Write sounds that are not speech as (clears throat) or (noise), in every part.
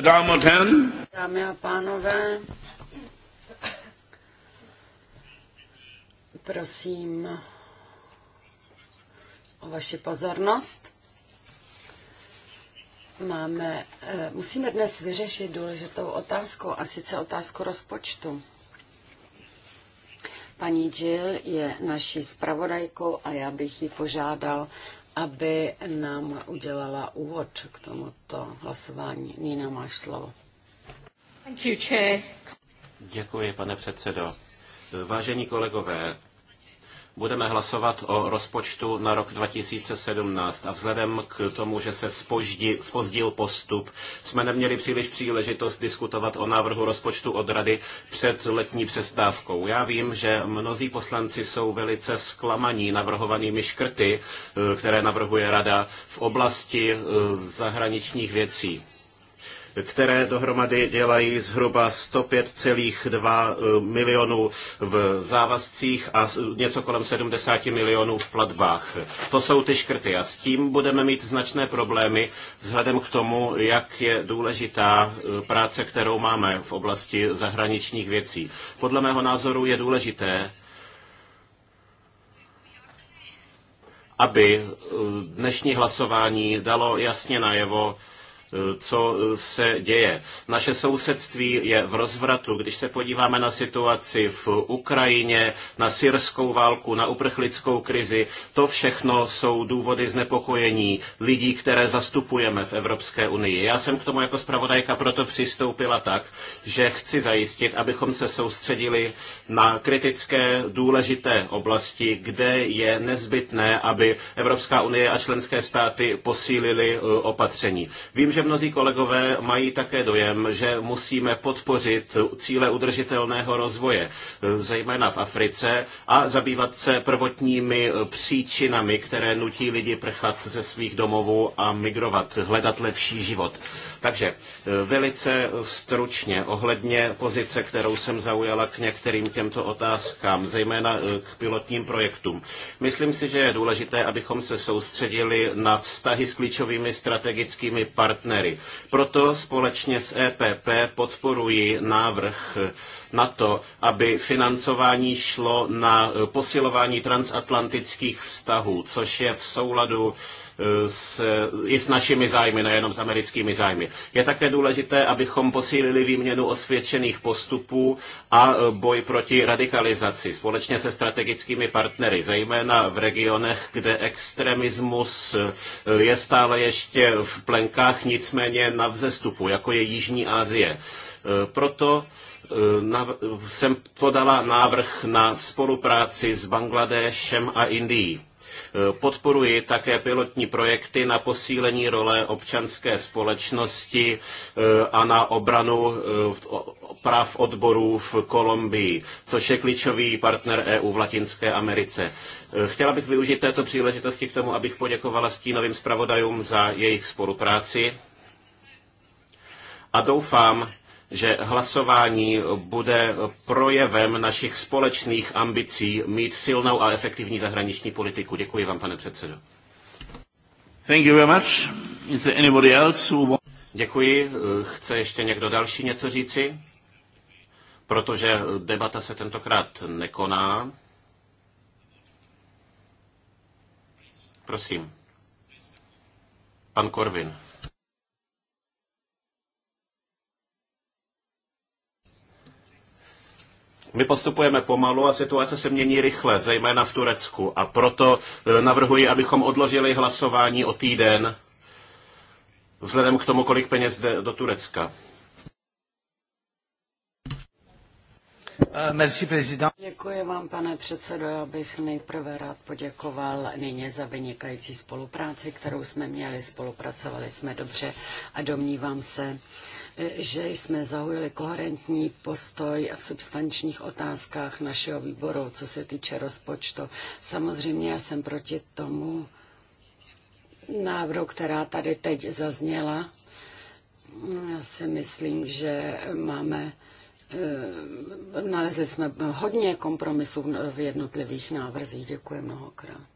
Dámy a pánové. Prosím o vaši pozornost. Máme, eh, musíme dnes vyřešit důležitou otázku, a sice otázku rozpočtu. Paní Jill je naší zpravodajkou a já bych ji požádal, aby nám udělala úvod k tomuto hlasování. Nina, máš slovo. Thank you, Děkuji, pane předsedo. Vážení kolegové, budeme hlasovat o rozpočtu na rok 2017 a vzhledem k tomu, že se spozdil postup, jsme neměli příliš příležitost diskutovat o návrhu rozpočtu od Rady před letní přestávkou. Já vím, že mnozí poslanci jsou velice zklamaní navrhovanými škrty, eh, které navrhuje Rada v oblasti eh, zahraničních věcí které dohromady dělají zhruba 105,2 eh, milionů v závazcích a něco kolem 70 milionů v platbách. To jsou ty škrty a s tím budeme mít značné problémy vzhledem k tomu, jak je důležitá eh, práce, kterou máme v oblasti zahraničních věcí. Podle mého názoru je důležité, aby eh, dnešní hlasování dalo jasně najevo, Eh, co eh, se děje. Naše sousedství je v rozvratu. Když se podíváme na situaci v Ukrajině, na syrskou válku, na uprchlickou krizi, to všechno jsou důvody znepokojení lidí, které zastupujeme v Evropské unii. Já jsem k tomu jako zpravodajka proto přistoupila tak, že chci zajistit, abychom se soustředili na kritické důležité oblasti, kde je nezbytné, aby Evropská unie a členské státy posílily eh, opatření. Vím, že mnozí kolegové mají také dojem, že musíme podpořit cíle udržitelného rozvoje, zejména v Africe, a zabývat se prvotními příčinami, které nutí lidi prchat ze svých domovů a migrovat, hledat lepší život. Takže e, velice stručně ohledně pozice, kterou jsem zaujala k některým těmto otázkám, zejména e, k pilotním projektům. Myslím si, že je důležité, abychom se soustředili na vztahy s klíčovými strategickými partnery. Proto společně s EPP podporuji návrh e, na to, aby financování šlo na posilování transatlantických vztahů, což je v souladu Eh, s, i s našimi zájmy, nejenom s americkými zájmy. Je také důležité, abychom posílili výměnu osvědčených postupů a eh, boj proti radikalizaci společně se strategickými partnery, zejména v regionech, kde extremismus eh, je stále ještě v plenkách, nicméně na vzestupu, jako je Jižní Asie. Proto jsem podala návrh na spolupráci s Bangladéšem a Indií. Podporuji také pilotní projekty na posílení role občanské společnosti eh, a na obranu eh, práv odborů v Kolumbii, což je klíčový partner EU v Latinské Americe. Eh, chtěla bych využít této příležitosti k tomu, abych poděkovala stínovým zpravodajům za jejich spolupráci a doufám, že hlasování bude projevem našich společných ambicí mít silnou a efektivní zahraniční politiku. Děkuji vám, pane předsedo. Thank you very much. Is there anybody else who... Děkuji. Chce ještě někdo další něco říci? Protože debata se tentokrát nekoná. Prosím. Pan Korvin. My postupujeme pomalu a situace se mění rychle, zejména v Turecku. A proto e, navrhuji, abychom odložili hlasování o týden, vzhledem k tomu, kolik peněz jde do Turecka. Eh, Děkuji vám, pane předsedo. Já bych nejprve rád poděkoval nyně za vynikající spolupráci, kterou jsme měli. Spolupracovali jsme dobře a domnívám se, že jsme zaujali koherentní postoj v substančních otázkách našeho výboru, co se týče rozpočtu. Samozřejmě já jsem proti tomu návrhu, která tady teď zazněla. Já si myslím, že máme eh, Nalezli jsme hodně kompromisů v jednotlivých návrzích. Děkuji mnohokrát.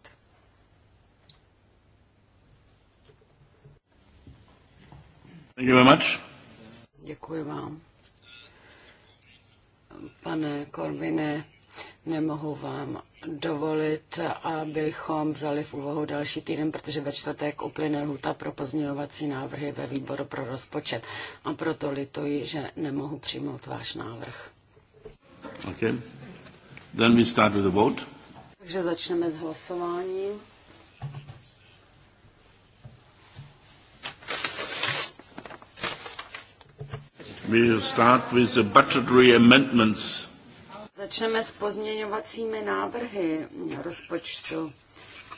Thank you very much. Děkuji vám. Pane Korbine, nemohu vám dovolit, abychom vzali v úvahu další týden, protože ve čtvrtek uplyne lhuta pro pozměňovací návrhy ve výboru pro rozpočet. A proto lituji, že nemohu přijmout váš návrh. Okay. Then we start with the vote. Takže začneme s hlasováním. Začneme s pozměňovacími návrhy rozpočtu.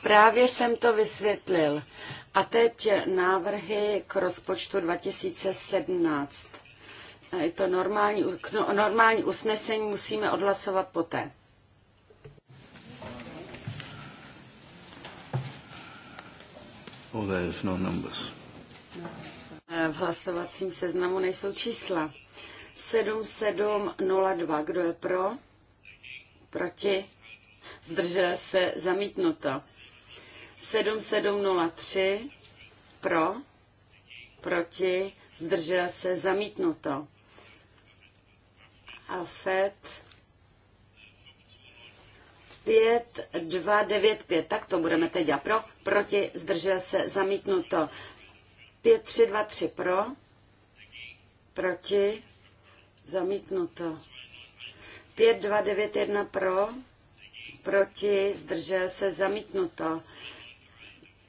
Právě jsem to vysvětlil. A teď návrhy k rozpočtu 2017. Je to normální, no, normální usnesení, musíme odhlasovat poté. Oh, there is no numbers v hlasovacím seznamu nejsou čísla. 7702, kdo je pro? Proti? Zdržel se zamítnuto. 7703, pro? Proti? Zdržel se zamítnuto. A FED 5, 2, 9, 5. Tak to budeme teď dělat. Pro, proti, zdržel se, zamítnuto. 5, 3, 2, 3 pro, proti, zamítnuto. 5, 2, 9, 1 pro, proti, zdržel se, zamítnuto.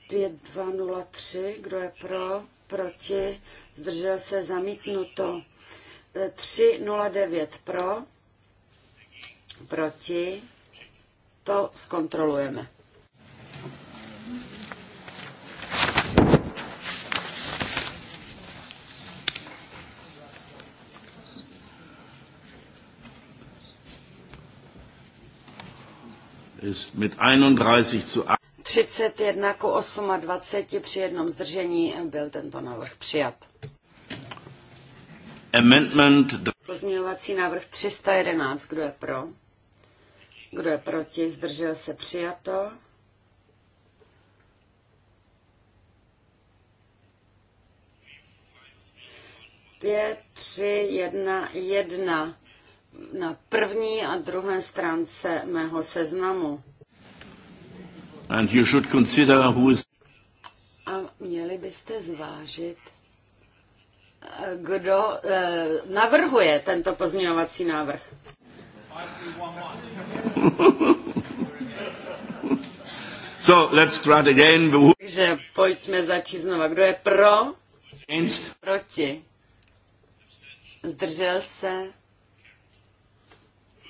5, 2, 0, 3, kdo je pro, proti, zdržel se, zamítnuto. 3, 0, 9 pro, proti, to zkontrolujeme. ist mit 31 zu 31 k 28 při jednom zdržení byl tento návrh přijat. Amendment. Pozměňovací návrh 311. Kdo je pro? Kdo je proti? Zdržel se přijato. Pět, tři, jedna, jedna na první a druhé stránce mého seznamu. And you should consider who is... A měli byste zvážit, kdo eh, navrhuje tento pozměňovací návrh. (laughs) so, let's try it again. Takže pojďme začít znova. Kdo je pro? Against. Proti. Zdržel se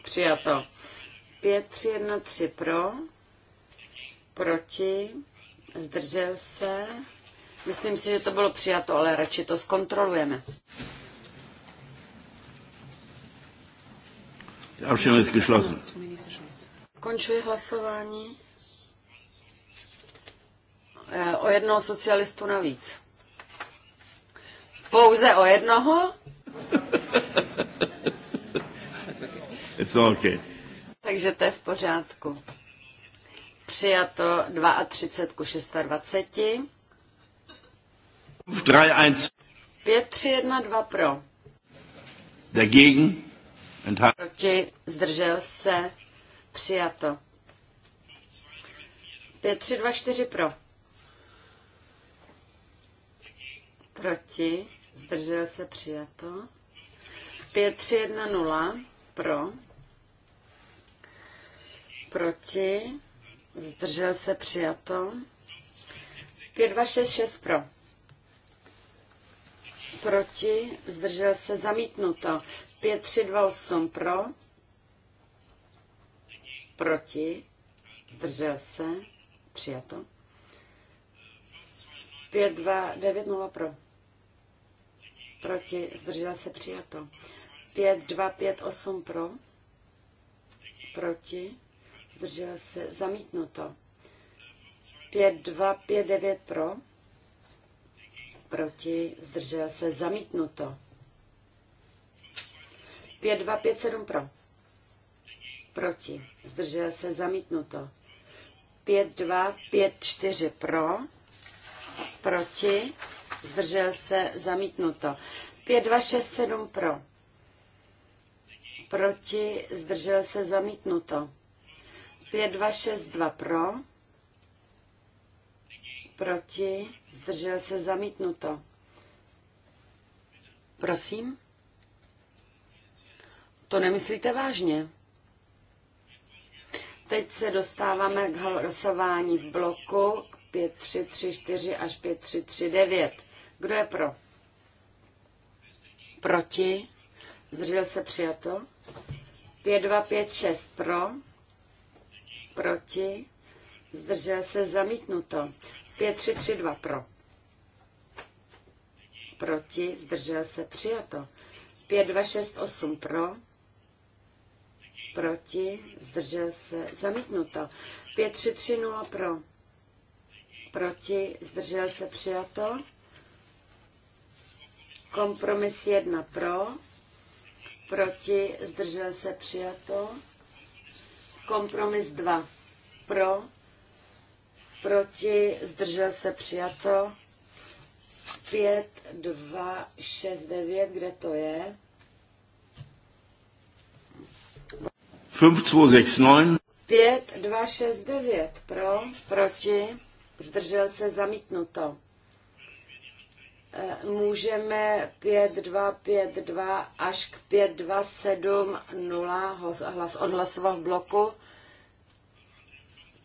Přijato. 5, 3, 1, 3 pro, proti, zdržel se. Myslím si, že to bylo přijato, ale radši to zkontrolujeme. Abstimmung ist geschlossen. Končuji hlasování. Eh, o jednoho socialistu navíc. Pouze o jednoho? (laughs) It's okay. Takže to je v pořádku. Přijato 32 ku 26. 5, 3, 1, 2 pro. Dagegen. Proti zdržel se. Přijato. 5, 3, 2, 4 pro. Proti. Zdržel se přijato. 5, 3, 1, 0 pro, proti, zdržel se přijato, 5, 2, 6, 6 pro, proti, zdržel se zamítnuto, 5, 3, 2, 8 pro, proti, zdržel se, přijato, 5, 2, 9, 0 pro, proti, zdržel se, přijato. 5258 pro, proti, zdržel se, zamítnuto. 5259 pro, proti, zdržel se, zamítnuto. 5257 pro, proti, zdržel se, zamítnuto. 5254 pro, proti, zdržel se, zamítnuto. 5267 pro proti, zdržel se zamítnuto. 5262 pro, proti, zdržel se zamítnuto. Prosím? To nemyslíte vážně? Teď se dostáváme k hlasování v bloku 5334 až 5339. Kdo je pro? Proti? Zdržel se přijato? 5256 pro, proti, zdržel se zamítnuto. 5332 pro, proti, zdržel se přijato. 5268 pro, proti, zdržel se zamítnuto. 5330 pro, proti, zdržel se přijato. Kompromis 1 pro, proti, zdržel se přijato. Kompromis 2 pro, proti, zdržel se přijato. 5, 2, 6, 9, kde to je? 5, 2, 6, 9. 5, 2, 6, 9 pro, proti, zdržel se zamítnuto můžeme 5252 až k 5270 odhlasovat v bloku.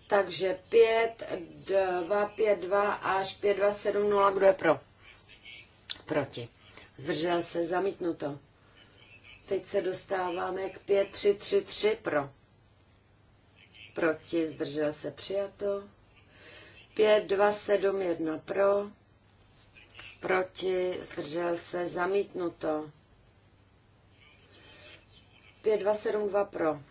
Takže 5252 až 5270, kdo je pro? Proti. Zdržel se, zamítnuto. Teď se dostáváme k 5333 pro. Proti, zdržel se, přijato. 5271 pro proti, zdržel se, zamítnuto. 5272 pro,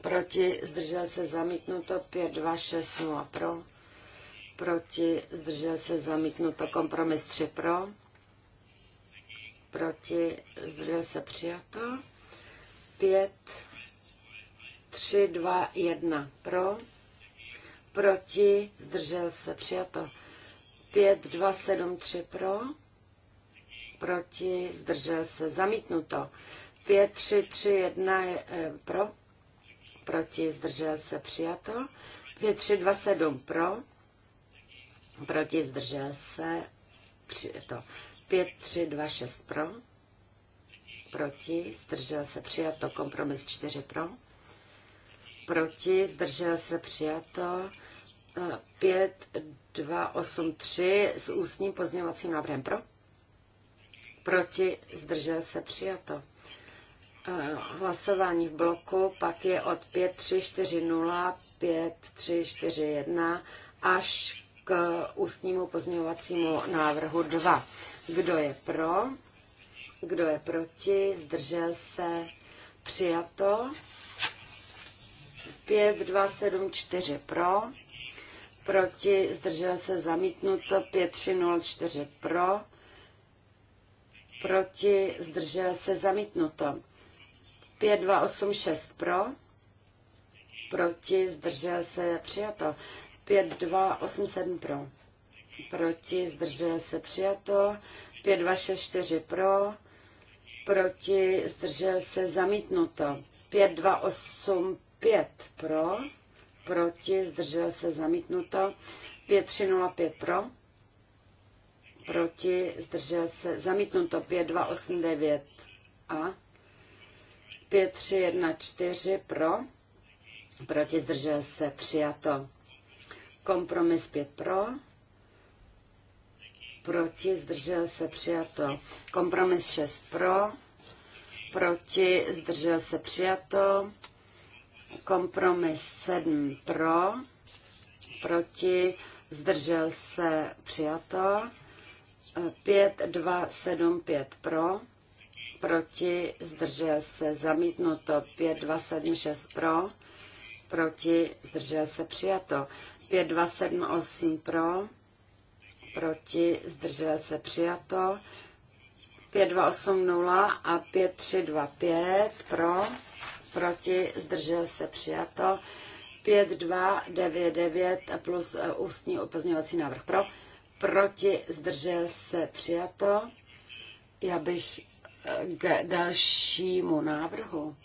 proti, zdržel se, zamítnuto. 5260 pro, proti, zdržel se, zamítnuto. Kompromis 3 pro, proti, zdržel se, přijato. 5, 3, 2, 1 pro, proti, zdržel se, přijato. 5273 pro, proti, zdržel se, zamítnuto. 5331 eh, pro, proti, zdržel se, přijato. 5327 pro, proti, zdržel se, přijato. 5326 pro, proti, zdržel se, přijato. Kompromis 4 pro, proti, zdržel se, přijato. 5283 s ústním pozměňovacím návrhem pro. Proti zdržel se přijato. Eh, hlasování v bloku pak je od 5340 5341 až k ústnímu pozměňovacímu návrhu 2. Kdo je pro? Kdo je proti? Zdržel se? Přijato. 5274 pro proti, zdržel se zamítnuto, 5304 pro, proti, zdržel se zamítnuto, 5286 pro, proti, zdržel se přijato, 5287 pro, proti, zdržel se přijato, 5264 pro, proti, zdržel se zamítnuto, 5285 pro, proti, zdržel se zamítnuto, 5305 pro, proti, zdržel se zamítnuto, 5289 a 5314 pro, proti, zdržel se přijato, kompromis 5 pro, proti, zdržel se přijato, kompromis 6 pro, proti, zdržel se přijato, Kompromis 7 pro, proti, zdržel se, přijato. 5, 2, 7, 5 pro, proti, zdržel se, zamítnuto. 5, 2, 7, 6 pro, proti, zdržel se, přijato. 5, 2, 7, 8 pro, proti, zdržel se, přijato. 0 a 5 3 2 5 pro proti, zdržel se přijato. 9 plus eh, ústní upozňovací návrh pro, proti, zdržel se přijato. Já bych eh, k dalšímu návrhu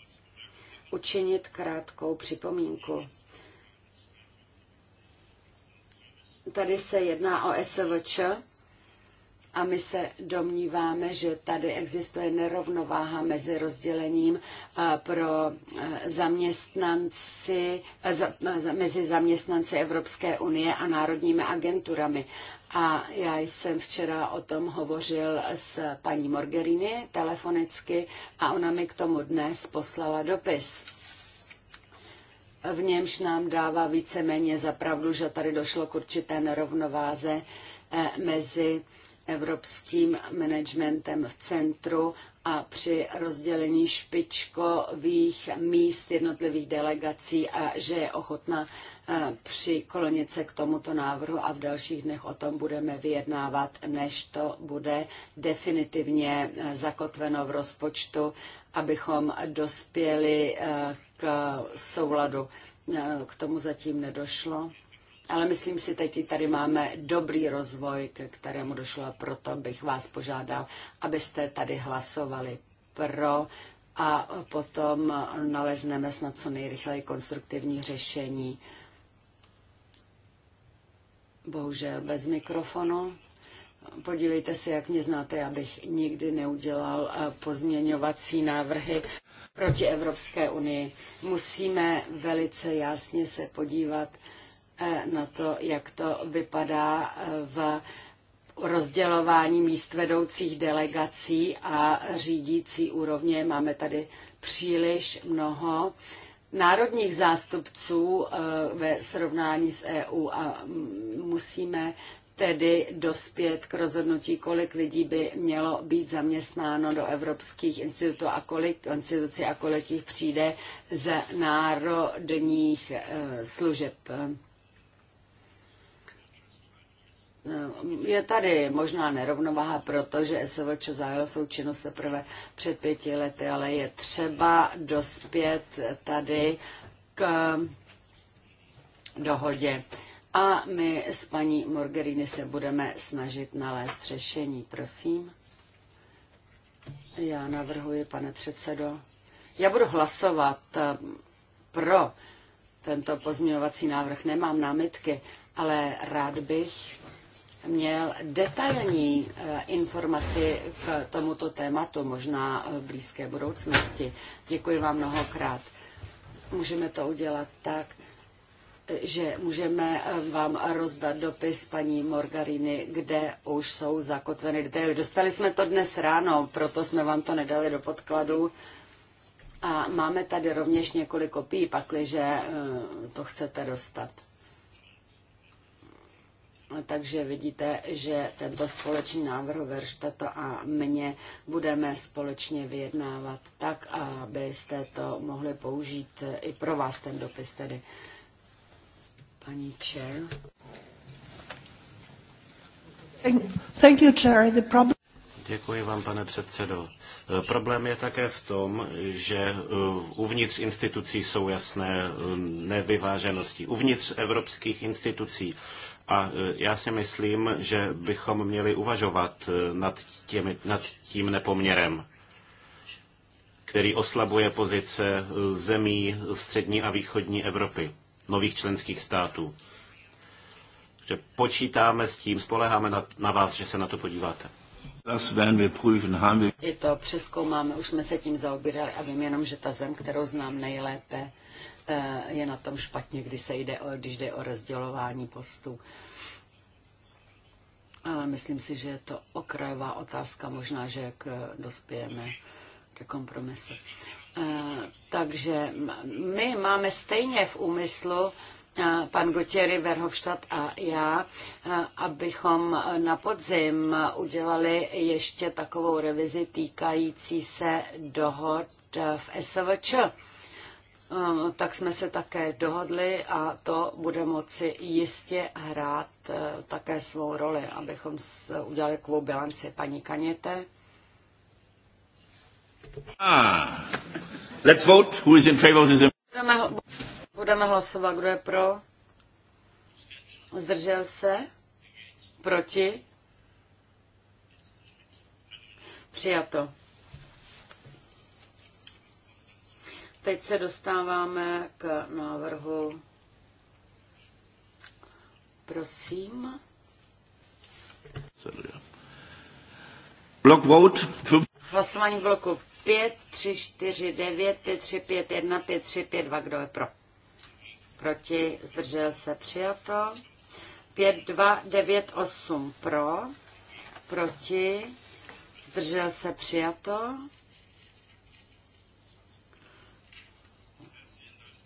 učinit krátkou připomínku. Tady se jedná o SVČ a my se domníváme, že tady existuje nerovnováha mezi rozdělením eh, pro eh, zaměstnanci, eh, mezi zaměstnanci Evropské unie a národními agenturami. A já jsem včera o tom hovořil s paní Morgerini telefonicky a ona mi k tomu dnes poslala dopis v němž nám dává víceméně zapravdu, že tady došlo k určité nerovnováze mezi evropským managementem v centru a při rozdělení špičkových míst jednotlivých delegací a že je ochotna eh, při kolonice k tomuto návrhu a v dalších dnech o tom budeme vyjednávat, než to bude definitivně eh, zakotveno v rozpočtu, abychom dospěli eh, k souladu. K tomu zatím nedošlo ale myslím si, teď tady máme dobrý rozvoj, ke kterému došlo a proto bych vás požádal, abyste tady hlasovali pro a potom nalezneme snad co nejrychleji konstruktivní řešení. Bohužel bez mikrofonu. Podívejte se, jak mě znáte, abych nikdy neudělal eh, pozměňovací návrhy proti Evropské unii. Musíme velice jasně se podívat, Eh, na to, jak to vypadá eh, v rozdělování míst vedoucích delegací a řídící úrovně. Máme tady příliš mnoho národních zástupců eh, ve srovnání s EU a musíme tedy dospět k rozhodnutí, kolik lidí by mělo být zaměstnáno do evropských institutů a kolik institucí a kolik jich přijde z národních služeb. Je tady možná nerovnováha, protože SVČ zahájil svou činnost teprve před pěti lety, ale je třeba dospět tady k dohodě. A my s paní Morgerini se budeme snažit nalézt řešení. Prosím. Já navrhuji, pane předsedo. Já budu hlasovat eh, pro tento pozměňovací návrh. Nemám námitky, ale rád bych měl detailní eh, informaci k tomuto tématu, možná eh, v blízké budoucnosti. Děkuji vám mnohokrát. Můžeme to udělat tak, že můžeme eh, vám rozdat dopis paní Morgariny, kde už jsou zakotveny detaily. Dostali jsme to dnes ráno, proto jsme vám to nedali do podkladu. A máme tady rovněž několik kopií, pakliže to chcete dostat. Takže vidíte, že tento společný návrh Verštato a mě budeme společně vyjednávat tak, abyste to mohli použít i pro vás ten dopis tedy. Paní Chair. Thank you, Chair. The problem... Děkuji vám, pane předsedo. Eh, problém je také v tom, že eh, uvnitř institucí jsou jasné eh, nevyváženosti. Uvnitř evropských institucí a e, já si myslím, že bychom měli uvažovat e, nad, těmi, nad tím nepoměrem, který oslabuje pozice e, zemí střední a východní Evropy, nových členských států. Že počítáme s tím, spoleháme na, na vás, že se na to podíváte. I to přeskoumáme, už jsme se tím zaobírali a vím jenom, že ta zem, kterou znám nejlépe, Eh, je na tom špatně, když, se jde o, když jde o rozdělování postů. Ale myslím si, že je to okrajová otázka, možná, že jak dospějeme ke kompromisu. Eh, takže my máme stejně v úmyslu, eh, pan Gotěry, Verhofstadt a já, abychom na podzim udělali ještě takovou revizi týkající se dohod v SVČ Eh, tak jsme se také dohodli a to bude moci jistě hrát eh, také svou roli, abychom udělali takovou bilanci. Paní Kaněte. Ah, let's vote. Who is in favor of this? Budeme, budeme hlasovat, kdo je pro. Zdržel se? Proti? Přijato. Teď se dostáváme k návrhu. Prosím. Block vote. Hlasování bloku 5, 3, 4, 9, 5, 3, 5, 1, 5, 3, 5, 2. Kdo je pro? Proti? Zdržel se? Přijato. 5, 2, 9, 8 pro. Proti? Zdržel se? Přijato.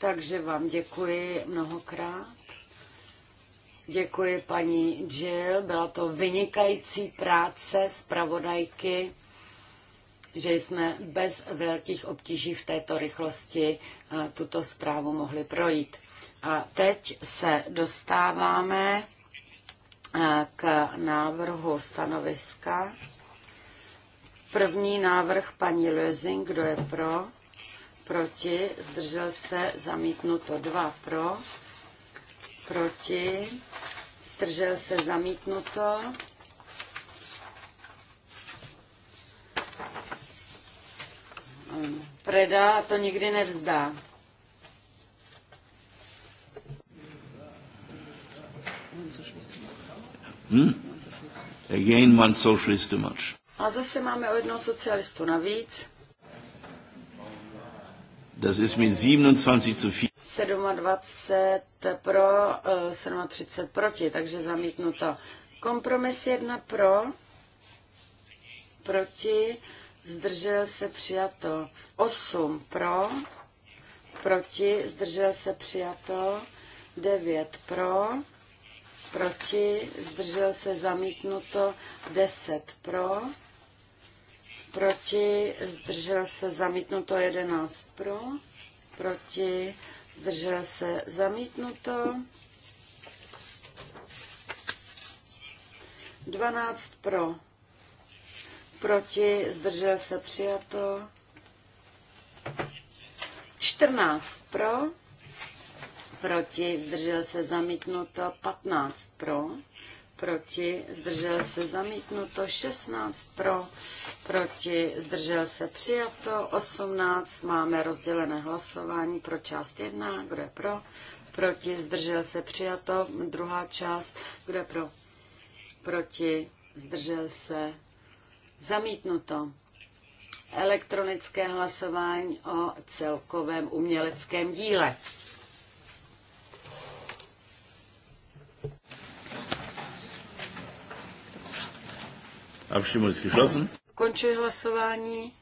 Takže vám děkuji mnohokrát. Děkuji paní Jill, byla to vynikající práce pravodajky, že jsme bez velkých obtíží v této rychlosti tuto zprávu mohli projít. A teď se dostáváme k návrhu stanoviska. První návrh paní Lözing, kdo je pro? proti, zdržel se, zamítnuto dva pro, proti, zdržel se, zamítnuto. a to nikdy nevzdá. Hmm? Again one socialist too much. A zase máme o jednoho socialistu navíc. Das ist mit 27 zu 4. 27 pro, 37 eh, proti, takže zamítnuto. Kompromis 1 pro, proti, zdržel se přijato. 8 pro, proti, zdržel se přijato. 9 pro, proti, zdržel se zamítnuto. 10 pro, proti, zdržel se zamítnuto 11 pro, proti, zdržel se zamítnuto 12 pro, proti, zdržel se přijato 14 pro, proti, zdržel se zamítnuto 15 pro proti, zdržel se zamítnuto, 16 pro, proti, zdržel se přijato, 18 máme rozdělené hlasování pro část 1, kdo je pro, proti, zdržel se přijato, druhá část, kdo je pro, proti, zdržel se zamítnuto. Elektronické hlasování o celkovém uměleckém díle. Abstimmung ist geschlossen. Končuji hlasování.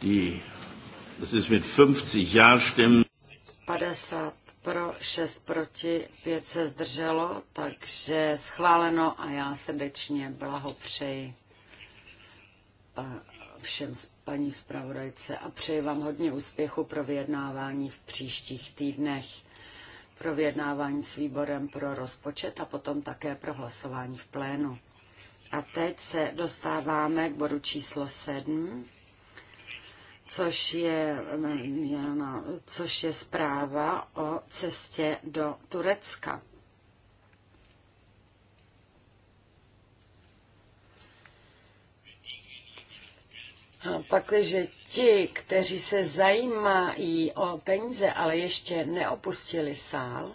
Die, das ist mit 50 Ja-Stimmen. 50 pro, 6 proti, 5 se zdrželo, takže schváleno a já srdečně blahopřeji všem paní zpravodajce a přeji vám hodně úspěchu pro vyjednávání v příštích týdnech, pro vyjednávání s výborem pro rozpočet a potom také pro hlasování v plénu. A teď se dostáváme k bodu číslo 7, což je, mm, což je zpráva o cestě do Turecka. Pakliže ti, kteří se zajímají o peníze, ale ještě neopustili sál,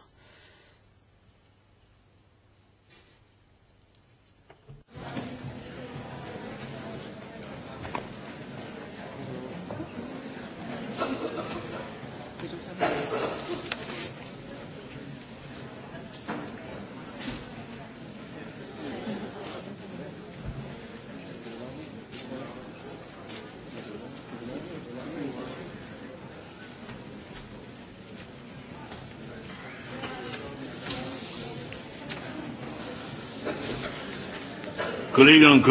Kolleginnen und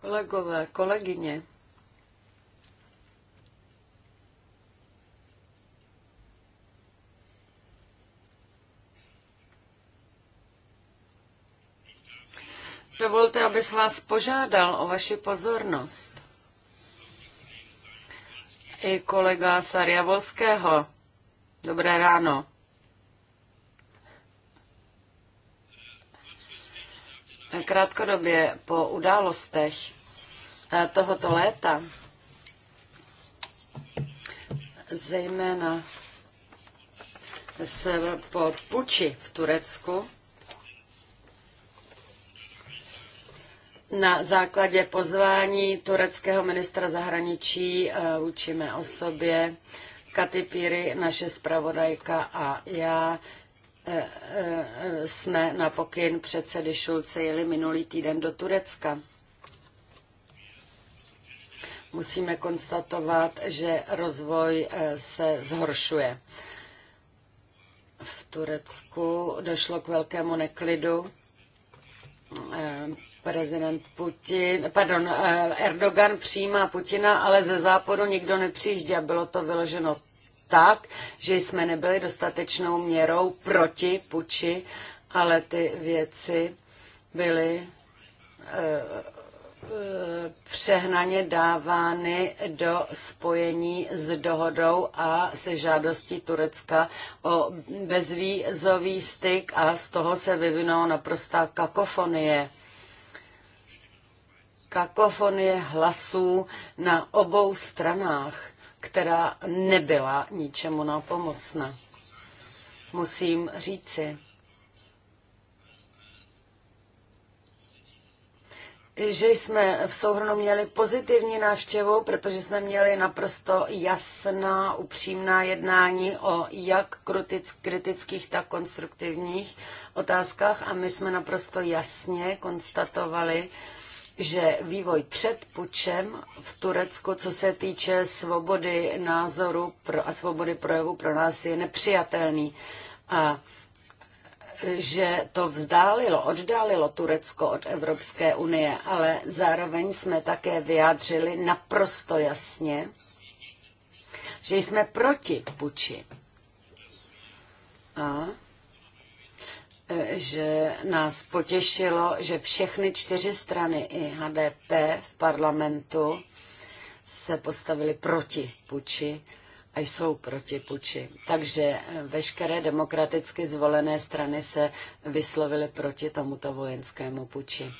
Kolegové, kolegyně. Dovolte, abych vás požádal o vaši pozornost. I kolega Sarjavolského. Dobré ráno. krátkodobě po událostech eh, tohoto léta, zejména se po puči v Turecku, Na základě pozvání tureckého ministra zahraničí eh, učíme o sobě. Katy Píry, naše zpravodajka a já Eh, eh, jsme na pokyn předsedy Šulce jeli minulý týden do Turecka. Musíme konstatovat, že rozvoj eh, se zhoršuje. V Turecku došlo k velkému neklidu. Prezident Putin, pardon, Erdogan přijímá Putina, ale ze západu nikdo nepřijíždí a bylo to vyloženo tak, že jsme nebyli dostatečnou měrou proti puči, ale ty věci byly eh, eh, přehnaně dávány do spojení s dohodou a se žádostí Turecka o bezvízový styk a z toho se vyvinou naprostá kakofonie. Kakofonie hlasů na obou stranách která nebyla ničemu napomocna. Musím říci, že jsme v souhrnu měli pozitivní návštěvu, protože jsme měli naprosto jasná, upřímná jednání o jak kritických, tak konstruktivních otázkách a my jsme naprosto jasně konstatovali, že vývoj před pučem v Turecku, co se týče svobody názoru pro, a svobody projevu pro nás je nepřijatelný. A že to vzdálilo, oddálilo Turecko od Evropské unie, ale zároveň jsme také vyjádřili naprosto jasně, že jsme proti puči. A Eh, že nás potěšilo, že všechny čtyři strany i HDP v parlamentu se postavili proti puči a jsou proti puči. Takže eh, veškeré demokraticky zvolené strany se vyslovily proti tomuto vojenskému puči.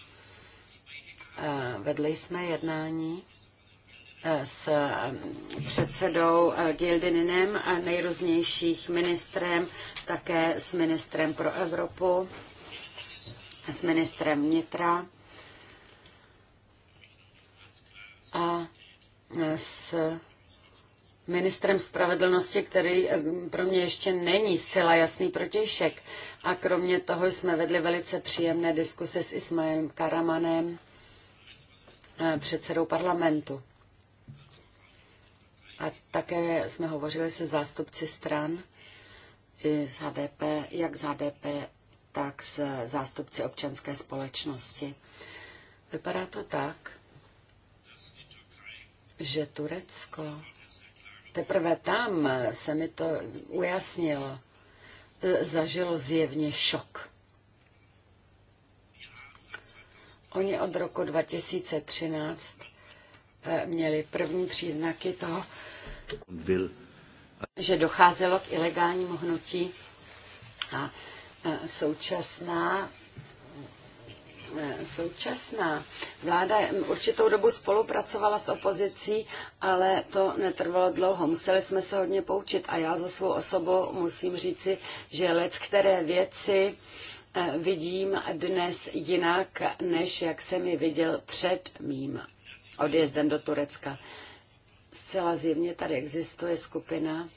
Eh, vedli jsme jednání s eh, předsedou eh, Gildininem a nejrůznějších ministrem, také s ministrem pro Evropu, s ministrem vnitra a eh, s ministrem spravedlnosti, který pro mě ještě není zcela jasný protějšek. A kromě toho jsme vedli velice příjemné diskuse s Ismailem Karamanem, předsedou parlamentu. A také jsme hovořili se zástupci stran i z HDP, jak z HDP, tak s zástupci občanské společnosti. Vypadá to tak, že Turecko, teprve tam se mi to ujasnilo, zažilo zjevně šok. Oni od roku 2013 měli první příznaky toho, že docházelo k ilegálnímu hnutí a současná současná vláda určitou dobu spolupracovala s opozicí, ale to netrvalo dlouho. Museli jsme se hodně poučit a já za svou osobu musím říci, že lec, které věci e, vidím dnes jinak, než jak jsem je viděl před mým odjezdem do Turecka. Zcela zjevně tady existuje skupina,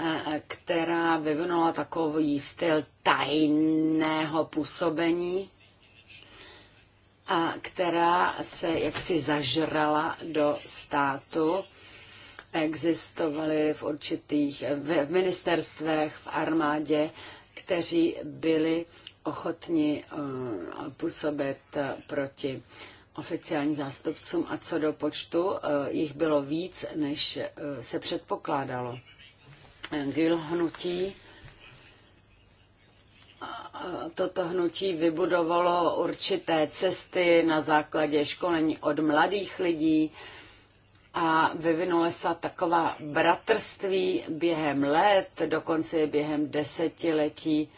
eh, která vyvinula takový styl tajného působení, a která se jaksi zažrala do státu. Existovaly v určitých v ministerstvech, v armádě, kteří byli ochotni eh, působit eh, proti oficiálním zástupcům a co do počtu eh, jich bylo víc, než eh, se předpokládalo. Gil hnutí eh, toto hnutí vybudovalo určité cesty na základě školení od mladých lidí a vyvinula se taková bratrství během let, dokonce během desetiletí.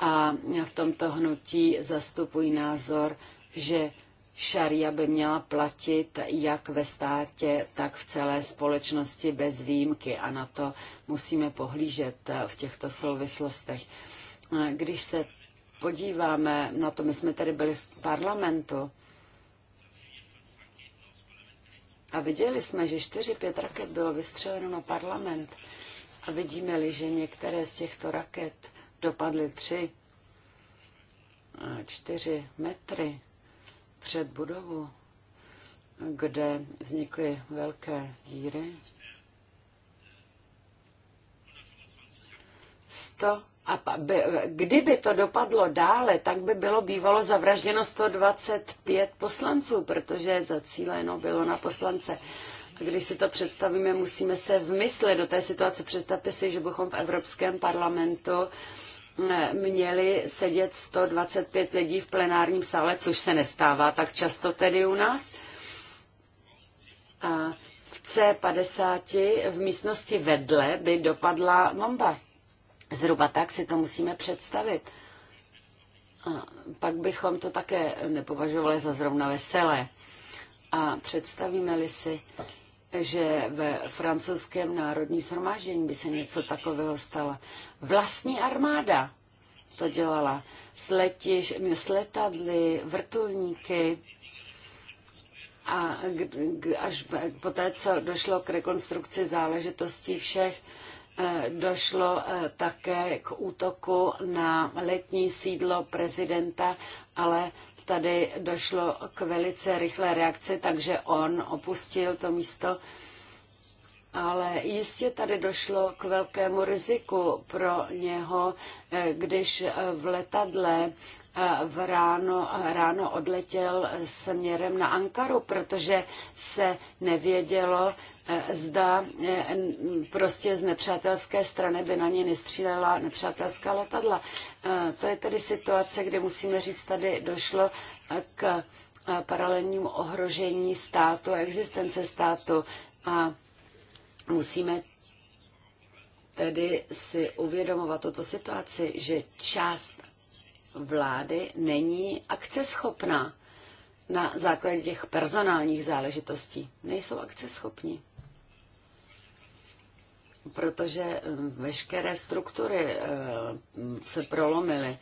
A v tomto hnutí zastupují názor, že Šaria by měla platit jak ve státě, tak v celé společnosti bez výjimky a na to musíme pohlížet eh, v těchto souvislostech. Eh, když se podíváme na no to, my jsme tady byli v parlamentu a viděli jsme, že 4-5 raket bylo vystřeleno na parlament a vidíme-li, že některé z těchto raket dopadly 3 4 eh, metry před budovu, kde vznikly velké díry. 100 a by, kdyby to dopadlo dále, tak by bylo bývalo zavražděno 125 poslanců, protože zacíleno bylo na poslance. A když si to představíme, musíme se v mysli do té situace. Představte si, že bychom v Evropském parlamentu uh, měli sedět 125 lidí v plenárním sále, což se nestává tak často tedy u nás. A v C50 v místnosti vedle by dopadla bomba. Zhruba tak si to musíme představit. A pak bychom to také nepovažovali za zrovna veselé. A představíme-li si, že ve francouzském národní shromáždění by se něco takového stalo. Vlastní armáda to dělala s, letiš, s letadly, vrtulníky. A až po té, co došlo k rekonstrukci záležitostí všech, eh, došlo eh, také k útoku na letní sídlo prezidenta, ale Tady došlo k velice rychlé reakci, takže on opustil to místo ale jistě tady došlo k velkému riziku pro něho, eh, když eh, v letadle eh, v ráno, ráno odletěl směrem na Ankaru, protože se nevědělo, zda prostě z nepřátelské strany by na ně nestřílela nepřátelská letadla. To je tedy situace, kde musíme říct, tady došlo k paralelnímu ohrožení státu, existence státu. A Musíme tedy si uvědomovat tuto situaci, že část vlády není akceschopná na základě těch personálních záležitostí. Nejsou akceschopní. Protože eh, veškeré struktury eh, se prolomily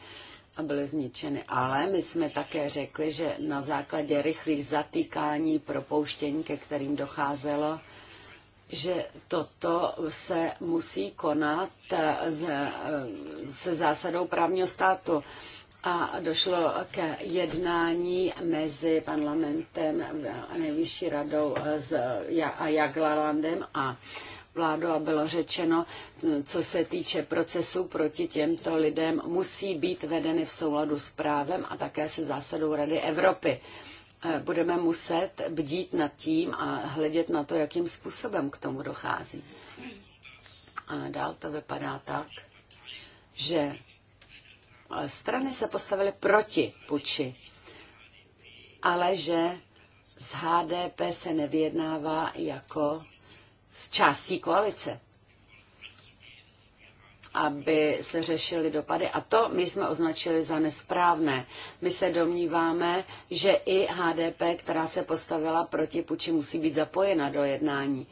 a byly zničeny. Ale my jsme také řekli, že na základě rychlých zatýkání, propouštění, ke kterým docházelo, že toto se musí konat se zásadou právního státu. A došlo k jednání mezi parlamentem a nejvyšší radou a Jaglalandem a vládu a bylo řečeno, co se týče procesu proti těmto lidem, musí být vedeny v souladu s právem a také se zásadou Rady Evropy. Eh, budeme muset bdít nad tím a hledět na to, jakým způsobem k tomu dochází. A dál to vypadá tak, že eh, strany se postavily proti puči, ale že z HDP se nevyjednává jako z částí koalice aby se řešily dopady. A to my jsme označili za nesprávné. My se domníváme, že i HDP, která se postavila proti puči, musí být zapojena do jednání.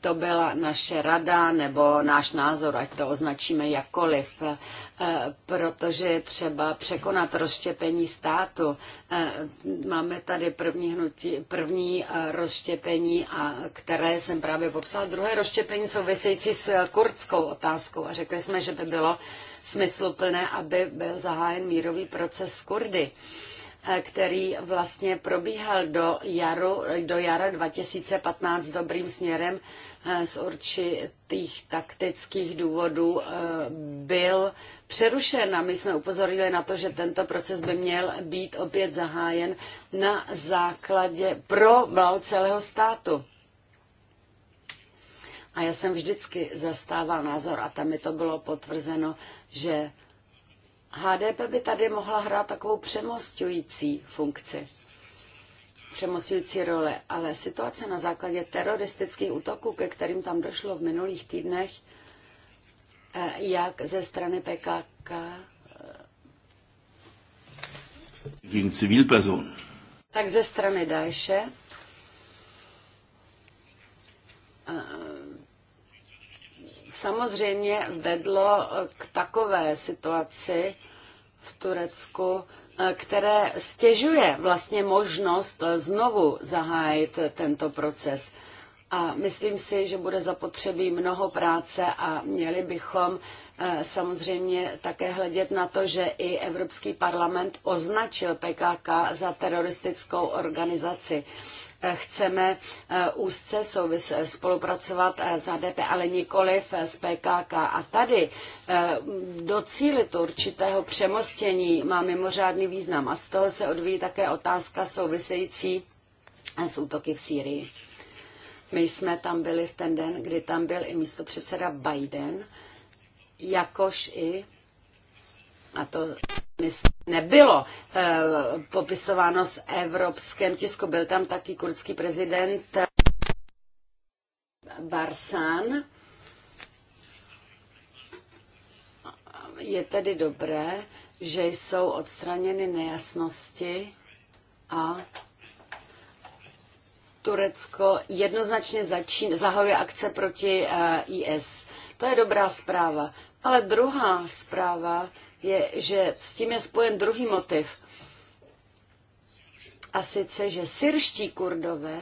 To byla naše rada nebo náš názor, ať to označíme jakkoliv. Eh, protože je třeba překonat rozštěpení státu. Eh, máme tady první, hnutí, první eh, rozštěpení, a které jsem právě popsala. Druhé rozštěpení související s kurdskou otázkou. A řekli jsme, že by bylo smysluplné, aby byl zahájen mírový proces s Kurdy. Eh, který vlastně probíhal do, jaru, do jara 2015 dobrým směrem eh, z určitých taktických důvodů, eh, byl přerušen a my jsme upozorili na to, že tento proces by měl být opět zahájen na základě pro blaho celého státu. A já jsem vždycky zastával názor, a tam mi to bylo potvrzeno, že HDP by tady mohla hrát takovou přemostující funkci, přemostující roli, ale situace na základě teroristických útoků, ke kterým tam došlo v minulých týdnech, eh, jak ze strany PKK eh, Tak ze strany Dajše, eh, samozřejmě vedlo k takové situaci, v Turecku, eh, které stěžuje vlastně možnost eh, znovu zahájit tento proces. A myslím si, že bude zapotřebí mnoho práce a měli bychom eh, samozřejmě také hledět na to, že i Evropský parlament označil PKK za teroristickou organizaci chceme eh, úzce souvis, eh, spolupracovat eh, s HDP, ale nikoliv s PKK. A tady docílit určitého přemostění má mimořádný význam a z toho se odvíjí také otázka související s útoky v Sýrii. My jsme tam byli v ten den, kdy tam byl i místopředseda Biden, jakož i, a to nebylo eh, popisováno s evropském tisku. Byl tam taky kurdský prezident eh, Barsan. Je tedy dobré, že jsou odstraněny nejasnosti a Turecko jednoznačně začín, zahajuje akce proti eh, IS. To je dobrá zpráva. Ale druhá zpráva je, že s tím je spojen druhý motiv. A sice, že syrští kurdové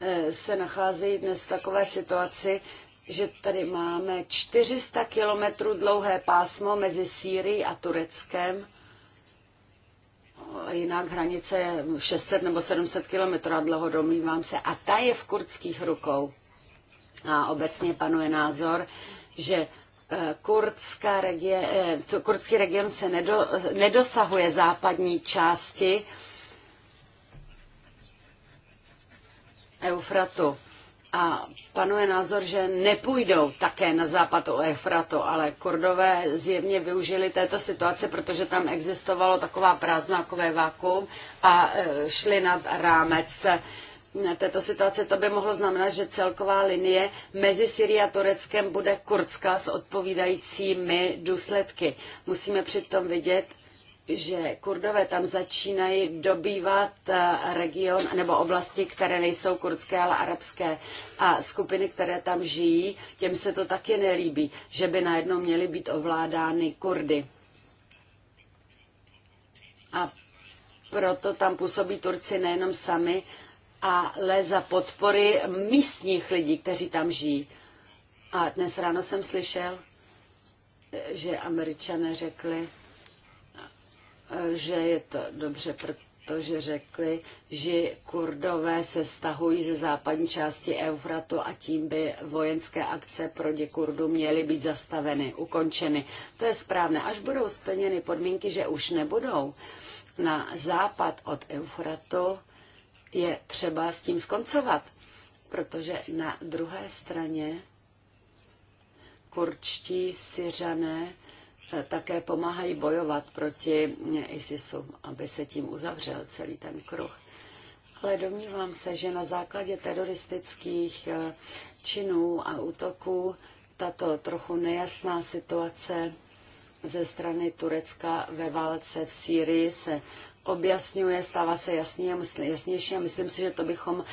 eh, se nacházejí dnes v takové situaci, že tady máme 400 kilometrů dlouhé pásmo mezi Sýrií a Tureckem. Jinak hranice je 600 nebo 700 kilometrů a dlouho domlívám se. A ta je v kurdských rukou. A obecně panuje názor, že kurdská regie, eh, kurdský region se nedo, nedosahuje západní části Eufratu. A panuje názor, že nepůjdou také na západ o Eufratu, ale kurdové zjevně využili této situace, protože tam existovalo taková prázdno, vakuum vákuum a eh, šli nad rámec této situace, to by mohlo znamenat, že celková linie mezi Syrií a Tureckem bude kurdská s odpovídajícími důsledky. Musíme přitom vidět, že Kurdové tam začínají dobývat eh, region nebo oblasti, které nejsou kurdské, ale arabské. A skupiny, které tam žijí, těm se to taky nelíbí, že by najednou měly být ovládány Kurdy. A proto tam působí Turci nejenom sami, ale za podpory místních lidí, kteří tam žijí. A dnes ráno jsem slyšel, že američané řekli, že je to dobře, protože řekli, že kurdové se stahují ze západní části Eufratu a tím by vojenské akce proti Kurdu měly být zastaveny, ukončeny. To je správné. Až budou splněny podmínky, že už nebudou na západ od Eufratu, je třeba s tím skoncovat, protože na druhé straně kurčtí syřané eh, také pomáhají bojovat proti ISISu, aby se tím uzavřel celý ten kruh. Ale domnívám se, že na základě teroristických eh, činů a útoků tato trochu nejasná situace ze strany Turecka ve válce v Sýrii se objasňuje, stává se jasně, jasnější a myslím si, že to bychom,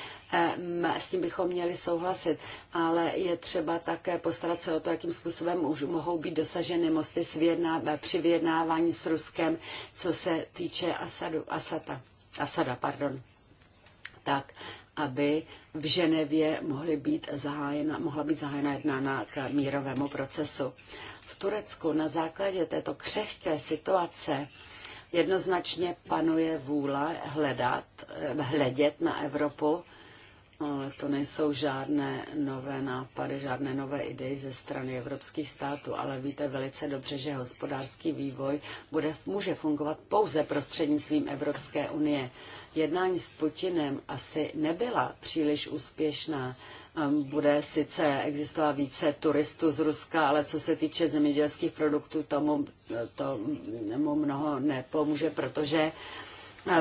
s tím bychom měli souhlasit. Ale je třeba také postarat se o to, jakým způsobem už mohou být dosaženy mosty s vyjedná, při vyjednávání s Ruskem, co se týče Asadu, Asata, Asada. Pardon. Tak, aby v Ženevě mohly být zahájena, mohla být zahájena jednána k mírovému procesu. V Turecku na základě této křehké situace Jednoznačně panuje vůle hledat, hledět na Evropu ale to nejsou žádné nové nápady, žádné nové idei ze strany evropských států, ale víte velice dobře, že hospodářský vývoj bude, může fungovat pouze prostřednictvím Evropské unie. Jednání s Putinem asi nebyla příliš úspěšná. Ehm, bude sice existovat více turistů z Ruska, ale co se týče zemědělských produktů, tomu, tomu mnoho nepomůže, protože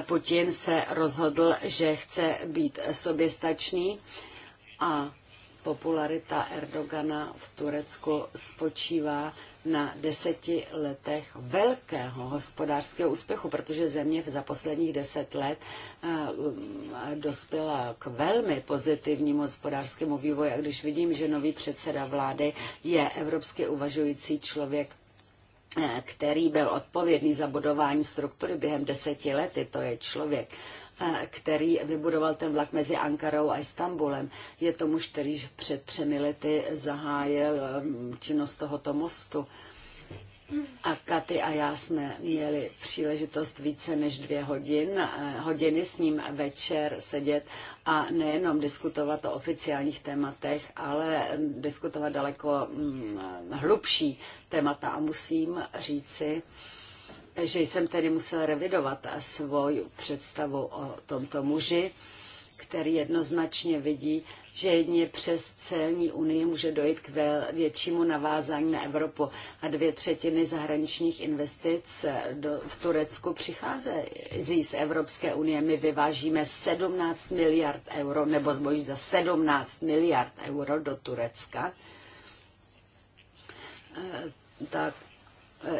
Putin se rozhodl, že chce být soběstačný a popularita Erdogana v Turecku spočívá na deseti letech velkého hospodářského úspěchu, protože země za posledních deset let eh, mm, dospěla k velmi pozitivnímu hospodářskému vývoji. A když vidím, že nový předseda vlády je evropsky uvažující člověk, který byl odpovědný za budování struktury během deseti lety, to je člověk, eh, který vybudoval ten vlak mezi Ankarou a Istanbulem. Je to muž, který před třemi lety zahájil ehm, činnost tohoto mostu. A Katy a já jsme měli příležitost více než dvě hodin, eh, hodiny s ním večer sedět a nejenom diskutovat o oficiálních tématech, ale mm, diskutovat daleko mm, hlubší témata. A musím říci, že jsem tedy musela revidovat eh, svou představu o tomto muži který jednoznačně vidí, že jedně přes celní unii může dojít k většímu navázání na Evropu. A dvě třetiny zahraničních investic eh, do, v Turecku přicházejí z Evropské unie. My vyvážíme 17 miliard euro, nebo zboží za 17 miliard euro do Turecka. Eh, tak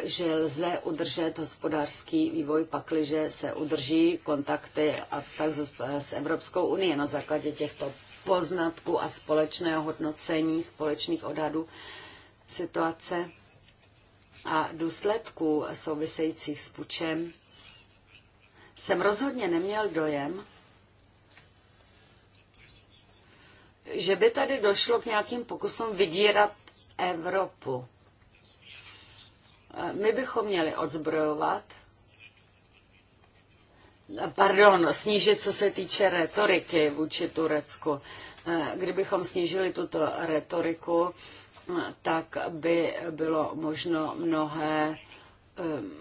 že lze udržet hospodářský vývoj, pakliže se udrží kontakty a vztah s Evropskou unii na základě těchto poznatků a společného hodnocení, společných odhadů situace a důsledků souvisejících s pučem, jsem rozhodně neměl dojem, že by tady došlo k nějakým pokusům vydírat Evropu. My bychom měli odzbrojovat, pardon, snížit, co se týče retoriky vůči Turecku. Eh, kdybychom snížili tuto retoriku, tak by bylo možno mnohé ehm,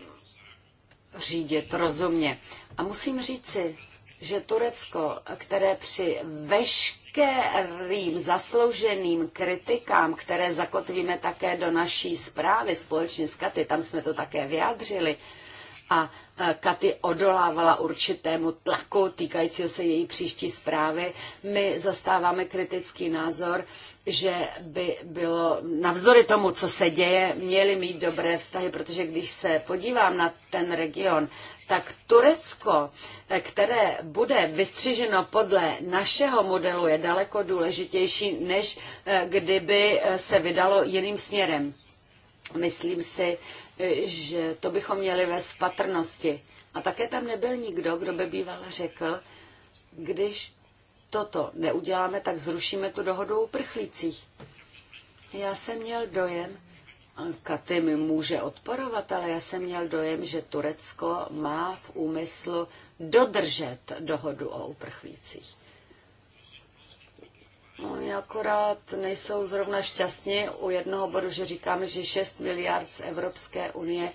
řídit rozumně. A musím říci, že Turecko, které při veškeré veškerým zaslouženým kritikám, které zakotvíme také do naší zprávy společně s Katy, tam jsme to také vyjádřili, a e, Katy odolávala určitému tlaku týkajícího se její příští zprávy. My zastáváme kritický názor, že by bylo, navzdory tomu, co se děje, měli mít dobré vztahy, protože když se podívám na ten region tak Turecko, eh, které bude vystřiženo podle našeho modelu, je daleko důležitější, než eh, kdyby eh, se vydalo jiným směrem. Myslím si, že to bychom měli vést v patrnosti. A také tam nebyl nikdo, kdo by býval řekl, když toto neuděláme, tak zrušíme tu dohodu o uprchlících. Já jsem měl dojem, Katy mi může odporovat, ale já jsem měl dojem, že Turecko má v úmyslu dodržet dohodu o uprchlících. Oni akorát nejsou zrovna šťastní u jednoho bodu, že říkáme, že 6 miliard z Evropské unie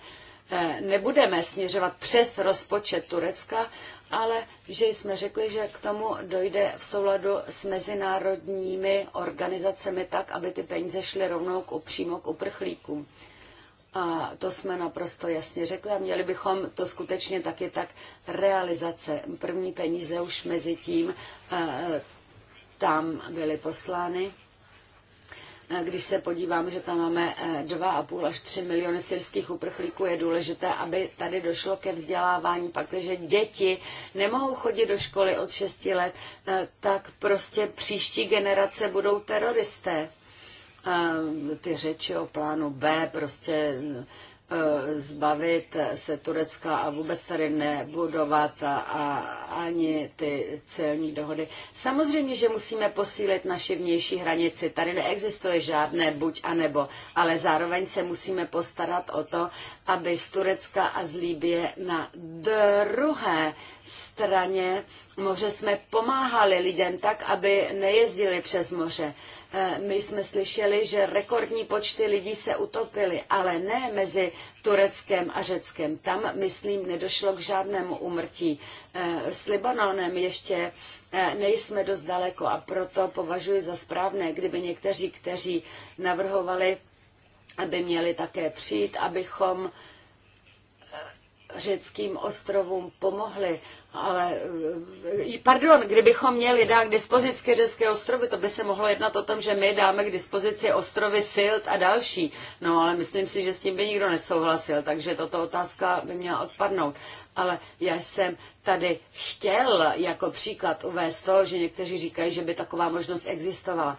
Eh, nebudeme směřovat přes rozpočet Turecka, ale že jsme řekli, že k tomu dojde v souladu s mezinárodními organizacemi tak, aby ty peníze šly rovnou k, přímo k uprchlíkům. A to jsme naprosto jasně řekli a měli bychom to skutečně taky tak realizace. První peníze už mezi tím eh, tam byly poslány když se podíváme, že tam máme 2,5 eh, až 3 miliony syrských uprchlíků, je důležité, aby tady došlo ke vzdělávání. Pak, že děti nemohou chodit do školy od 6 let, eh, tak prostě příští generace budou teroristé. Eh, ty řeči o plánu B prostě Eh, zbavit se Turecka a vůbec tady nebudovat a, a ani ty celní dohody. Samozřejmě, že musíme posílit naši vnější hranici. Tady neexistuje žádné buď a nebo, ale zároveň se musíme postarat o to, aby z Turecka a z Líbie na druhé straně moře jsme pomáhali lidem tak, aby nejezdili přes moře. Eh, my jsme slyšeli, že rekordní počty lidí se utopily, ale ne mezi Tureckem a Řeckem. Tam, myslím, nedošlo k žádnému umrtí. Eh, s Libanonem ještě eh, nejsme dost daleko a proto považuji za správné, kdyby někteří, kteří navrhovali, aby měli také přijít, abychom řeckým ostrovům pomohli, ale, eh, pardon, kdybychom měli dát k dispozici Kyřecké ostrovy, to by se mohlo jednat o tom, že my dáme k dispozici ostrovy Silt a další. No, ale myslím si, že s tím by nikdo nesouhlasil, takže tato otázka by měla odpadnout. Ale já jsem tady chtěl jako příklad uvést to, že někteří říkají, že by taková možnost existovala.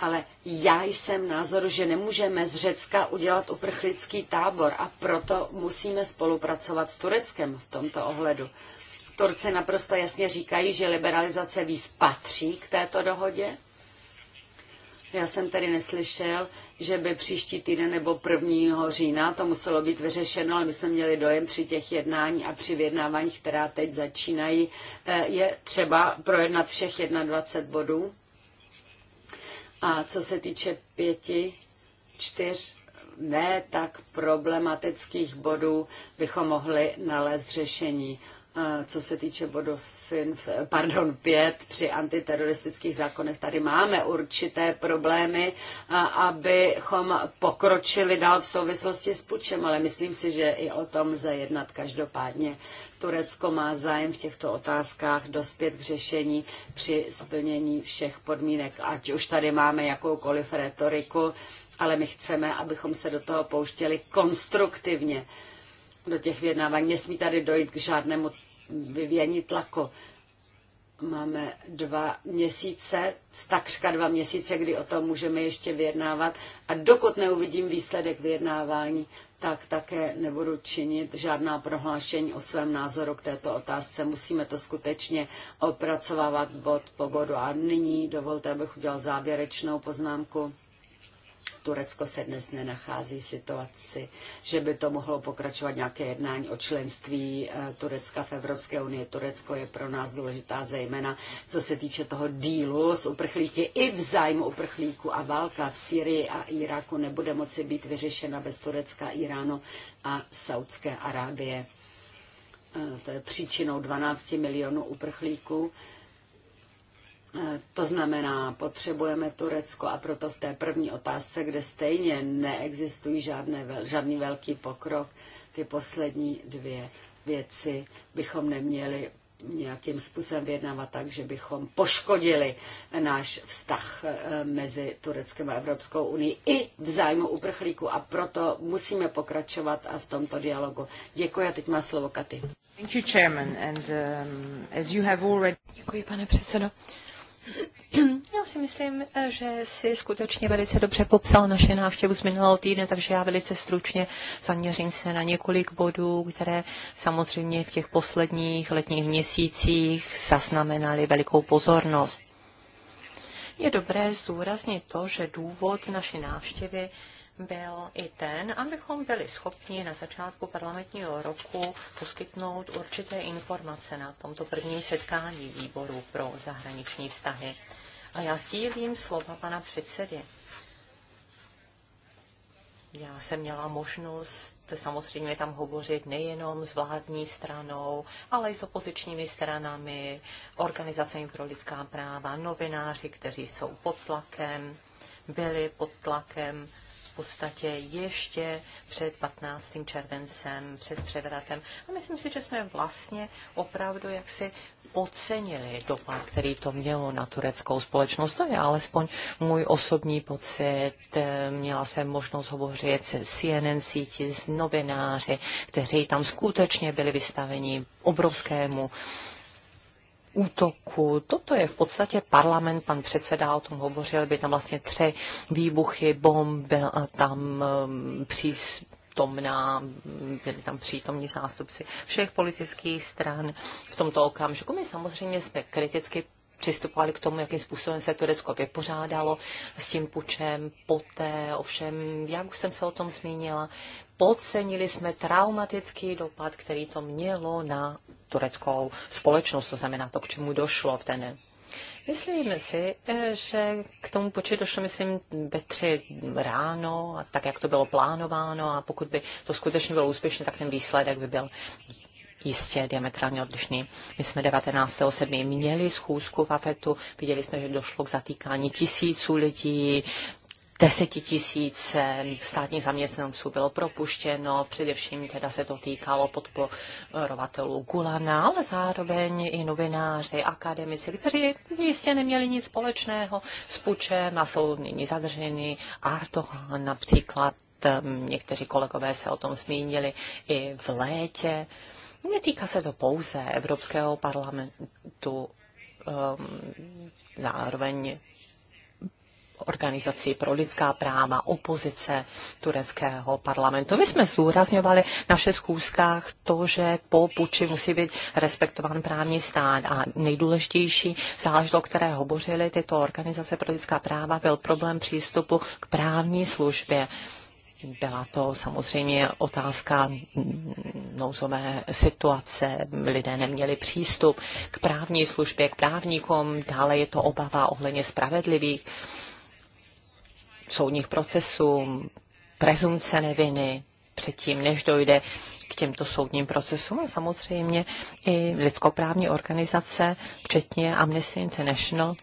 Ale já jsem názoru, že nemůžeme z Řecka udělat uprchlický tábor a proto musíme spolupracovat s Tureckem v tomto ohledu. Turci naprosto jasně říkají, že liberalizace víz patří k této dohodě. Já jsem tedy neslyšel, že by příští týden nebo 1. října to muselo být vyřešeno, ale my jsme měli dojem při těch jednání a při vyjednáváních, která teď začínají, eh, je třeba projednat všech 21 bodů. A co se týče pěti, čtyř ne tak problematických bodů bychom mohli nalézt řešení co se týče bodu FINF, pardon, 5 při antiteroristických zákonech. Tady máme určité problémy, abychom pokročili dál v souvislosti s pučem, ale myslím si, že i o tom lze jednat každopádně. Turecko má zájem v těchto otázkách dospět k řešení při splnění všech podmínek, ať už tady máme jakoukoliv retoriku, ale my chceme, abychom se do toho pouštěli konstruktivně do těch vyjednávání. Nesmí tady dojít k žádnému vyvění tlaku. Máme dva měsíce, takřka dva měsíce, kdy o tom můžeme ještě vyjednávat a dokud neuvidím výsledek vyjednávání, tak také nebudu činit žádná prohlášení o svém názoru k této otázce. Musíme to skutečně opracovávat bod po bodu. A nyní dovolte, abych udělal závěrečnou poznámku. Turecko se dnes nenachází v situaci, že by to mohlo pokračovat nějaké jednání o členství eh, Turecka v Evropské unii. Turecko je pro nás důležitá zejména, co se týče toho dílu s uprchlíky i v zájmu uprchlíků a válka v Syrii a Iráku nebude moci být vyřešena bez Turecka, Iránu a Saudské Arábie. Eh, to je příčinou 12 milionů uprchlíků Eh, to znamená, potřebujeme Turecko a proto v té první otázce, kde stejně neexistují žádné, žádný velký pokrok, ty poslední dvě věci bychom neměli nějakým způsobem vyjednávat tak, že bychom poškodili náš vztah eh, mezi Tureckem a Evropskou unii i v zájmu uprchlíků a proto musíme pokračovat v tomto dialogu. Děkuji a teď má slovo Katy. Um, Děkuji, pane předsedo. Já si myslím, že si skutečně velice dobře popsal naše návštěvu z minulého týdne, takže já velice stručně zaměřím se na několik bodů, které samozřejmě v těch posledních letních měsících zaznamenaly velikou pozornost. Je dobré zdůraznit to, že důvod naší návštěvy byl i ten, abychom byli schopni na začátku parlamentního roku poskytnout určité informace na tomto prvním setkání výboru pro zahraniční vztahy. A já sdílím slova pana předsedy. Já jsem měla možnost samozřejmě tam hovořit nejenom s vládní stranou, ale i s opozičními stranami, organizacemi pro lidská práva, novináři, kteří jsou pod tlakem, byli pod tlakem podstatě ještě před 15. červencem, před převratem. A myslím si, že jsme vlastně opravdu jaksi ocenili dopad, který to mělo na tureckou společnost. To je alespoň můj osobní pocit. Měla jsem možnost hovořit se CNN síti, s novináři, kteří tam skutečně byli vystaveni obrovskému útoku. Toto je v podstatě parlament, pan předseda o tom hovořil, by tam vlastně tři výbuchy, bomb, a tam um, přís, Tomná, byli tam přítomní zástupci všech politických stran v tomto okamžiku. My samozřejmě jsme kriticky přistupovali k tomu, jakým způsobem se Turecko vypořádalo s tím pučem poté. Ovšem, jak už jsem se o tom zmínila, podcenili jsme traumatický dopad, který to mělo na tureckou společnost, to znamená to, k čemu došlo v ten Myslím si, eh, že k tomu počet došlo, myslím, ve tři ráno, a tak, jak to bylo plánováno a pokud by to skutečně bylo úspěšné, tak ten výsledek by byl jistě diametrálně odlišný. My jsme 19.7. měli schůzku v AFETu, viděli jsme, že došlo k zatýkání tisíců lidí, tisíc státních zaměstnanců bylo propuštěno, především teda se to týkalo podporovatelů Gulana, ale zároveň i novináři, akademici, kteří jistě neměli nic společného s pučem a jsou nyní zadrženi. Artohan například, eh, někteří kolegové se o tom zmínili i v létě. Netýká se to pouze Evropského parlamentu, um, zároveň organizací pro lidská práva, opozice tureckého parlamentu. My jsme zdůrazňovali na všech schůzkách to, že po puči musí být respektován právní stát a nejdůležitější záležitost, o které hovořily tyto organizace pro lidská práva, byl problém přístupu k právní službě. Byla to samozřejmě otázka nouzové situace, lidé neměli přístup k právní službě, k právníkům, dále je to obava ohledně spravedlivých soudních procesů, prezumce neviny, předtím, než dojde k těmto soudním procesům a samozřejmě i lidskoprávní organizace, včetně Amnesty International,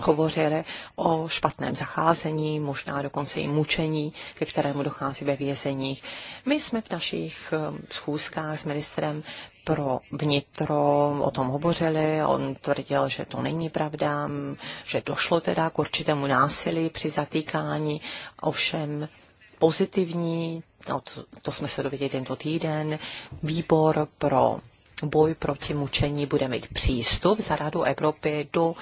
hovořili o špatném zacházení, možná dokonce i mučení, ke kterému dochází ve vězeních. My jsme v našich um, schůzkách s ministrem pro vnitro o tom hovořili, on tvrdil, že to není pravda, že došlo teda k určitému násilí při zatýkání, ovšem pozitivní, no to, to jsme se dověděli tento týden, výbor pro boj proti mučení bude mít přístup za Radu Evropy do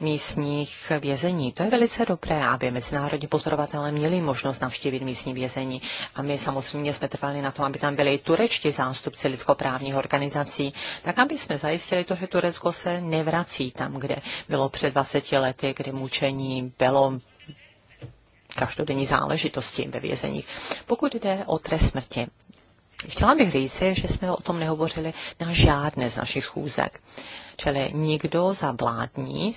místních vězení. To je velice dobré, aby mezinárodní pozorovatelé měli možnost navštívit místní vězení. A my samozřejmě jsme trvali na tom, aby tam byli turečtí zástupci lidskoprávních organizací, tak aby jsme zajistili to, že Turecko se nevrací tam, kde bylo před 20 lety, kdy mučení bylo každodenní záležitosti ve vězeních. Pokud jde o trest smrti, Chtěla bych říci, že jsme o tom nehovořili na žádné z našich schůzek. Čili nikdo za vládní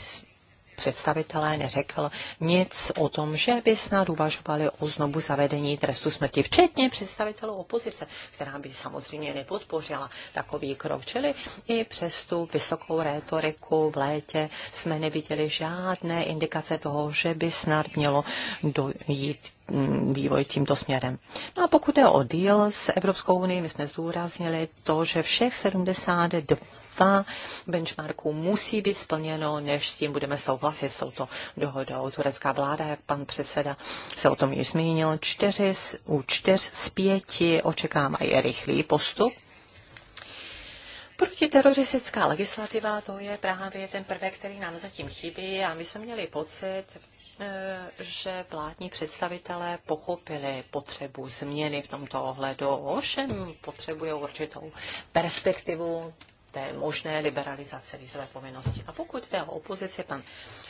představitelé neřekl nic o tom, že by snad uvažovali o znovu zavedení trestu smrti, včetně představitelů opozice, která by samozřejmě nepodpořila takový krok. Čili i přes tu vysokou rétoriku v létě jsme neviděli žádné indikace toho, že by snad mělo dojít mm, vývoj tímto směrem. No a pokud je o deal s Evropskou unii, my jsme zúraznili to, že všech 72 dva benchmarků musí být splněno, než s tím budeme souhlasit s touto dohodou. Turecká vláda, jak pan předseda se o tom již zmínil, čtyři z, u čtyř z pěti očekávají rychlý postup Protiteroristická legislativa, to je právě ten prvek, který nám zatím chybí a my jsme měli pocit, eh, že vládní představitelé pochopili potřebu změny v tomto ohledu. Ovšem potřebují určitou perspektivu, té možné liberalizace vízové povinnosti. A pokud jde o opozici, pan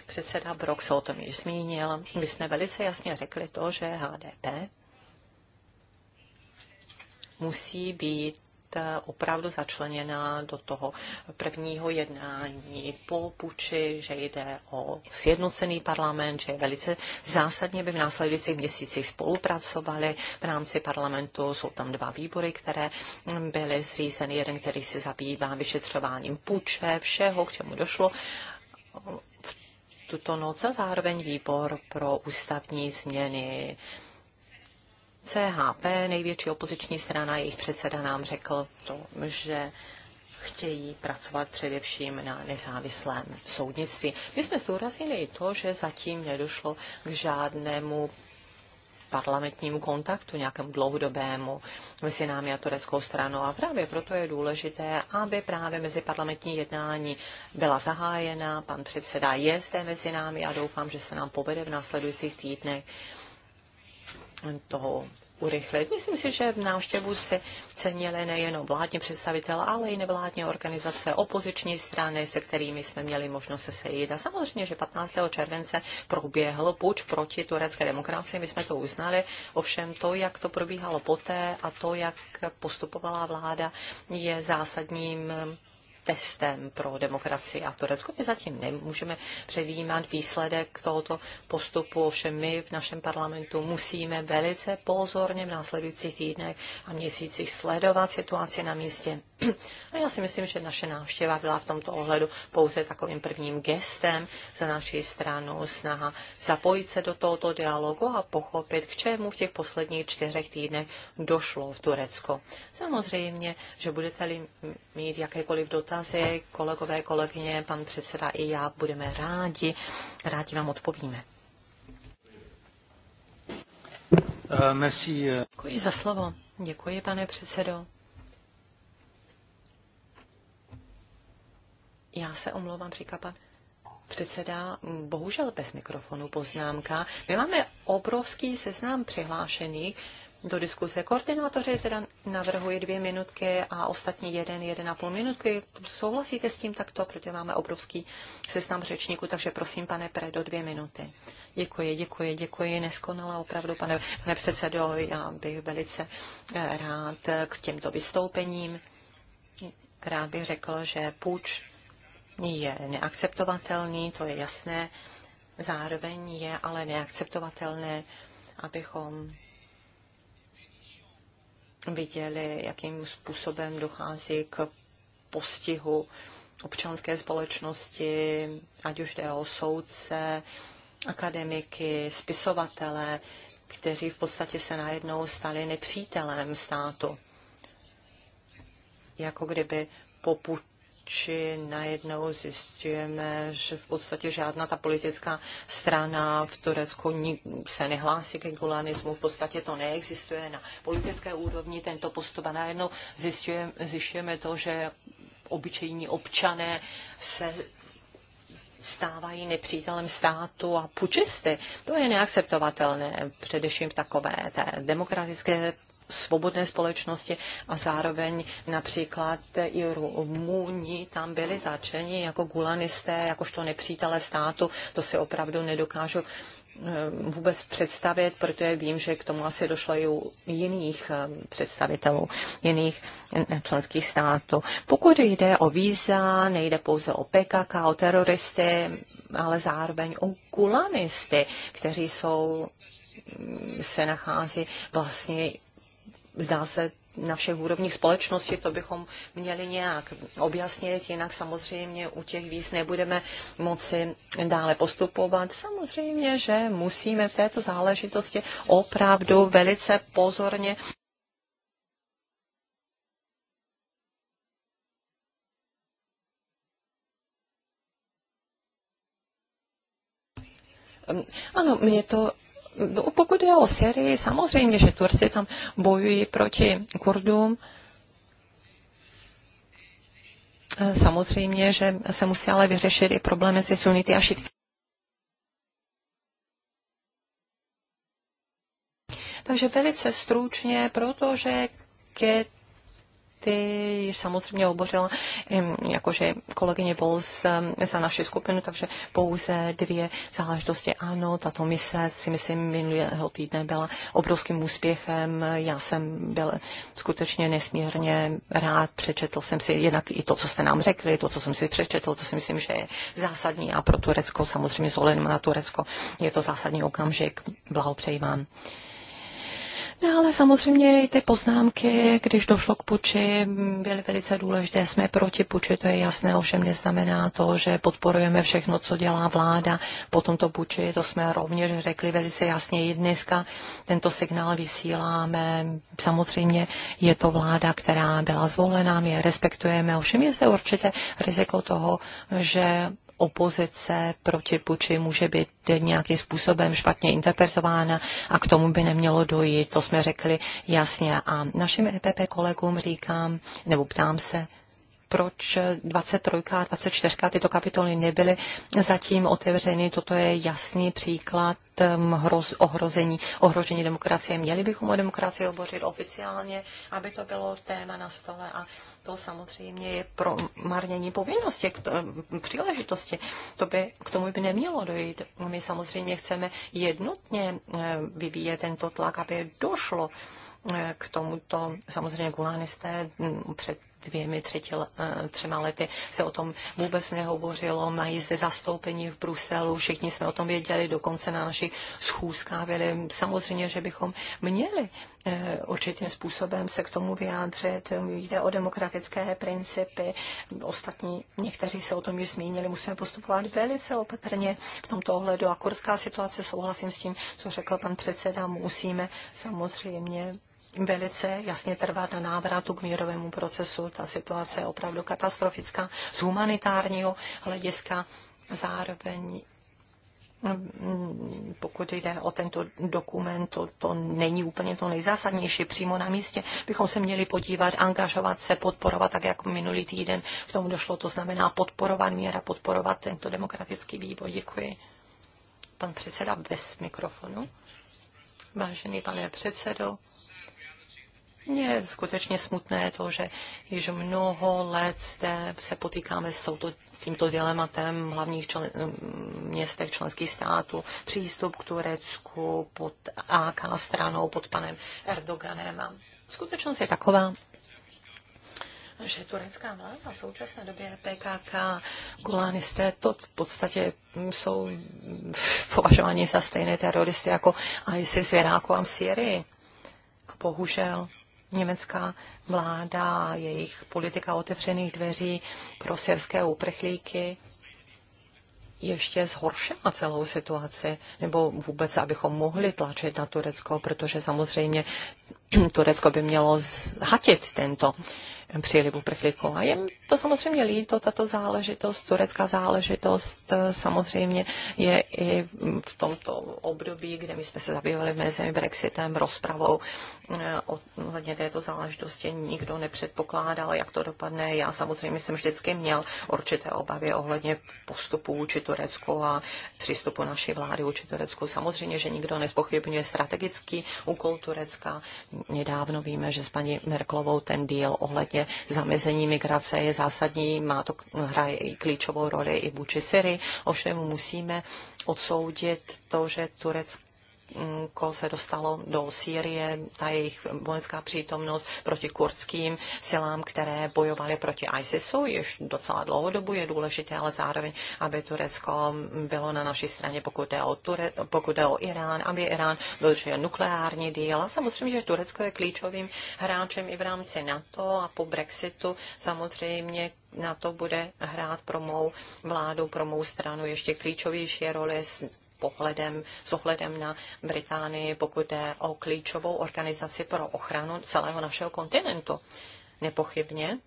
předseda Brok se o tom již zmínil, my jsme velice jasně řekli to, že HDP musí být Eh, opravdu začleněna do toho prvního jednání po puči, že jde o sjednocený parlament, že je velice zásadně by v následujících měsících spolupracovali v rámci parlamentu. Jsou tam dva výbory, které byly zřízeny. Jeden, který se zabývá vyšetřováním puče, všeho, k čemu došlo v tuto noc a zároveň výbor pro ústavní změny CHP, největší opoziční strana, jejich předseda nám řekl to, že chtějí pracovat především na nezávislém soudnictví. My jsme zdůraznili i to, že zatím nedošlo k žádnému parlamentnímu kontaktu, nějakému dlouhodobému mezi námi a tureckou stranou. A právě proto je důležité, aby právě mezi parlamentní jednání byla zahájena. Pan předseda je zde mezi námi a doufám, že se nám povede v následujících týdnech toho urychlit. Myslím si, že v návštěvu se cenili nejenom vládní představitel, ale i nevládní organizace, opoziční strany, se kterými jsme měli možnost se sejít. A samozřejmě, že 15. července proběhl puč proti turecké demokracii, my jsme to uznali, ovšem to, jak to probíhalo poté a to, jak postupovala vláda, je zásadním testem pro demokracii a Turecko. My zatím nemůžeme předjímat výsledek tohoto postupu, ovšem my v našem parlamentu musíme velice pozorně v následujících týdnech a měsících sledovat situaci na místě. (clears throat) A já si myslím, že naše návštěva byla v tomto ohledu pouze takovým prvním gestem za naší stranu, snaha zapojit se do tohoto dialogu a pochopit, k čemu v těch posledních čtyřech týdnech došlo v Turecku. Samozřejmě, že budete-li mít jakékoliv dotazy, dotazy, kolegové, kolegyně, pan předseda i já budeme rádi. Rádi vám odpovíme. Eh, merci. Eh. Děkuji za slovo. Děkuji, pane předsedo. Já se omlouvám, říká pan předseda, bohužel bez mikrofonu poznámka. My máme obrovský seznam přihlášených do diskuse. Koordinátoři teda navrhuji dvě minutky a ostatní jeden, jeden a půl minutky. Souhlasíte s tím takto, protože máme obrovský seznam řečníků, takže prosím, pane do dvě minuty. Děkuji, děkuji, děkuji. Neskonala opravdu, pane, pane předsedo, já bych velice eh, rád eh, k těmto vystoupením. Rád bych řekl, že půjč je neakceptovatelný, to je jasné. Zároveň je ale neakceptovatelné, abychom viděli, jakým způsobem dochází k postihu občanské společnosti, ať už jde o soudce, akademiky, spisovatele, kteří v podstatě se najednou stali nepřítelem státu. Jako kdyby poput či najednou zjistujeme, že v podstatě žádná ta politická strana v Turecku se nehlásí ke gulanismu, v podstatě to neexistuje na politické úrovni tento postup a najednou zjistujeme, zjišťujeme to, že obyčejní občané se stávají nepřítelem státu a pučisty. To je neakceptovatelné, především v takové té demokratické svobodné společnosti a zároveň například i Rumuni tam byli začeni jako gulanisté, jakožto nepřítele státu, to si opravdu nedokážu eh, vůbec představit, protože vím, že k tomu asi došlo i u jiných eh, představitelů, jiných eh, členských států. Pokud jde o víza, nejde pouze o PKK, o teroristy, ale zároveň o kulanisty, kteří jsou mm, se nachází vlastně zdá se, na všech úrovních společnosti, to bychom měli nějak objasnit, jinak samozřejmě u těch víc nebudeme moci dále postupovat. Samozřejmě, že musíme v této záležitosti opravdu velice pozorně Ano, mě to no, pokud je o Syrii, samozřejmě, že Turci tam bojují proti Kurdům. Samozřejmě, že se musí ale vyřešit i problémy se sunity a šitky. Takže velice stručně, protože ke ty samozřejmě obořila jakože kolegyně Bols za naši skupinu, takže pouze dvě záležitosti. Ano, tato mise si myslím minulého týdne byla obrovským úspěchem. Já jsem byl skutečně nesmírně rád, přečetl jsem si jednak i to, co jste nám řekli, to, co jsem si přečetl, to si myslím, že je zásadní a pro Turecko, samozřejmě s na Turecko, je to zásadní okamžik. Blahopřeji vám. No ale samozřejmě i ty poznámky, když došlo k puči, byly velice důležité. Jsme proti puči, to je jasné, ovšem neznamená to, že podporujeme všechno, co dělá vláda po tomto puči. To jsme rovněž řekli velice jasně i dneska. Tento signál vysíláme. Samozřejmě je to vláda, která byla zvolená, my je respektujeme. Ovšem je zde určitě riziko toho, že opozice proti puči může být nějakým způsobem špatně interpretována a k tomu by nemělo dojít. To jsme řekli jasně. A našim EPP kolegům říkám, nebo ptám se, proč 23 a 24 tyto kapitoly nebyly zatím otevřeny. Toto je jasný příklad um, hroz, ohrození, ohrožení demokracie. Měli bychom o demokracii hovořit oficiálně, aby to bylo téma na stole a to samozřejmě je pro marnění povinnosti, k, eh, příležitosti. To by, k tomu by nemělo dojít. My samozřejmě chceme jednotně eh, vyvíjet tento tlak, aby došlo eh, k tomuto. Samozřejmě gulánisté hm, před dvěmi, třetí, eh, třema lety se o tom vůbec nehovořilo. Mají zde zastoupení v Bruselu, všichni jsme o tom věděli, dokonce na našich schůzkách byli. Samozřejmě, že bychom měli eh, určitým způsobem se k tomu vyjádřit. Jde o demokratické principy. Ostatní, někteří se o tom již zmínili, musíme postupovat velice opatrně v tomto ohledu. A kurská situace, souhlasím s tím, co řekl pan předseda, musíme samozřejmě velice jasně trvat na návratu k mírovému procesu. Ta situace je opravdu katastrofická z humanitárního hlediska. Zároveň mm, pokud jde o tento dokument, to, to není úplně to nejzásadnější. Přímo na místě bychom se měli podívat, angažovat se, podporovat, tak jak minulý týden k tomu došlo. To znamená podporovat míra, podporovat tento demokratický vývoj. Děkuji. Pan předseda bez mikrofonu. Vážený pane předsedo, je skutečně smutné to, že již mnoho let jste, se potýkáme s, touto, s tímto dilematem v hlavních člen, městech členských států. Přístup k Turecku pod AK stranou, pod panem Erdoganem. A skutečnost je taková, že turecká vláda v současné době PKK, Golanisté, to v podstatě jsou považováni za stejné teroristy jako ISIS v Iráku a v Syrii. A bohužel německá vláda a jejich politika otevřených dveří pro syrské uprchlíky ještě zhoršila celou situaci, nebo vůbec, abychom mohli tlačit na Turecko, protože samozřejmě (clears throat) Turecko by mělo zhatit tento příliv uprchlíků. A je to samozřejmě líto, tato záležitost, turecká záležitost samozřejmě je i v tomto období, kde my jsme se zabývali mezi Brexitem, rozpravou Eh, ohledně této záležitosti nikdo nepředpokládal, jak to dopadne. Já samozřejmě jsem vždycky měl určité obavy ohledně postupu vůči Turecku a přístupu naší vlády vůči Turecku. Samozřejmě, že nikdo nespochybňuje strategický úkol Turecka. Nedávno víme, že s paní Merklovou ten díl ohledně zamezení migrace je zásadní, má to hraje i klíčovou roli i vůči Syrii. Ovšem musíme odsoudit to, že Turecko kol se dostalo do Sýrie, ta jejich vojenská přítomnost proti kurdským silám, které bojovaly proti ISISu, již docela dlouhou dobu je důležité, ale zároveň, aby Turecko bylo na naší straně, pokud jde o, Ture- pokud jde o Irán, aby Irán dodržel nukleární díl. A samozřejmě, že Turecko je klíčovým hráčem i v rámci NATO a po Brexitu samozřejmě na to bude hrát pro mou vládu, pro mou stranu ještě klíčovější roli pohledem, s ohledem na Británii, pokud jde o klíčovou organizaci pro ochranu celého našeho kontinentu. Nepochybně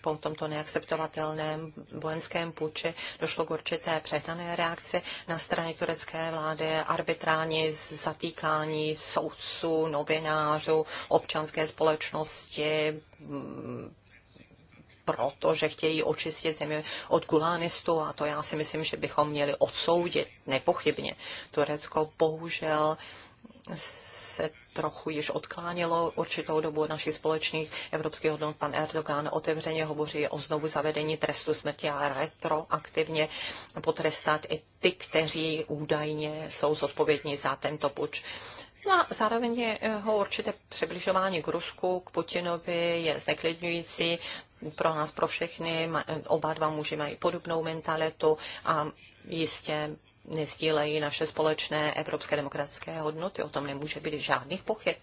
po tomto neakceptovatelném vojenském puči došlo k určité přehnané reakci na straně turecké vlády, arbitrální zatýkání soudců, novinářů, občanské společnosti, proto, že chtějí očistit zemi od kulánistů a to já si myslím, že bychom měli odsoudit nepochybně. Turecko bohužel se trochu již odklánilo určitou dobu od našich společných evropských hodnot. Pan Erdogan otevřeně hovoří o znovu zavedení trestu smrti a retroaktivně potrestat i ty, kteří údajně jsou zodpovědní za tento puč. No a zároveň jeho určité přibližování k Rusku, k Putinovi je zneklidňující pro nás, pro všechny. Oba dva muži mají podobnou mentalitu a jistě nestílejí naše společné evropské demokratické hodnoty. O tom nemůže být žádných pochyb.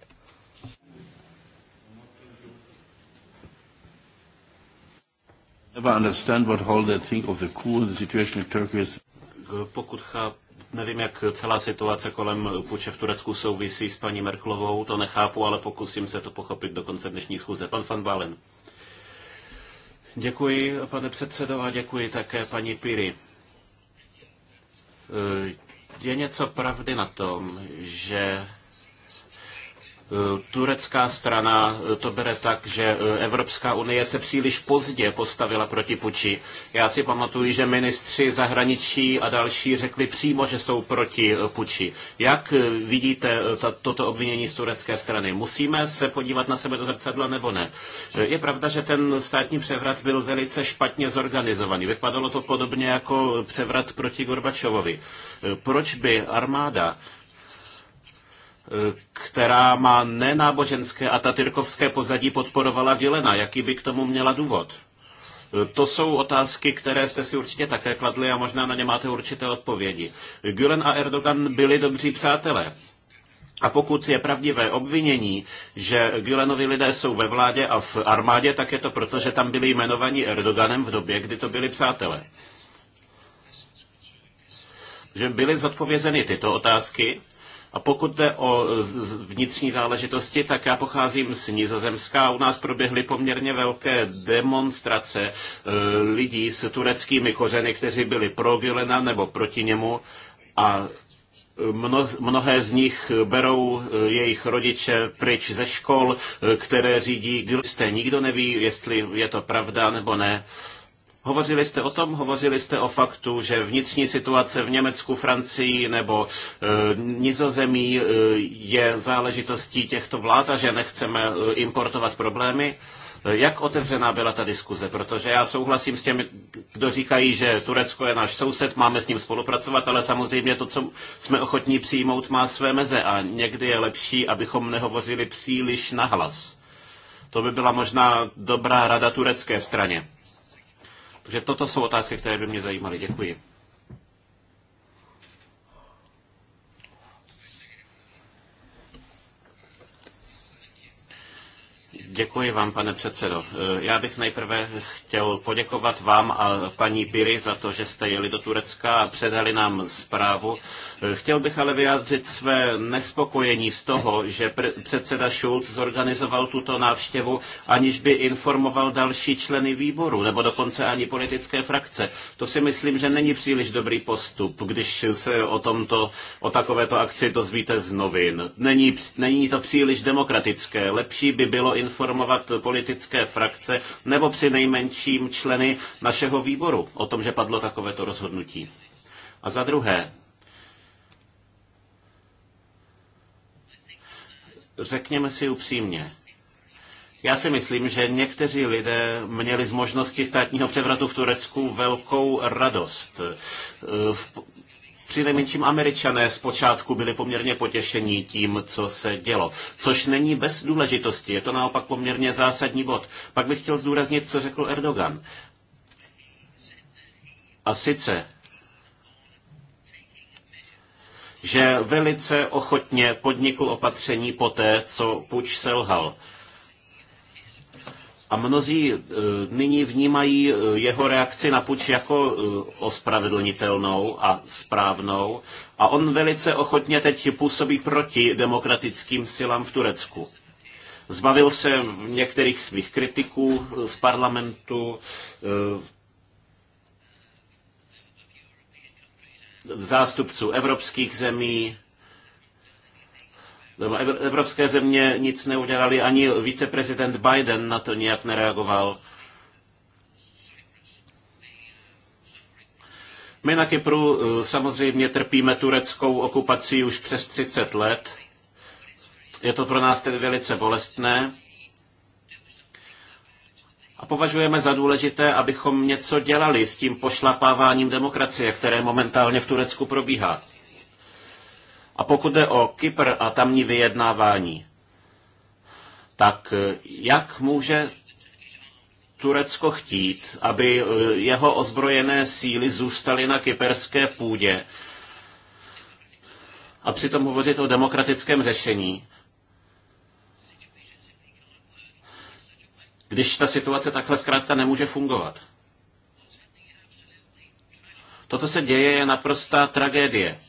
Pokud cháp, nevím, jak celá situace kolem puče v Turecku souvisí s paní Merklovou, to nechápu, ale pokusím se to pochopit do konce dnešní schůze. Pan Van Balen. Děkuji, pane předsedo, a děkuji také paní Piri. E, je něco pravdy na tom, že Turecká strana to bere tak, že e, Evropská unie se příliš pozdě postavila proti puči. Já si pamatuju, že ministři zahraničí a další řekli přímo, že jsou proti e, puči. Jak e, vidíte toto obvinění z turecké strany? Musíme se podívat na sebe do zrcadla nebo ne? Je pravda, že ten státní převrat byl velice špatně zorganizovaný. Vypadalo to podobně jako převrat proti Gorbačovovi. Proč by armáda která má nenáboženské a tatyrkovské pozadí, podporovala Gilena. Jaký by k tomu měla důvod? To jsou otázky, které jste si určitě také kladli a možná na ně máte určité odpovědi. Gülen a Erdogan byli dobří přátelé. A pokud je pravdivé obvinění, že Gülenovi lidé jsou ve vládě a v armádě, tak je to proto, že tam byli jmenovaní Erdoganem v době, kdy to byli přátelé. Že byly zodpovězeny tyto otázky a pokud jde o e, vnitřní záležitosti, tak já pocházím z Nizozemska. U nás proběhly poměrně velké demonstrace e, lidí s tureckými kořeny, kteří byli pro Gülena nebo proti němu. A Mno, mnohé z nich berou e, jejich rodiče pryč ze škol, které řídí Gülste. Nikdo neví, jestli je to pravda nebo ne. Hovořili jste o tom, hovořili jste o faktu, že vnitřní situace v Německu, Francii nebo e, Nizozemí e, je záležitostí těchto vlád a že nechceme e, importovat problémy. E, jak otevřená byla ta diskuze? Protože já souhlasím s těmi, kdo říkají, že Turecko je náš soused, máme s ním spolupracovat, ale samozřejmě to, co jsme ochotní přijmout, má své meze a někdy je lepší, abychom nehovořili příliš nahlas. To by byla možná dobrá rada turecké straně. Takže toto jsou otázky, které by mě zajímaly. Děkuji. Děkuji vám, pane předsedo. Já bych nejprve chtěl poděkovat vám a paní Piri za to, že jste jeli do Turecka a předali nám zprávu Chtěl bych ale vyjádřit své nespokojení z toho, že předseda Schulz zorganizoval tuto návštěvu, aniž by informoval další členy výboru, nebo dokonce ani politické frakce. To si myslím, že není příliš dobrý postup, když se o tomto, o takovéto akci dozvíte z novin. Není, není to příliš demokratické. Lepší by bylo informovat politické frakce nebo při nejmenším členy našeho výboru o tom, že padlo takovéto rozhodnutí. A za druhé, Řekněme si upřímně, já si myslím, že někteří lidé měli z možnosti státního převratu v Turecku velkou radost. V přinejmenším američané zpočátku byli poměrně potěšení tím, co se dělo. Což není bez důležitosti, je to naopak poměrně zásadní bod. Pak bych chtěl zdůraznit, co řekl Erdogan. A sice, že velice ochotně podnikl opatření poté, co puč selhal. A mnozí e, nyní vnímají e, jeho reakci na puč jako e, ospravedlnitelnou a správnou. A on velice ochotně teď působí proti demokratickým silám v Turecku. Zbavil se některých svých kritiků z parlamentu, zástupců evropských zemí, Evropské země nic neudělali, ani viceprezident Biden na to nijak nereagoval. My na Kypru eh, samozřejmě trpíme tureckou okupací už přes 30 let. Je to pro nás tedy velice bolestné. A považujeme za důležité, abychom něco dělali s tím pošlapáváním demokracie, které momentálně v Turecku probíhá. A pokud jde o Kypr a tamní vyjednávání, tak eh, jak může Turecko chtít, aby eh, jeho ozbrojené síly zůstaly na kyperské půdě a přitom hovořit o demokratickém řešení, když ta situace takhle zkrátka nemůže fungovat. To, co se děje, je naprostá tragédie.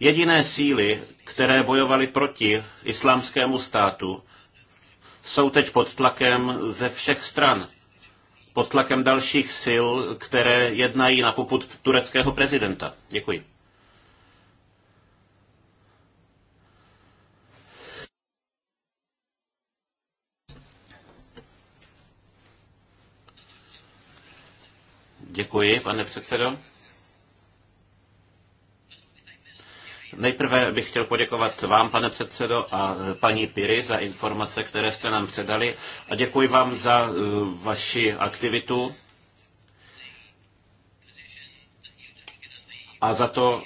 Jediné síly, které bojovaly proti islámskému státu, jsou teď pod tlakem ze všech stran. Pod tlakem dalších sil, které jednají na poput tureckého prezidenta. Děkuji. Děkuji, pane předsedo. Nejprve bych chtěl poděkovat vám, pane předsedo, a e, paní Piry za informace, které jste nám předali a děkuji vám za e, vaši aktivitu a za to,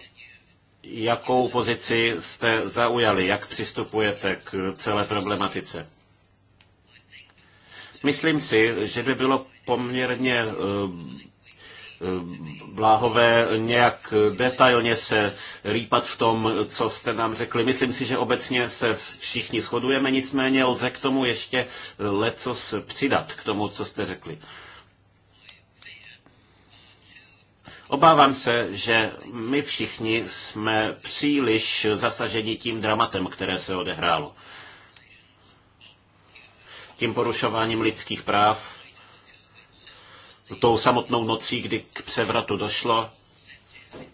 jakou pozici jste zaujali, jak přistupujete k celé problematice. Myslím si, že by bylo poměrně e, Eh, Bláhové nějak detailně se rýpat v tom, co jste nám řekli. Myslím si, že obecně se všichni shodujeme, nicméně lze k tomu ještě eh, lecos přidat, k tomu, co jste řekli. Obávám se, že my všichni jsme příliš zasaženi tím dramatem, které se odehrálo. Tím porušováním lidských práv, tou samotnou nocí, kdy k převratu došlo,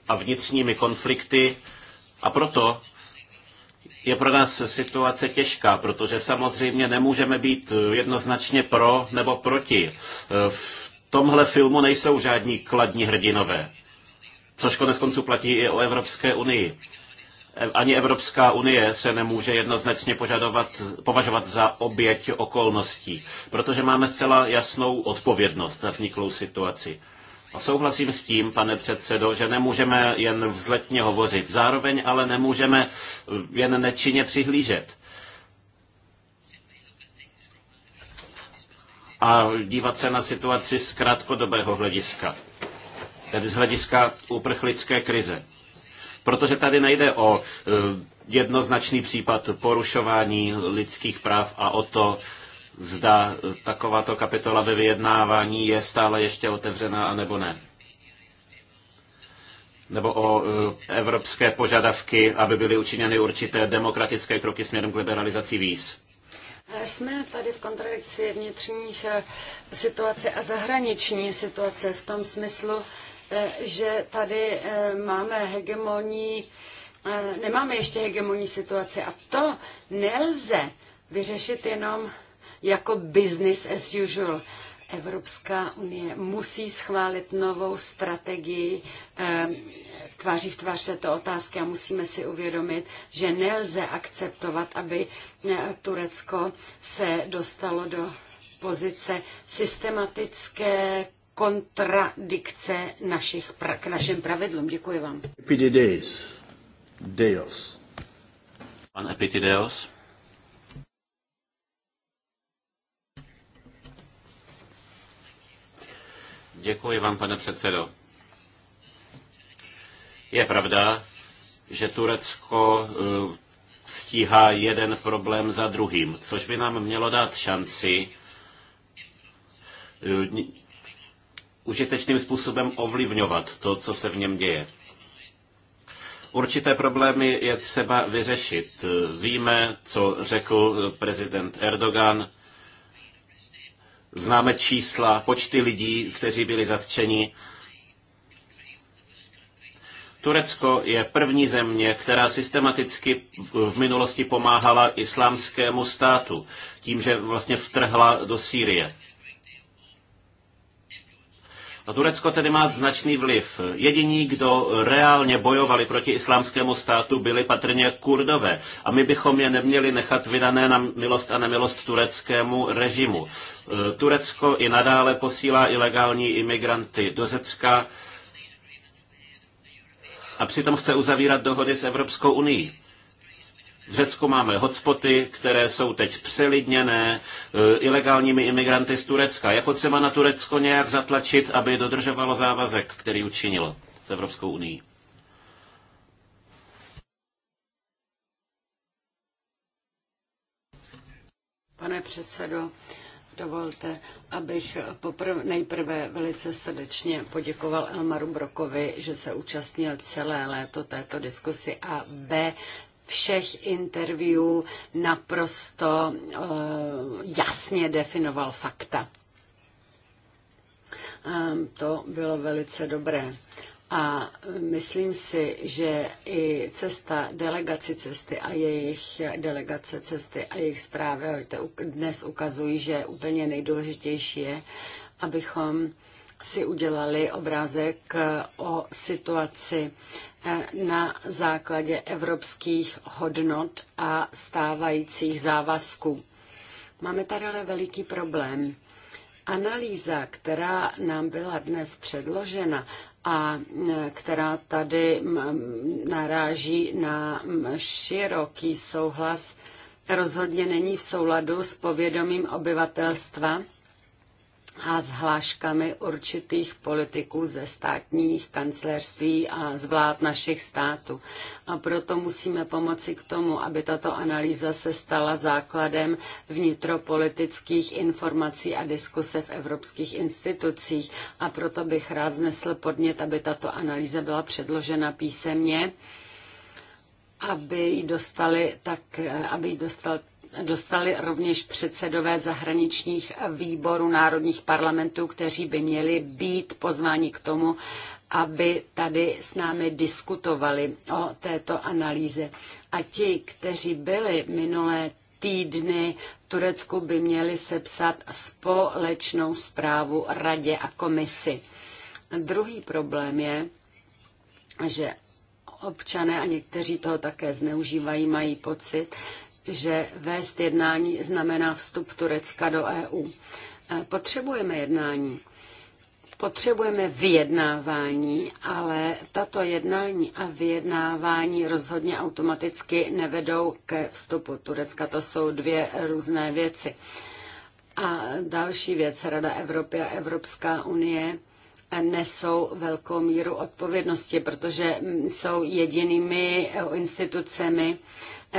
a vnitřními konflikty. A proto je pro nás situace těžká, protože samozřejmě nemůžeme být jednoznačně pro nebo proti. V tomhle filmu nejsou žádní kladní hrdinové, což konec konců platí i o Evropské unii ani Evropská unie se nemůže jednoznačně požadovat, považovat za oběť okolností, protože máme zcela jasnou odpovědnost za vzniklou situaci. A souhlasím s tím, pane předsedo, že nemůžeme jen vzletně hovořit, zároveň ale nemůžeme jen nečinně přihlížet. A dívat se na situaci z krátkodobého hlediska, tedy z hlediska uprchlické krize. Protože tady nejde o e, jednoznačný případ porušování lidských práv a o to, zda takováto kapitola ve vyjednávání je stále ještě otevřená, a nebo ne nebo o e, evropské požadavky, aby byly učiněny určité demokratické kroky směrem k liberalizaci víz. Jsme tady v kontradikci vnitřních e, situace a zahraniční situace v tom smyslu, Eh, že tady eh, máme hegemonní, eh, nemáme ještě hegemonní situaci a to nelze vyřešit jenom jako business as usual. Evropská unie musí schválit novou strategii tváří v tvář této otázky a musíme si uvědomit, že nelze akceptovat, aby Turecko se dostalo do pozice systematické kontradikce našich pra- k našim pravidlům. Děkuji vám. Epidideos. Deos. Pan Děkuji vám, pane předsedo. Je pravda, že Turecko eh, stíhá jeden problém za druhým, což by nám mělo dát šanci eh, užitečným způsobem ovlivňovat to, co se v něm děje. Určité problémy je třeba vyřešit. Víme, co řekl prezident Erdogan. Známe čísla, počty lidí, kteří byli zatčeni. Turecko je první země, která systematicky v minulosti pomáhala islámskému státu tím, že vlastně vtrhla do Sýrie. A Turecko tedy má značný vliv. Jediní, kdo reálně bojovali proti islámskému státu, byli patrně kurdové. A my bychom je neměli nechat vydané na milost a nemilost tureckému režimu. E, Turecko i nadále posílá ilegální imigranty do Řecka a přitom chce uzavírat dohody s Evropskou unii. V Řecku máme hotspoty, které jsou teď přelidněné e, ilegálními imigranty z Turecka. Je potřeba na Turecko nějak zatlačit, aby dodržovalo závazek, který učinilo s Evropskou unii. Pane předsedo, dovolte, abych poprv, nejprve velice srdečně poděkoval Elmaru Brokovi, že se účastnil celé léto této diskusy a B, všech interviewů naprosto eh, jasně definoval fakta. Ehm, to bylo velice dobré. A myslím si, že i cesta delegaci cesty a jejich delegace cesty a jejich zprávy dnes ukazují, že úplně nejdůležitější je, abychom si udělali obrázek eh, o situaci na základě evropských hodnot a stávajících závazků. Máme tady ale veliký problém. Analýza, která nám byla dnes předložena a která tady naráží na široký souhlas, rozhodně není v souladu s povědomím obyvatelstva a s hláškami určitých politiků ze státních kancelářství a z vlád našich států. A proto musíme pomoci k tomu, aby tato analýza se stala základem vnitropolitických informací a diskuse v evropských institucích. A proto bych rád znesl podnět, aby tato analýza byla předložena písemně aby ji dostali tak, aby ji dostal dostali rovněž předsedové zahraničních výborů národních parlamentů, kteří by měli být pozváni k tomu, aby tady s námi diskutovali o této analýze. A ti, kteří byli minulé týdny v Turecku, by měli sepsat společnou zprávu radě a komisi. A druhý problém je, že občané a někteří toho také zneužívají, mají pocit, že vést jednání znamená vstup Turecka do EU. E, potřebujeme jednání. Potřebujeme vyjednávání, ale tato jednání a vyjednávání rozhodně automaticky nevedou ke vstupu Turecka. To jsou dvě různé věci. A další věc, Rada Evropy a Evropská unie nesou velkou míru odpovědnosti, protože jsou jedinými institucemi,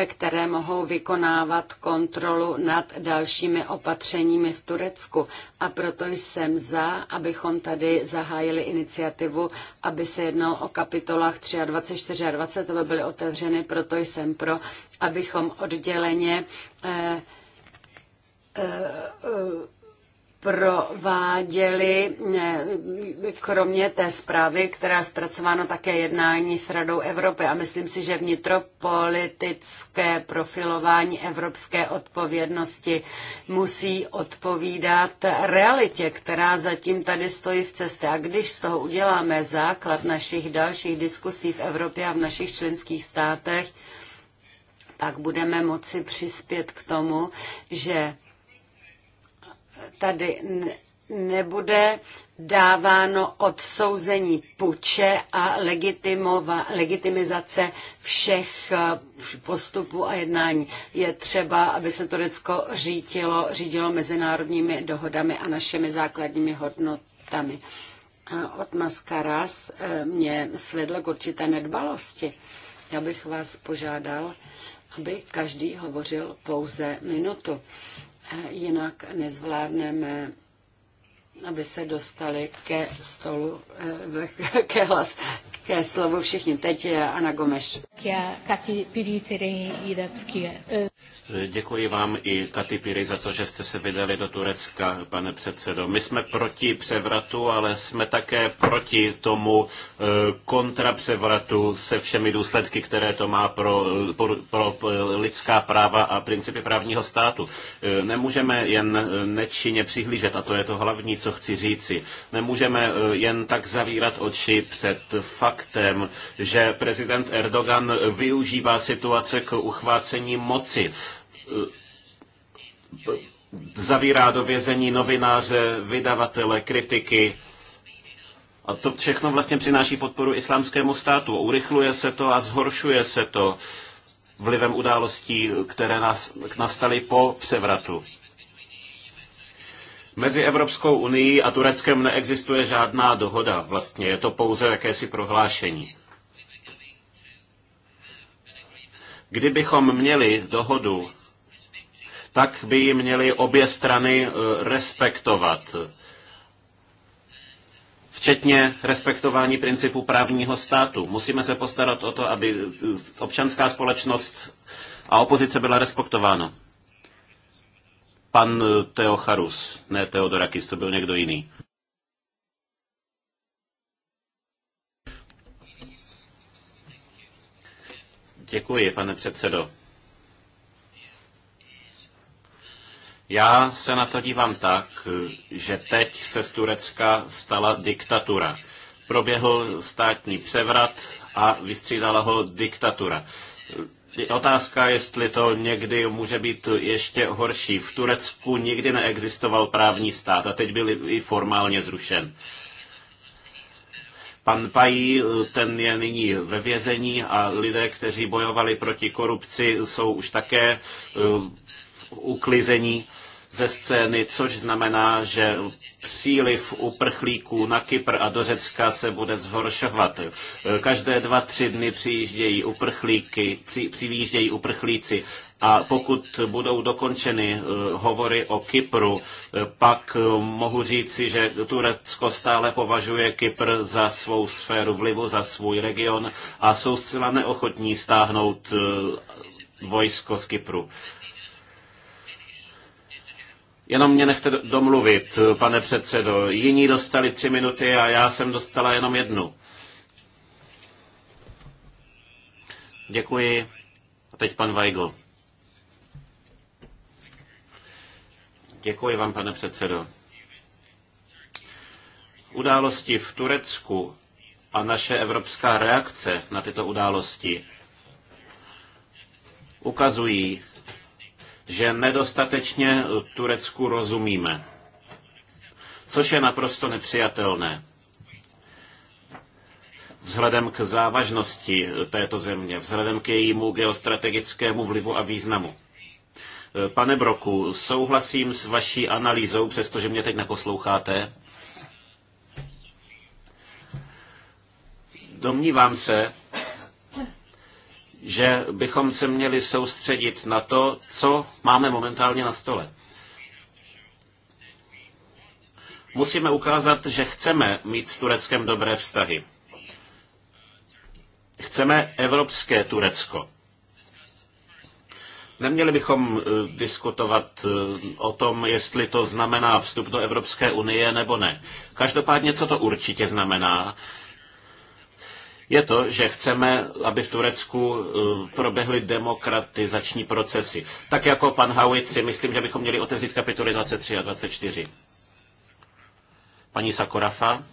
které mohou vykonávat kontrolu nad dalšími opatřeními v Turecku. A proto jsem za, abychom tady zahájili iniciativu, aby se jednalo o kapitolách 23 a 24, aby byly otevřeny, proto jsem pro, abychom odděleně eh, eh, eh, prováděli, eh, kromě té zprávy, která je zpracována také jednání s Radou Evropy. A myslím si, že vnitropolitické profilování evropské odpovědnosti musí odpovídat realitě, která zatím tady stojí v cestě. A když z toho uděláme základ našich dalších diskusí v Evropě a v našich členských státech, pak budeme moci přispět k tomu, že tady nebude dáváno odsouzení puče a legitimizace všech eh, postupů a jednání. Je třeba, aby se Turecko řídilo, řídilo mezinárodními dohodami a našimi základními hodnotami. Eh, od Maskaras eh, mě svedl k určité nedbalosti. Já bych vás požádal, aby každý hovořil pouze minutu jinak nezvládneme aby se dostali ke stolu, eh, (laughs) ke, hlas, ke slovu všichni. Teď je Ana Gomeš. Eh, děkuji vám i Katy Piri za to, že jste se vydali do Turecka, pane předsedo. My jsme proti převratu, ale jsme také proti tomu eh, kontrapřevratu se všemi důsledky, které to má pro, pro, pro lidská práva a principy právního státu. Nemůžeme jen nečinně přihlížet a to je to hlavní, co co chci říci. Nemůžeme eh, jen tak zavírat oči před faktem, že prezident Erdogan využívá situace k uchvácení moci eh, zavírá do vězení novináře, vydavatele, kritiky. A to všechno vlastně přináší podporu islámskému státu. Urychluje se to a zhoršuje se to vlivem událostí, které nás nastaly po převratu. Mezi Evropskou unii a Tureckem neexistuje žádná dohoda vlastně, je to pouze jakési prohlášení. Kdybychom měli dohodu, tak by ji měly obě strany eh, respektovat, včetně respektování principu právního státu. Musíme se postarat o to, aby eh, občanská společnost a opozice byla respektována. Pan Teocharus, ne Teodorakis, to byl někdo jiný. Děkuji, pane předsedo. Já se na to dívám tak, že teď se z Turecka stala diktatura. Proběhl státní převrat a vystřídala ho diktatura. Otázka, jestli to někdy může být ještě horší. V Turecku nikdy neexistoval právní stát a teď byl i formálně zrušen. Pan Pají, ten je nyní ve vězení a lidé, kteří bojovali proti korupci, jsou už také eh, uklizení ze scény, což znamená, že příliv uprchlíků na Kypr a do Řecka se bude zhoršovat. Každé dva, tři dny přijíždějí uprchlíky, při, přijíždějí uprchlíci a pokud budou dokončeny eh, hovory o Kypru, eh, pak eh, mohu říci, že Turecko stále považuje Kypr za svou sféru vlivu, za svůj region a jsou zcela neochotní stáhnout vojsko z Kypru. Jenom mě nechte domluvit, pane předsedo. Jiní dostali tři minuty a já jsem dostala jenom jednu. Děkuji. A teď pan Weigl. Děkuji vám, pane předsedo. Události v Turecku a naše evropská reakce na tyto události ukazují, že nedostatečně Turecku rozumíme, což je naprosto nepřijatelné vzhledem k závažnosti této země, vzhledem k jejímu geostrategickému vlivu a významu. Pane Broku, souhlasím s vaší analýzou, přestože mě teď neposloucháte. Domnívám se, že bychom se měli soustředit na to, co máme momentálně na stole. Musíme ukázat, že chceme mít s Tureckem dobré vztahy. Chceme evropské Turecko. Neměli bychom eh, diskutovat eh, o tom, jestli to znamená vstup do Evropské unie nebo ne. Každopádně, co to určitě znamená, je to, že chceme, aby v Turecku eh, proběhly demokratizační procesy. Tak jako pan Howitt si myslím, že bychom měli otevřít kapitoly 23 a 24. Paní Sakorafa.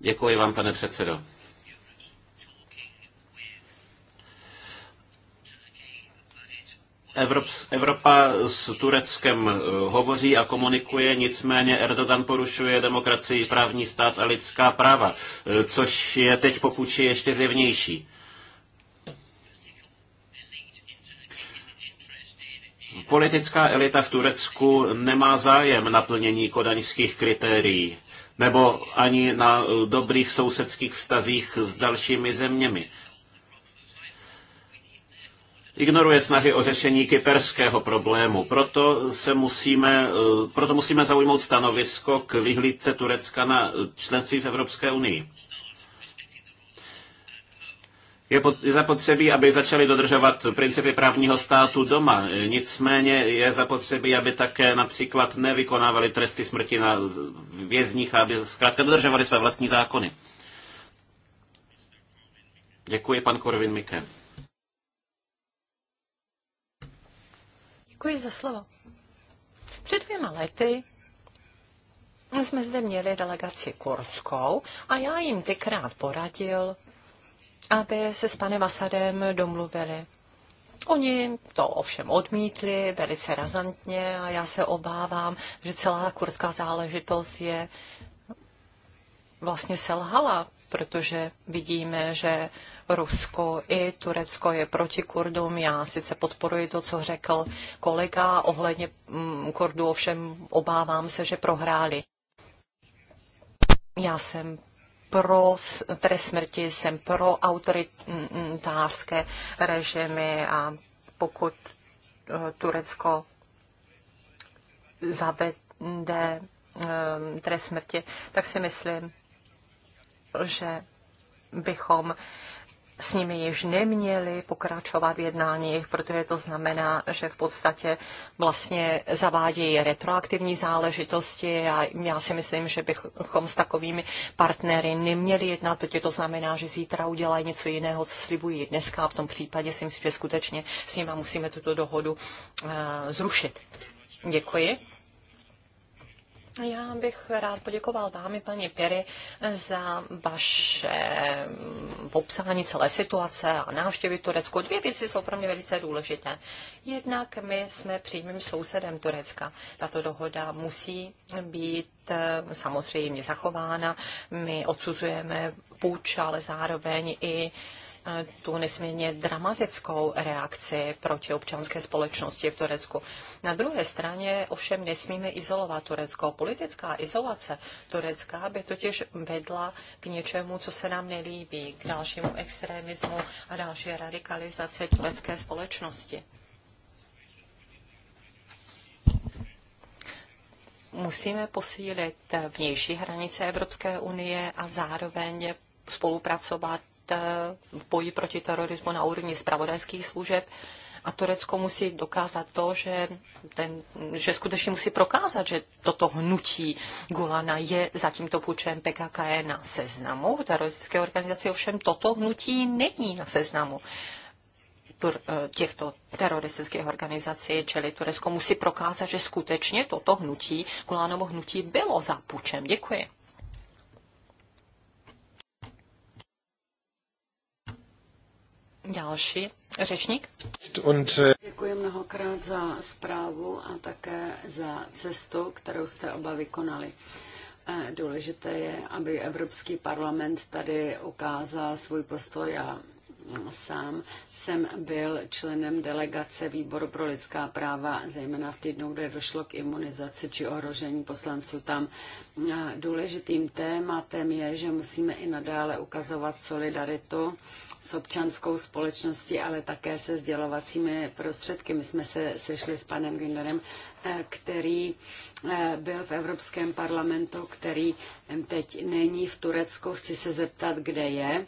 Děkuji vám, pane předsedo. Evropa s Tureckem eh, hovoří a komunikuje, nicméně Erdogan porušuje demokracii, právní stát a lidská práva, eh, což je teď popuči ještě zjevnější. Politická elita v Turecku nemá zájem na plnění kodaňských kritérií nebo ani na eh, dobrých sousedských vztazích s dalšími zeměmi ignoruje snahy o řešení kyperského problému. Proto, se musíme, eh, proto musíme zaujmout stanovisko k vyhlídce Turecka na členství v Evropské unii. Je, je zapotřebí, aby začali dodržovat principy právního státu doma. Nicméně je zapotřebí, aby také například nevykonávali tresty smrti na vězních, aby zkrátka dodržovali své vlastní zákony. Děkuji, pan Korvin Mikke. Děkuji za slovo. Před dvěma lety jsme zde měli delegaci kurdskou a já jim tykrát poradil, aby se s panem Asadem domluvili. Oni to ovšem odmítli velice razantně a já se obávám, že celá kurdská záležitost je vlastně selhala, protože vidíme, že Rusko i Turecko je proti Kurdům. Já sice podporuji to, co řekl kolega ohledně mm, Kurdů, ovšem obávám se, že prohráli. Já jsem pro trest smrti, jsem pro autoritářské režimy a pokud eh, Turecko zavede eh, trest smrti, tak si myslím, že bychom s nimi již neměli pokračovat v jednáních, protože to znamená, že v podstatě vlastně zavádějí retroaktivní záležitosti a já si myslím, že bychom s takovými partnery neměli jednat, protože to znamená, že zítra udělají něco jiného, co slibují dneska a v tom případě si myslím, že skutečně s nimi musíme tuto dohodu uh, zrušit. Děkuji. Já bych rád poděkoval vám, paní Pěry, za vaše mm, popsání celé situace a návštěvy Turecku. Dvě věci jsou pro mě velice důležité. Jednak my jsme přímým sousedem Turecka. Tato dohoda musí být eh, samozřejmě zachována. My odsuzujeme půjč, ale zároveň i uh, tu nesmírně dramatickou reakci proti občanské společnosti v Turecku. Na druhé straně ovšem nesmíme izolovat Turecko. Politická izolace Turecka by totiž vedla k něčemu, co se nám nelíbí, k dalšímu extremismu a další radikalizaci turecké společnosti. Musíme posílit vnější hranice Evropské unie a zároveň spolupracovat Eh, v boji proti terorismu na úrovni zpravodajských služeb. A Turecko musí dokázat to, že, ten, že skutečně musí prokázat, že toto hnutí Gulana je za tímto půjčem PKK je na seznamu. Teroristické organizace ovšem toto hnutí není na seznamu eh, těchto teroristických organizací, čili Turecko musí prokázat, že skutečně toto hnutí, Gulánovo hnutí, bylo za půjčem. Děkuji. Další řečník. Eh, Děkuji mnohokrát za zprávu a také za cestu, kterou jste oba vykonali. Eh, důležité je, aby Evropský parlament tady ukázal svůj postoj a mm, sám jsem byl členem delegace výboru pro lidská práva, zejména v týdnu, kde došlo k imunizaci či ohrožení poslanců tam. Eh, důležitým tématem je, že musíme i nadále ukazovat solidaritu s občanskou společností, ale také se sdělovacími prostředky. My jsme se sešli s panem Günderem, eh, který eh, byl v Evropském parlamentu, který teď není v Turecku. Chci se zeptat, kde je.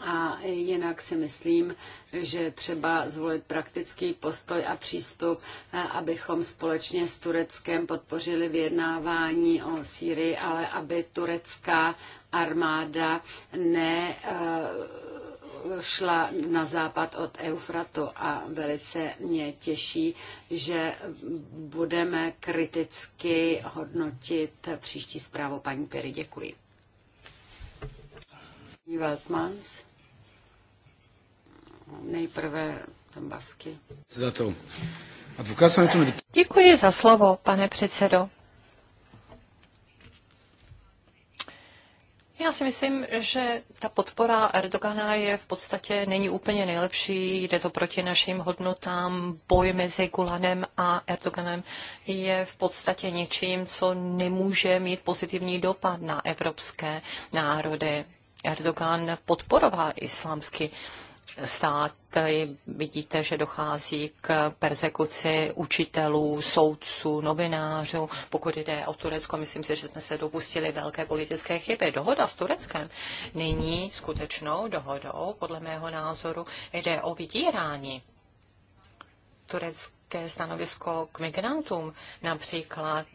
A jinak si myslím, že třeba zvolit praktický postoj a přístup, eh, abychom společně s Tureckem podpořili vyjednávání o Sýrii, ale aby turecká armáda ne šla na západ od Eufratu a velice mě těší, že budeme kriticky hodnotit příští zprávu paní Piry. Děkuji. Weltmans. Nejprve Tambasky. Za to. Děkuji za slovo, pane předsedo. Já si myslím, že ta podpora Erdogana je v podstatě není úplně nejlepší, jde to proti našim hodnotám. Boj mezi Gulanem a Erdoganem je v podstatě něčím, co nemůže mít pozitivní dopad na evropské národy. Erdogan podporoval islámsky státy vidíte, že dochází k persekuci učitelů, soudců, novinářů. Pokud jde o Turecko, myslím si, že jsme se dopustili velké politické chyby. Dohoda s Tureckem není skutečnou dohodou, podle mého názoru, jde o vydírání. turecké stanovisko k migrantům. Například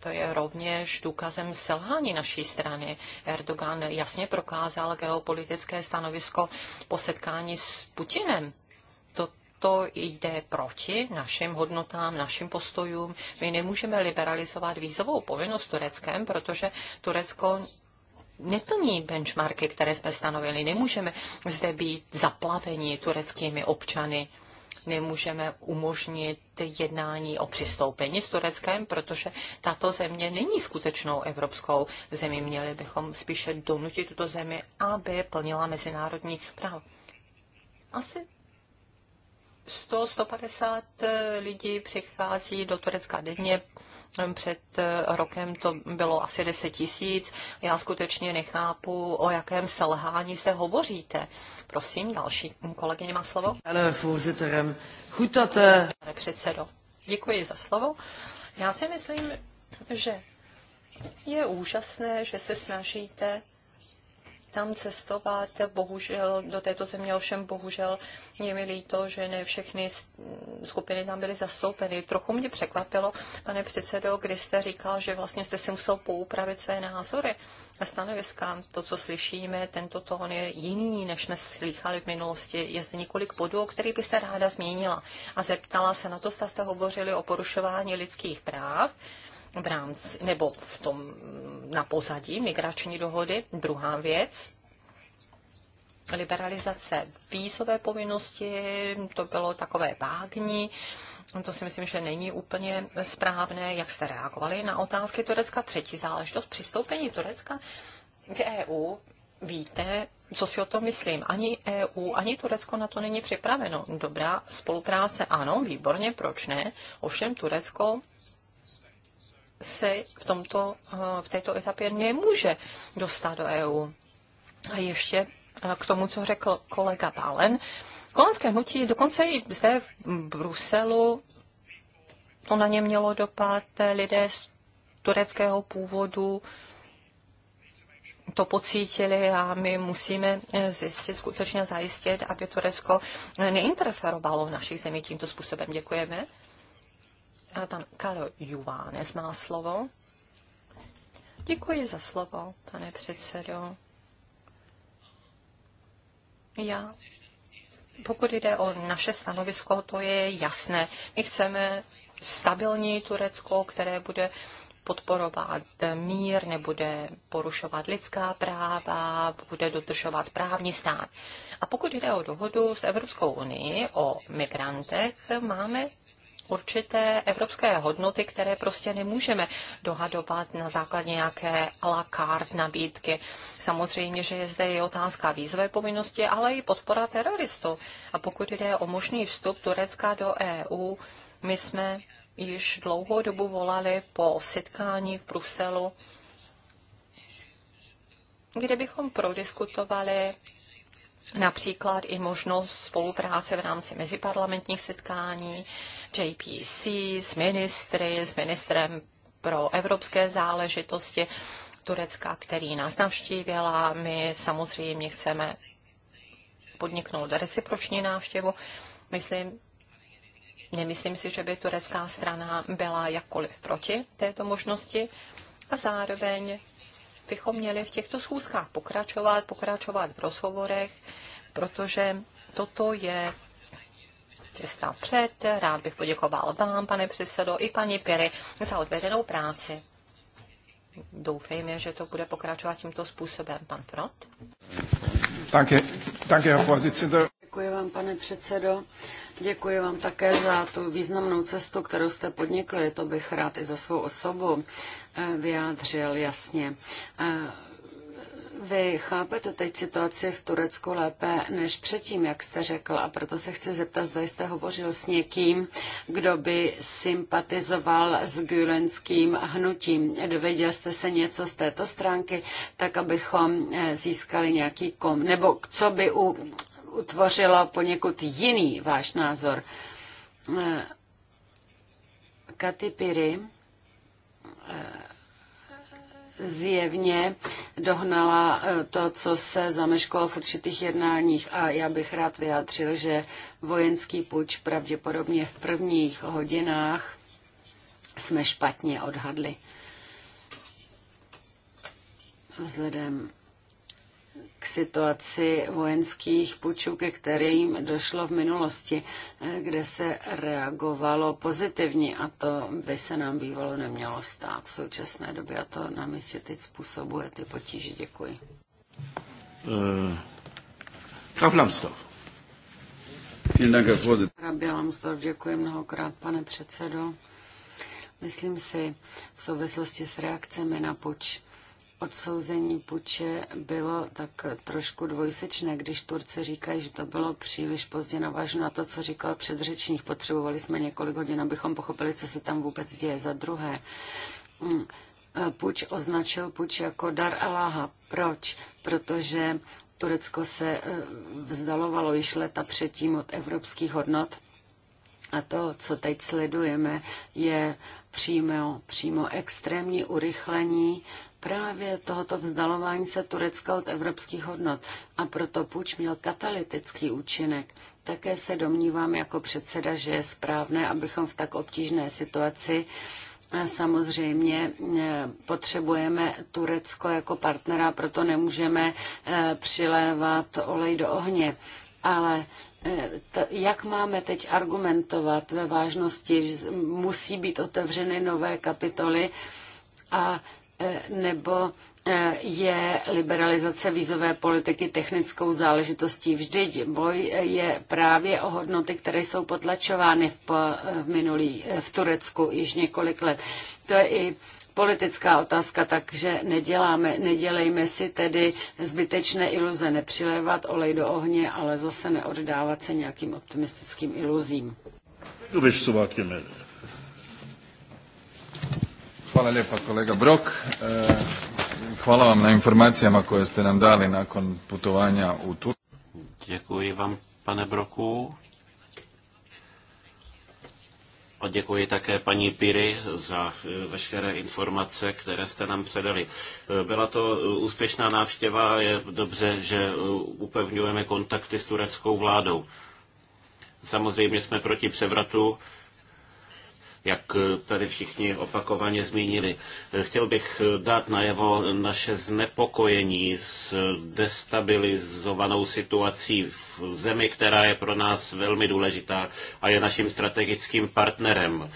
to je rovněž důkazem selhání naší strany. Erdogan jasně prokázal geopolitické stanovisko po setkání s Putinem. To, to jde proti našim hodnotám, našim postojům. My nemůžeme liberalizovat vízovou povinnost Tureckem, protože Turecko neplní benchmarky, které jsme stanovili. Nemůžeme zde být zaplaveni tureckými občany nemůžeme umožnit jednání o přistoupení s Tureckem, protože tato země není skutečnou evropskou zemí. Měli bychom spíše donutit tuto zemi, aby plnila mezinárodní právo. Asi 100-150 eh, lidí přichází do Turecka denně před eh, rokem to bylo asi 10 tisíc. Já skutečně nechápu, o jakém selhání se hovoříte. Prosím, další kolegyně má slovo. Ale vůziterem, eh, chutate. Eh, Pane předsedo, děkuji za slovo. Já si myslím, že je úžasné, že se snažíte tam cestovat. Bohužel do této země ovšem bohužel je mi líto, že ne všechny skupiny tam byly zastoupeny. Trochu mě překvapilo, pane předsedo, když jste říkal, že vlastně jste si musel poupravit své názory a stanoviska. To, co slyšíme, tento tón je jiný, než jsme slychali v minulosti. Je zde několik bodů, o by byste ráda zmínila. A zeptala se na to, zda jste hovořili o porušování lidských práv v rámci, nebo v tom, na pozadí migrační dohody. Druhá věc, liberalizace vízové povinnosti, to bylo takové vágní. To si myslím, že není úplně správné, jak jste reagovali na otázky Turecka. Třetí záležitost přistoupení Turecka k EU. Víte, co si o tom myslím? Ani EU, ani Turecko na to není připraveno. Dobrá spolupráce, ano, výborně, proč ne? Ovšem Turecko se v, tomto, eh, v této etapě nemůže dostat do EU. A ještě eh, k tomu, co řekl kolega Balen. Kolenské hnutí dokonce i zde v Bruselu to na ně mělo dopad. Lidé z tureckého původu to pocítili a my musíme eh, zjistit, skutečně zajistit, aby Turecko neinterferovalo v našich zemích tímto způsobem. Děkujeme pan Karo Juvánes má slovo. Děkuji za slovo, pane předsedo. Já, pokud jde o naše stanovisko, to je jasné. My chceme stabilní Turecko, které bude podporovat mír, nebude porušovat lidská práva, bude dodržovat právní stát. A pokud jde o dohodu s Evropskou unii o migrantech, máme určité evropské hodnoty, které prostě nemůžeme dohadovat na základě nějaké à la carte nabídky. Samozřejmě, že je zde i otázka vízové povinnosti, ale i podpora teroristů. A pokud jde o možný vstup Turecka do EU, my jsme již dlouhou dobu volali po setkání v Bruselu, kde bychom prodiskutovali například i možnost spolupráce v rámci meziparlamentních setkání, JPC, s ministry, s ministrem pro evropské záležitosti Turecka, který nás navštívila. a my samozřejmě chceme podniknout reciproční návštěvu. Myslím, nemyslím si, že by turecká strana byla jakkoliv proti této možnosti a zároveň bychom měli v těchto schůzkách pokračovat, pokračovat v rozhovorech, protože toto je cesta před. Rád bych poděkoval vám, pane předsedo, i paní Piry za odvedenou práci. Doufejme, že to bude pokračovat tímto způsobem. Pan Front. Danke, danke, Děkuji vám, pane předsedo. Děkuji vám také za tu významnou cestu, kterou jste podnikli. To bych rád i za svou osobu eh, vyjádřil jasně. Eh, vy chápete teď situaci v Turecku lépe než předtím, jak jste řekl, a proto se chci zeptat, zda jste hovořil s někým, kdo by sympatizoval s gülenským hnutím. Dověděl jste se něco z této stránky, tak abychom eh, získali nějaký kom, nebo co by u, utvořilo poněkud jiný váš názor. Eh, Katy Piri, zjevně dohnala eh, to, co se zameškalo v určitých jednáních a já bych rád vyjádřil, že vojenský puč pravděpodobně v prvních hodinách jsme špatně odhadli. Vzhledem k situaci vojenských pučů, ke kterým došlo v minulosti, kde se reagovalo pozitivně a to by se nám bývalo nemělo stát v současné době a to nám jistě teď způsobuje ty potíže. Děkuji. Uh, Graf děkuji mnohokrát, pane předsedo. Myslím si, v souvislosti s reakcemi na puč odsouzení puče bylo tak trošku dvojsečné, když Turci říkají, že to bylo příliš pozdě navážu na to, co říkal předřečník. Potřebovali jsme několik hodin, abychom pochopili, co se tam vůbec děje. Za druhé, mm, Puč označil Puč jako dar Aláha. Proč? Protože Turecko se eh, vzdalovalo již leta předtím od evropských hodnot a to, co teď sledujeme, je přímo, přímo extrémní urychlení právě tohoto vzdalování se Turecka od evropských hodnot a proto půjč měl katalytický účinek. Také se domnívám jako předseda, že je správné, abychom v tak obtížné situaci Samozřejmě e, potřebujeme Turecko jako partnera, proto nemůžeme e, přilévat olej do ohně. Ale e, jak máme teď argumentovat ve vážnosti, musí být otevřeny nové kapitoly a E, nebo e, je liberalizace vízové politiky technickou záležitostí. Vždyť boj e, je právě o hodnoty, které jsou potlačovány v, v, minulý, v Turecku již několik let. To je i politická otázka, takže neděláme, nedělejme si tedy zbytečné iluze, nepřilévat olej do ohně, ale zase neoddávat se nějakým optimistickým iluzím. Hvala lijepa kolega Brok. E, hvala vám na informacijama koje ste nam dali nakon putovanja u Turku. Děkuji vám, pane Broku. A děkuji také paní Piry za e, veškeré informace, které jste nám předali. E, byla to úspěšná návštěva a je dobře, že upevňujeme kontakty s tureckou vládou. Samozřejmě jsme proti převratu, jak tady všichni opakovaně zmínili. Chtěl bych dát najevo naše znepokojení s destabilizovanou situací v zemi, která je pro nás velmi důležitá a je naším strategickým partnerem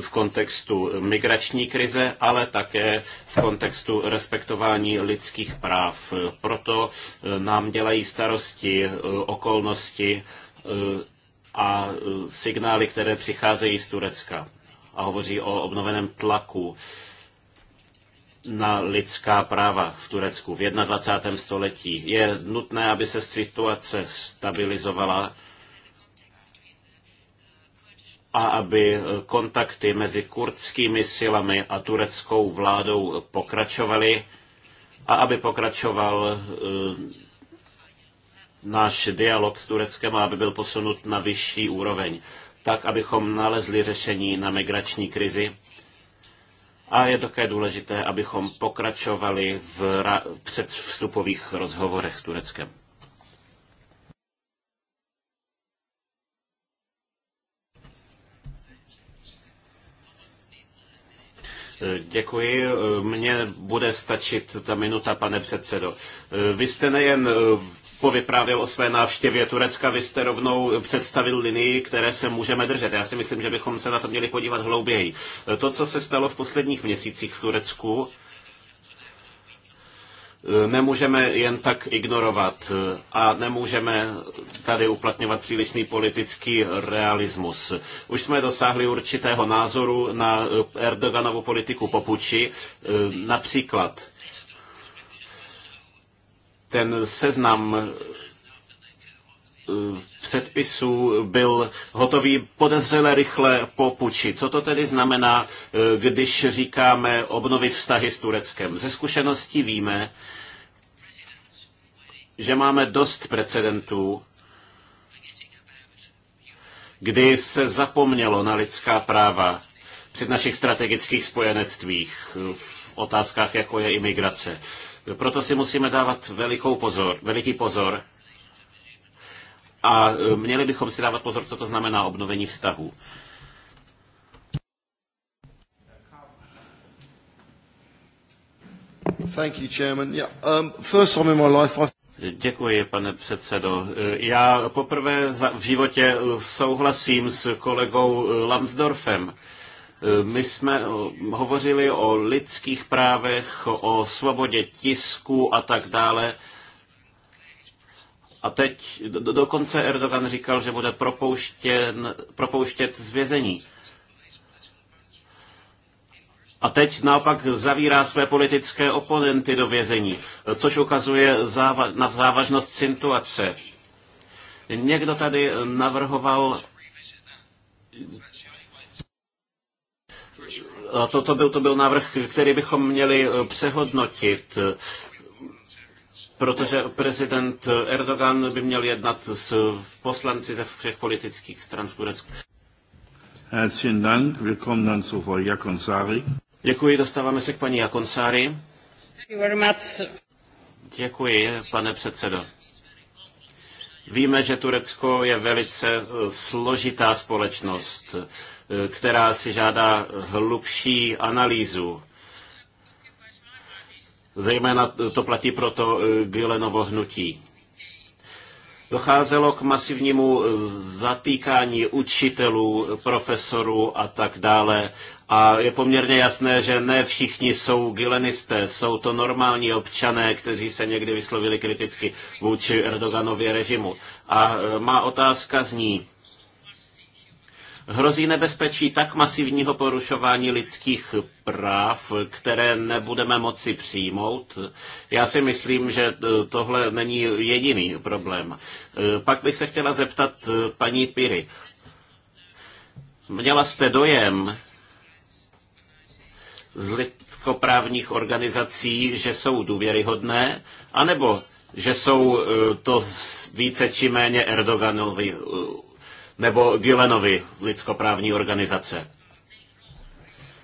v kontextu migrační krize, ale také v kontextu respektování lidských práv. Proto eh, nám dělají starosti eh, okolnosti eh, a signály, které přicházejí z Turecka a hovoří o obnoveném tlaku na lidská práva v Turecku v 21. století. Je nutné, aby se situace stabilizovala a aby kontakty mezi kurdskými silami a tureckou vládou pokračovaly a aby pokračoval e, náš dialog s Tureckem a aby byl posunut na vyšší úroveň tak abychom nalezli řešení na migrační krizi. A je také důležité, abychom pokračovali v předvstupových rozhovorech s Tureckem. Děkuji. Mně bude stačit ta minuta, pane předsedo. Vy jste nejen povyprávěl o své návštěvě Turecka, vy jste rovnou představil linii, které se můžeme držet. Já si myslím, že bychom se na to měli podívat hlouběji. To, co se stalo v posledních měsících v Turecku, nemůžeme jen tak ignorovat a nemůžeme tady uplatňovat přílišný politický realismus. Už jsme dosáhli určitého názoru na Erdoganovu politiku popuči, například ten seznam eh, předpisů byl hotový podezřele rychle po puči. Co to tedy znamená, eh, když říkáme obnovit vztahy s Tureckem? Ze zkušeností víme, že máme dost precedentů, kdy se zapomnělo na lidská práva při našich strategických spojenectvích eh, v otázkách, jako je imigrace. Proto si musíme dávat velikou pozor, veliký pozor a e, měli bychom si dávat pozor, co to znamená obnovení vztahů. Thank you, Chairman. Yeah, um, first time in my life Děkuji, pane předsedo. Já poprvé v životě souhlasím s kolegou Lambsdorffem. My jsme eh, hovořili o lidských právech, o svobodě tisku a tak dále. A teď dokonce Erdogan říkal, že bude propouštěn, propouštět z vězení. A teď naopak zavírá své politické oponenty do vězení, což ukazuje záva- na závažnost situace. Někdo tady navrhoval to, to, byl, to byl návrh, který bychom měli eh, přehodnotit protože prezident Erdogan by měl jednat s poslanci ze všech politických stran v Turecku. Herzlichen Dank, willkommen dann zu Frau Jakonsari. Děkuji, dostáváme se k paní Jakonsari. Děkuji, pane předsedo. Víme, že Turecko je velice eh, složitá společnost. Eh, která si žádá hlubší analýzu. Zejména to platí pro to eh, Gilenovo hnutí. Docházelo k masivnímu zatýkání učitelů, profesorů a tak dále. A je poměrně jasné, že ne všichni jsou gilenisté, jsou to normální občané, kteří se někdy vyslovili kriticky vůči Erdoganově režimu. A eh, má otázka zní, Hrozí nebezpečí tak masivního porušování lidských práv, které nebudeme moci přijmout. Já si myslím, že eh, tohle není jediný problém. Eh, pak bych se chtěla zeptat eh, paní Piry. Měla jste dojem, z lidskoprávních organizací, že jsou důvěryhodné, anebo že jsou to více či méně Erdoganovi nebo Gillenovy lidskoprávní organizace.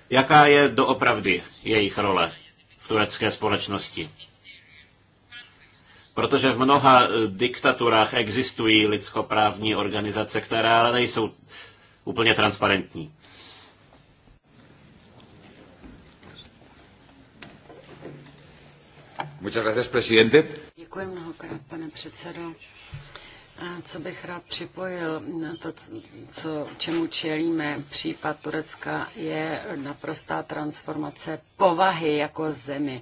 Jaká je doopravdy jejich role v turecké společnosti? Protože v mnoha eh, diktaturách existují lidskoprávní organizace, které ale nejsou úplně transparentní. Děkuji mnohokrát, pane předsedo. Co bych rád připojil na to, co, čemu čelíme, případ Turecka je naprostá transformace povahy jako zemi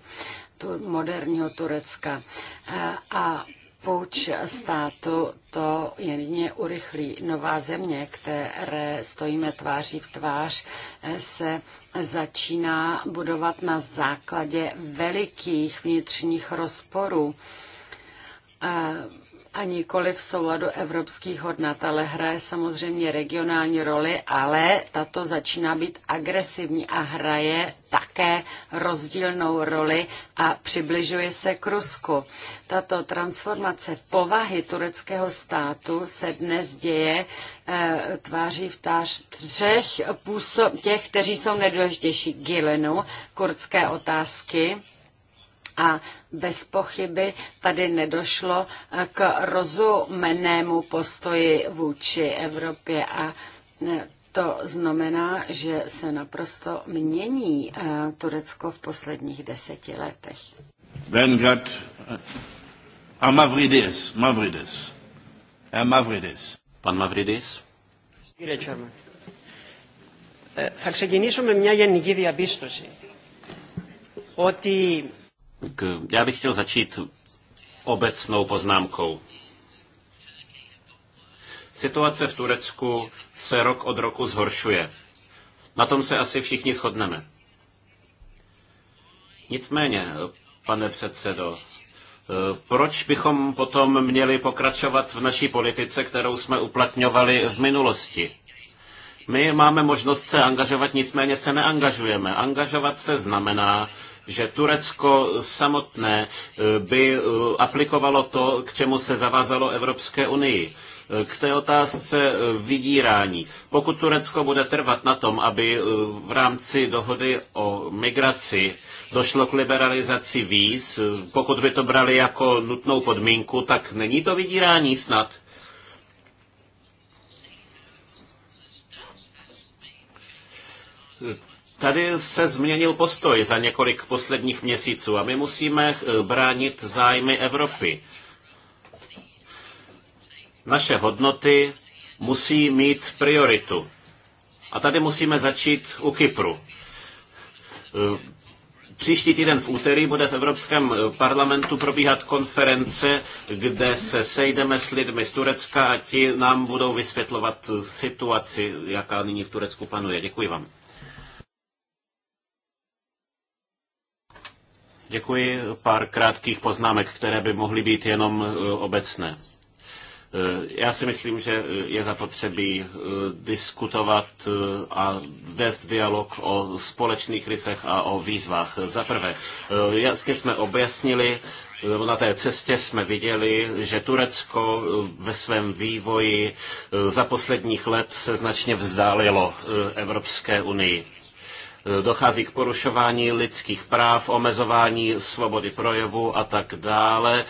tu, moderního Turecka. Eh, a pouč státu to jedině urychlí. Nová země, které stojíme tváří v tvář, eh, se začíná budovat na základě velikých vnitřních rozporů. Eh, a nikoli v souladu evropských hodnot, ale hraje samozřejmě regionální roli, ale tato začíná být agresivní a hraje také rozdílnou roli a přibližuje se k Rusku. Tato transformace povahy tureckého státu se dnes děje e, tváří v tář třech působ, těch, kteří jsou nejdůležitější, Gilenu, kurdské otázky, a bez pochyby tady nedošlo eh, k rozumenému postoji vůči Evropě a eh, to znamená, že se naprosto mění eh, Turecko v posledních deseti letech. Vengrat a Mavridis, Mavridis, a Mavridis. Pan Mavridis. Κύριε Τσέρμαν, θα ξεκινήσω με μια γενική διαπίστωση ότι k, já bych chtěl začít obecnou poznámkou. Situace v Turecku se rok od roku zhoršuje. Na tom se asi všichni shodneme. Nicméně, pane předsedo, proč bychom potom měli pokračovat v naší politice, kterou jsme uplatňovali v minulosti? My máme možnost se angažovat, nicméně se neangažujeme. Angažovat se znamená že Turecko samotné eh, by eh, aplikovalo to, k čemu se zavázalo Evropské unii eh, k té otázce vydírání. Pokud Turecko bude trvat na tom, aby v rámci dohody o migraci došlo k liberalizaci víz, pokud by to brali jako nutnou podmínku, tak není to vydírání snad? Tady se změnil postoj za několik posledních měsíců a my musíme eh, bránit zájmy Evropy. Naše hodnoty musí mít prioritu. A tady musíme začít u Kypru. Eh, příští týden v úterý bude v Evropském eh, parlamentu probíhat konference, kde se sejdeme s lidmi z Turecka a ti nám budou vysvětlovat situaci, jaká nyní v Turecku panuje. Děkuji vám. Děkuji. Pár krátkých poznámek, které by mohly být jenom e, obecné. E, já si myslím, že je zapotřebí e, diskutovat a vést dialog o společných rysech a o výzvách. Za prvé, jasně jsme objasnili, na té cestě jsme viděli, že Turecko ve svém vývoji za posledních let se značně vzdálilo Evropské unii. Dochází k porušování lidských práv, omezování svobody projevu a tak dále.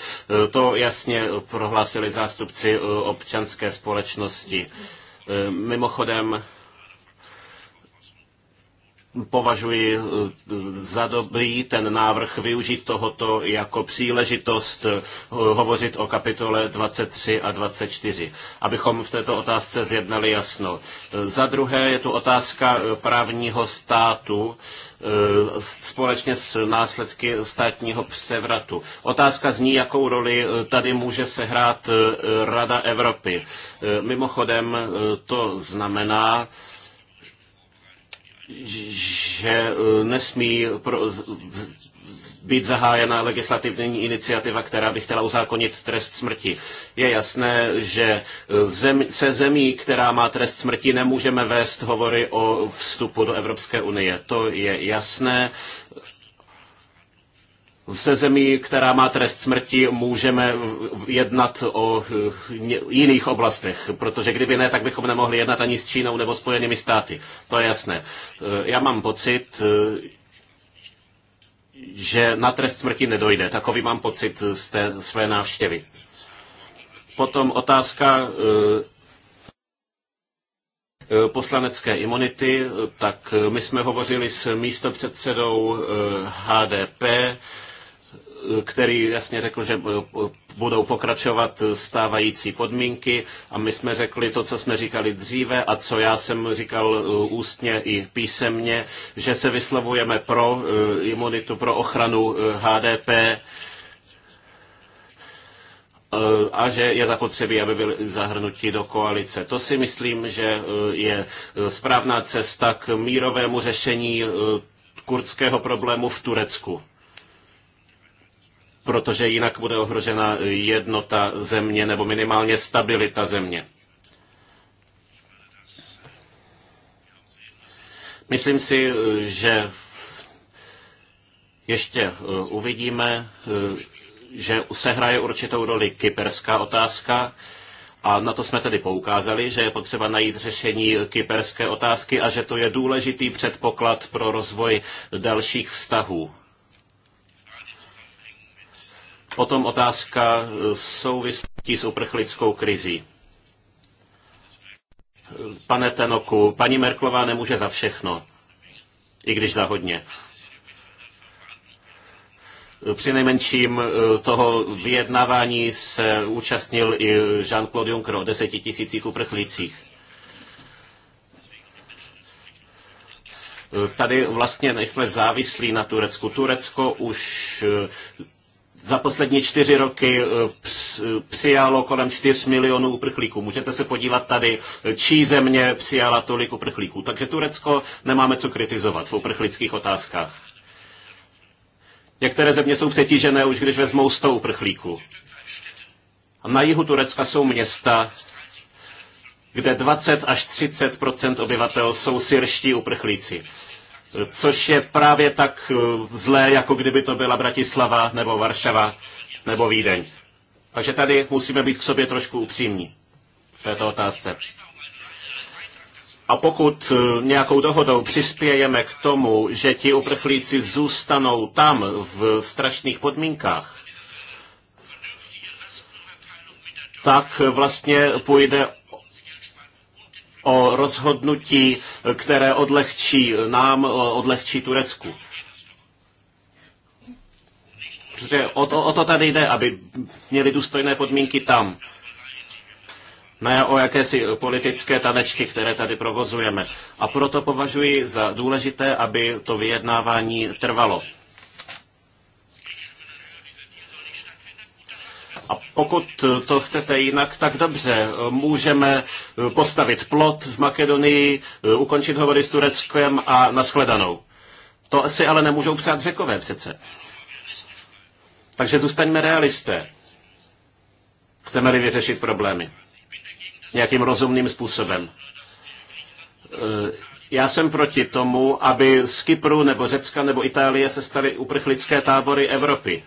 To jasně prohlásili zástupci eh, občanské společnosti. Eh, mimochodem, považuji eh, za dobrý ten návrh využít tohoto jako příležitost eh, hovořit o kapitole 23 a 24, abychom v této otázce zjednali jasno. Eh, za druhé je tu otázka právního státu společně s následky státního převratu. Otázka zní, jakou roli tady může sehrát Rada Evropy. Mimochodem to znamená, že eh, nesmí pro, být zahájena legislativní iniciativa, která by chtěla uzákonit trest smrti. Je jasné, že eh, zem, se zemí, která má trest smrti, nemůžeme vést hovory o vstupu do Evropské unie. To je jasné se zemí, která má trest smrti, můžeme jednat o jiných oblastech, protože kdyby ne, tak bychom nemohli jednat ani s Čínou nebo Spojenými státy. To je jasné. E, já mám pocit, e, že na trest smrti nedojde. Takový mám pocit z té své návštěvy. Potom otázka e, poslanecké imunity, tak my jsme hovořili s místopředsedou HDP, který jasně řekl, že budou pokračovat stávající podmínky a my jsme řekli to, co jsme říkali dříve a co já jsem říkal uh, ústně i písemně, že se vyslovujeme pro uh, imunitu, pro ochranu HDP uh, a že je zapotřebí, aby byli zahrnuti do koalice. To si myslím, že je správná cesta k mírovému řešení kurdského problému v Turecku protože jinak bude ohrožena jednota země nebo minimálně stabilita země. Myslím si, že ještě eh, uvidíme, eh, že se hraje určitou roli kyperská otázka. A na to jsme tedy poukázali, že je potřeba najít řešení kyperské otázky a že to je důležitý předpoklad pro rozvoj dalších vztahů Potom otázka eh, souvislosti s uprchlickou krizí. Pane Tenoku, paní Merklová nemůže za všechno, i když za hodně. Při nejmenším eh, toho vyjednávání se účastnil i Jean-Claude Juncker o deseti tisících uprchlících. Eh, tady vlastně nejsme závislí na Turecku. Turecko už za poslední čtyři roky eh, eh, přijalo kolem 4 milionů uprchlíků. Můžete se podívat tady, eh, čí země přijala tolik uprchlíků. Takže Turecko nemáme co kritizovat v uprchlických otázkách. Některé země jsou přetížené už, když vezmou 100 uprchlíků. Na jihu Turecka jsou města, kde 20 až 30 obyvatel jsou syrští uprchlíci což je právě tak eh, zlé, jako kdyby to byla Bratislava nebo Varšava nebo Vídeň. Takže tady musíme být k sobě trošku upřímní v této otázce. A pokud eh, nějakou dohodou přispějeme k tomu, že ti uprchlíci zůstanou tam v strašných podmínkách, tak vlastně půjde o rozhodnutí, které odlehčí nám, odlehčí Turecku. Protože o to, o to tady jde, aby měli důstojné podmínky tam. Ne o jakési politické tanečky, které tady provozujeme. A proto považuji za důležité, aby to vyjednávání trvalo. A pokud to chcete jinak, tak dobře, můžeme eh, postavit plot v Makedonii, eh, ukončit hovory s Tureckem a nashledanou. To asi, ale nemůžou přát řekové přece. Takže zůstaňme realisté. Chceme-li vyřešit problémy nějakým rozumným způsobem. Eh, já jsem proti tomu, aby z Kypru nebo Řecka nebo Itálie se staly uprchlické tábory Evropy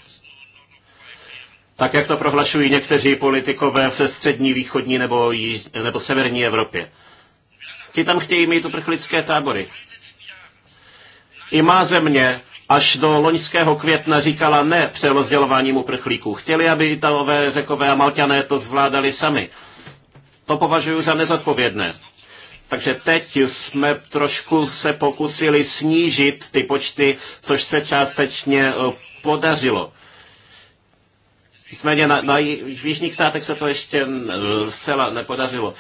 tak jak to prohlašují někteří politikové ve střední, východní nebo, již, nebo severní Evropě. Ti tam chtějí mít uprchlické tábory. I má země až do loňského května říkala ne přerozdělováním uprchlíků. Chtěli, aby Italové, Řekové a Malťané to zvládali sami. To považuji za nezodpovědné. Takže teď jsme trošku se pokusili snížit ty počty, což se částečně eh, podařilo. Nicméně na, na, v jižních státech se to ještě mm, zcela nepodařilo.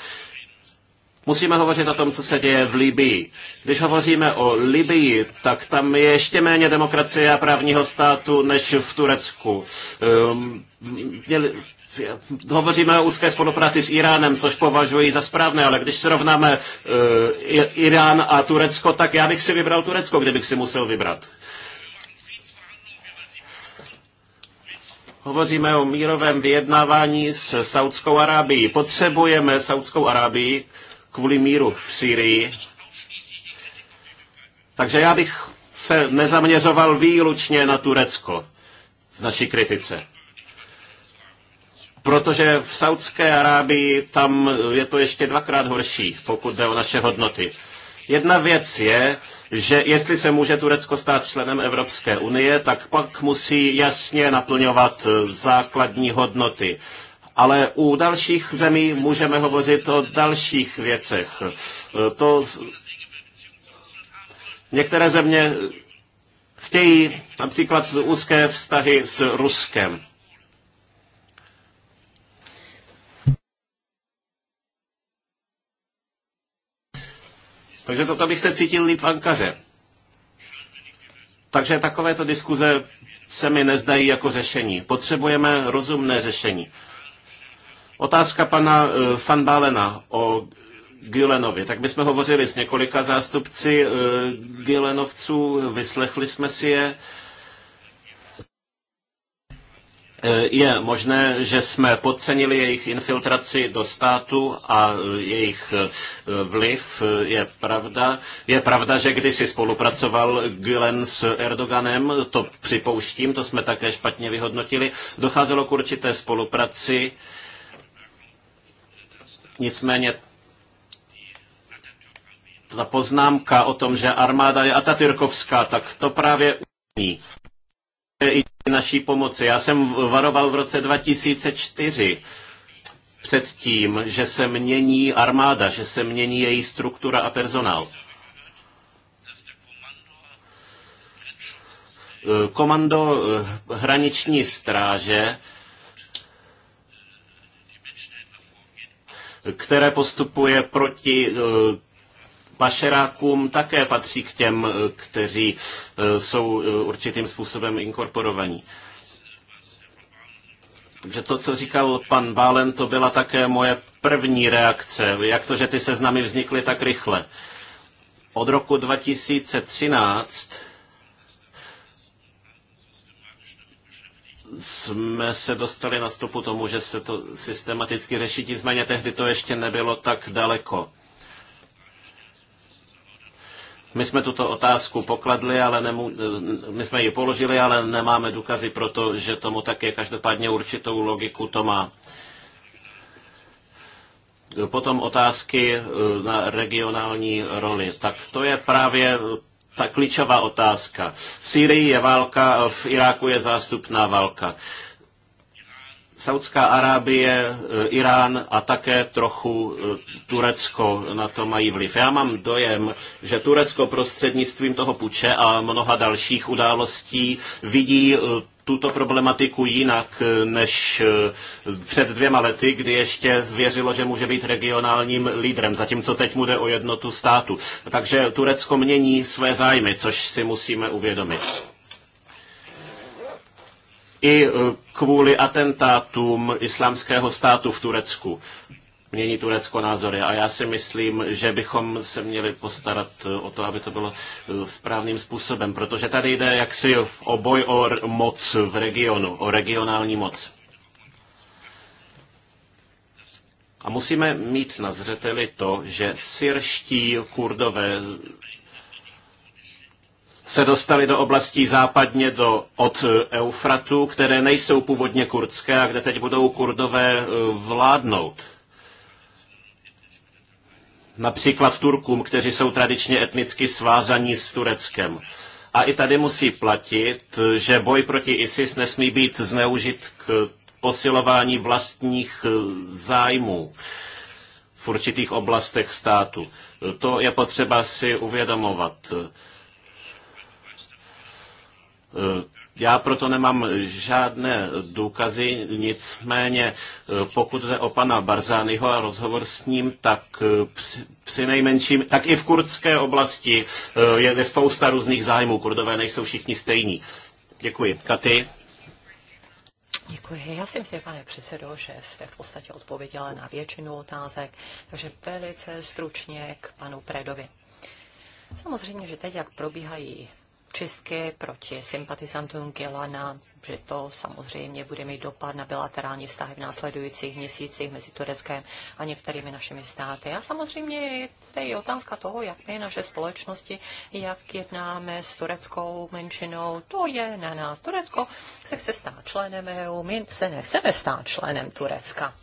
Musíme hovořit o tom, co se děje v Libii. Když hovoříme o Libii, tak tam je ještě méně demokracie a právního státu než v Turecku. Um, měli, hovoříme o úzké spolupráci s Iránem, což považuji za správné, ale když srovnáme uh, Irán a Turecko, tak já bych si vybral Turecko, kdybych si musel vybrat. Hovoříme o mírovém vyjednávání s Saudskou Arábií. Potřebujeme Saudskou Arábii kvůli míru v Syrii. Takže já bych se nezaměřoval výlučně na Turecko v naší kritice. Protože v Saudské Arábii tam je to ještě dvakrát horší, pokud jde o naše hodnoty. Jedna věc je, že jestli se může Turecko stát členem Evropské unie, tak pak musí jasně naplňovat eh, základní hodnoty. Ale u dalších zemí můžeme hovořit o dalších věcech. Eh, to některé země chtějí například úzké vztahy s Ruskem. Takže toto bych se cítil líp v Ankaře. Takže takovéto diskuze se mi nezdají jako řešení. Potřebujeme rozumné řešení. Otázka pana eh, Van Balena o Gilenovi. Tak my jsme hovořili s několika zástupci eh, Gilenovců, vyslechli jsme si je. Eh, je možné, že jsme podcenili jejich infiltraci do státu a eh, jejich eh, vliv. Je pravda, je pravda že když si spolupracoval Gülen s Erdoganem, to připouštím, to jsme také špatně vyhodnotili. Docházelo k určité spolupraci, nicméně ta poznámka o tom, že armáda je atatyrkovská, tak to právě umí i naší pomoci. Já jsem varoval v roce 2004 před tím, že se mění armáda, že se mění její struktura a personál. Komando hraniční stráže, které postupuje proti eh, pašerákům také patří k těm, eh, kteří eh, jsou eh, určitým způsobem inkorporovaní. Takže to, co říkal pan Bálen, to byla také moje první reakce. Jak to, že ty seznamy vznikly tak rychle? Od roku 2013 jsme se dostali na stopu tomu, že se to systematicky řeší, nicméně tehdy to ještě nebylo tak daleko. My jsme tuto otázku pokladli, ale nemů- eh, my jsme ji položili, ale nemáme důkazy pro to, že tomu tak je. Každopádně určitou logiku to má. Potom otázky eh, na regionální roli. Tak to je právě eh, ta klíčová otázka. V Syrii je válka, v Iráku je zástupná válka. Saudská Arábie, eh, Irán a také trochu eh, Turecko na to mají vliv. Já mám dojem, že Turecko prostřednictvím toho puče a mnoha dalších událostí vidí eh, tuto problematiku jinak než před dvěma lety, kdy ještě zvěřilo, že může být regionálním lídrem, zatímco teď mu jde o jednotu státu. Takže Turecko mění své zájmy, což si musíme uvědomit i e, kvůli atentátům islámského státu v Turecku. Mění Turecko názory a já si myslím, že bychom se měli postarat e, o to, aby to bylo e, správným způsobem, protože tady jde jaksi o boj o moc v regionu, o regionální moc. A musíme mít na zřeteli to, že syrští kurdové se dostali do oblastí západně do, od eh, Eufratu, které nejsou původně kurdské a kde teď budou kurdové eh, vládnout. Například Turkům, kteří jsou tradičně etnicky svázaní s Tureckem. A i tady musí platit, eh, že boj proti ISIS nesmí být zneužit k posilování vlastních zájmů v určitých oblastech státu. To je potřeba si uvědomovat. Eh, já proto nemám žádné důkazy, nicméně eh, pokud jde o pana Barzányho a rozhovor s ním, tak eh, při, při nejmenším, tak i v kurdské oblasti je, je spousta různých zájmů. Kurdové nejsou všichni stejní. Děkuji. Katy? Děkuji. Já si myslím, pane předsedo, že jste v podstatě odpověděla na většinu otázek, takže velice stručně k panu Predovi. Samozřejmě, že teď, jak probíhají čistky proti sympatizantům Gilana, že to samozřejmě bude mít dopad na bilaterální vztahy v následujících měsících mezi Tureckem a některými našimi státy. A samozřejmě je zde i otázka toho, jak my naše společnosti, jak jednáme s tureckou menšinou, to je na nás. Turecko se chce stát členem EU, my se nechceme stát členem Turecka.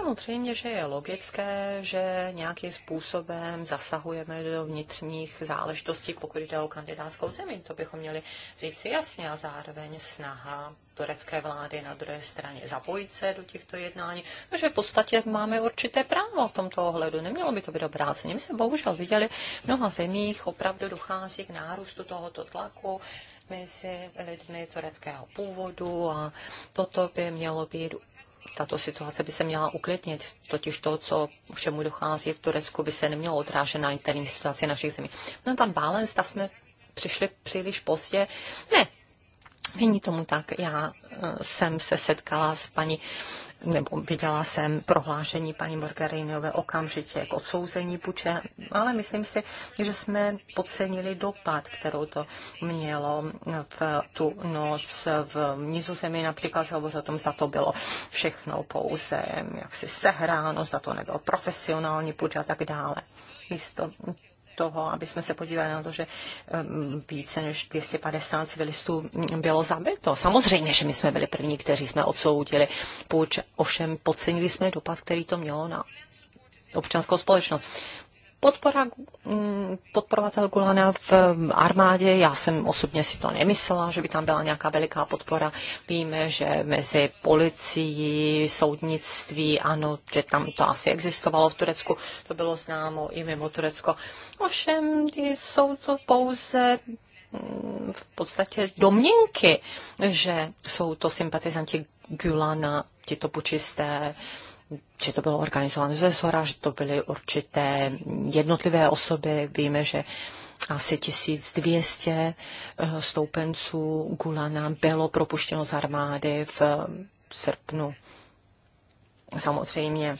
Samozřejmě, že je logické, že nějakým způsobem zasahujeme do vnitřních záležitostí, pokud jde o kandidátskou zemi. To bychom měli říct jasně a zároveň snaha turecké vlády na druhé straně zapojit se do těchto jednání, protože v podstatě máme určité právo v tomto ohledu. Nemělo by to být obráceně. My jsme bohužel viděli, v mnoha zemích opravdu dochází k nárůstu tohoto tlaku mezi lidmi tureckého původu a toto by mělo být tato situace by se měla uklidnit. Totiž to, co všemu dochází v Turecku, by se nemělo odrážet na interní situaci našich zemí. No tam balance, ta jsme přišli příliš pozdě. Ne, není tomu tak. Já eh, jsem se setkala s paní uh, nebo viděla jsem prohlášení paní Borgarinové okamžitě k odsouzení puče, ale myslím si, že jsme podcenili dopad, kterou to mělo v tu noc v Nizozemí. Například se hovoří o tom, zda to bylo všechno pouze jaksi sehráno, zda to nebyl profesionální puč a tak dále. Místo toho, aby jsme se podívali na to, že ehm, více než 250 civilistů hm, bylo zabito. Samozřejmě, že my jsme byli první, kteří jsme odsoudili půjč, ovšem podcenili jsme dopad, který to mělo na občanskou společnost podpora, mm, podporovatel Gulana v armádě, já jsem osobně si to nemyslela, že by tam byla nějaká veliká podpora. Víme, že mezi policií, soudnictví, ano, že tam to asi existovalo v Turecku, to bylo známo i mimo Turecko. Ovšem, jsou to pouze mm, v podstatě domněnky, že jsou to sympatizanti Gulana, tito pučisté, či to bylo organizované ze zhora, že to byly určité jednotlivé osoby. Víme, že asi 1200 eh, stoupenců Gulana bylo propuštěno z armády v eh, srpnu. Samozřejmě,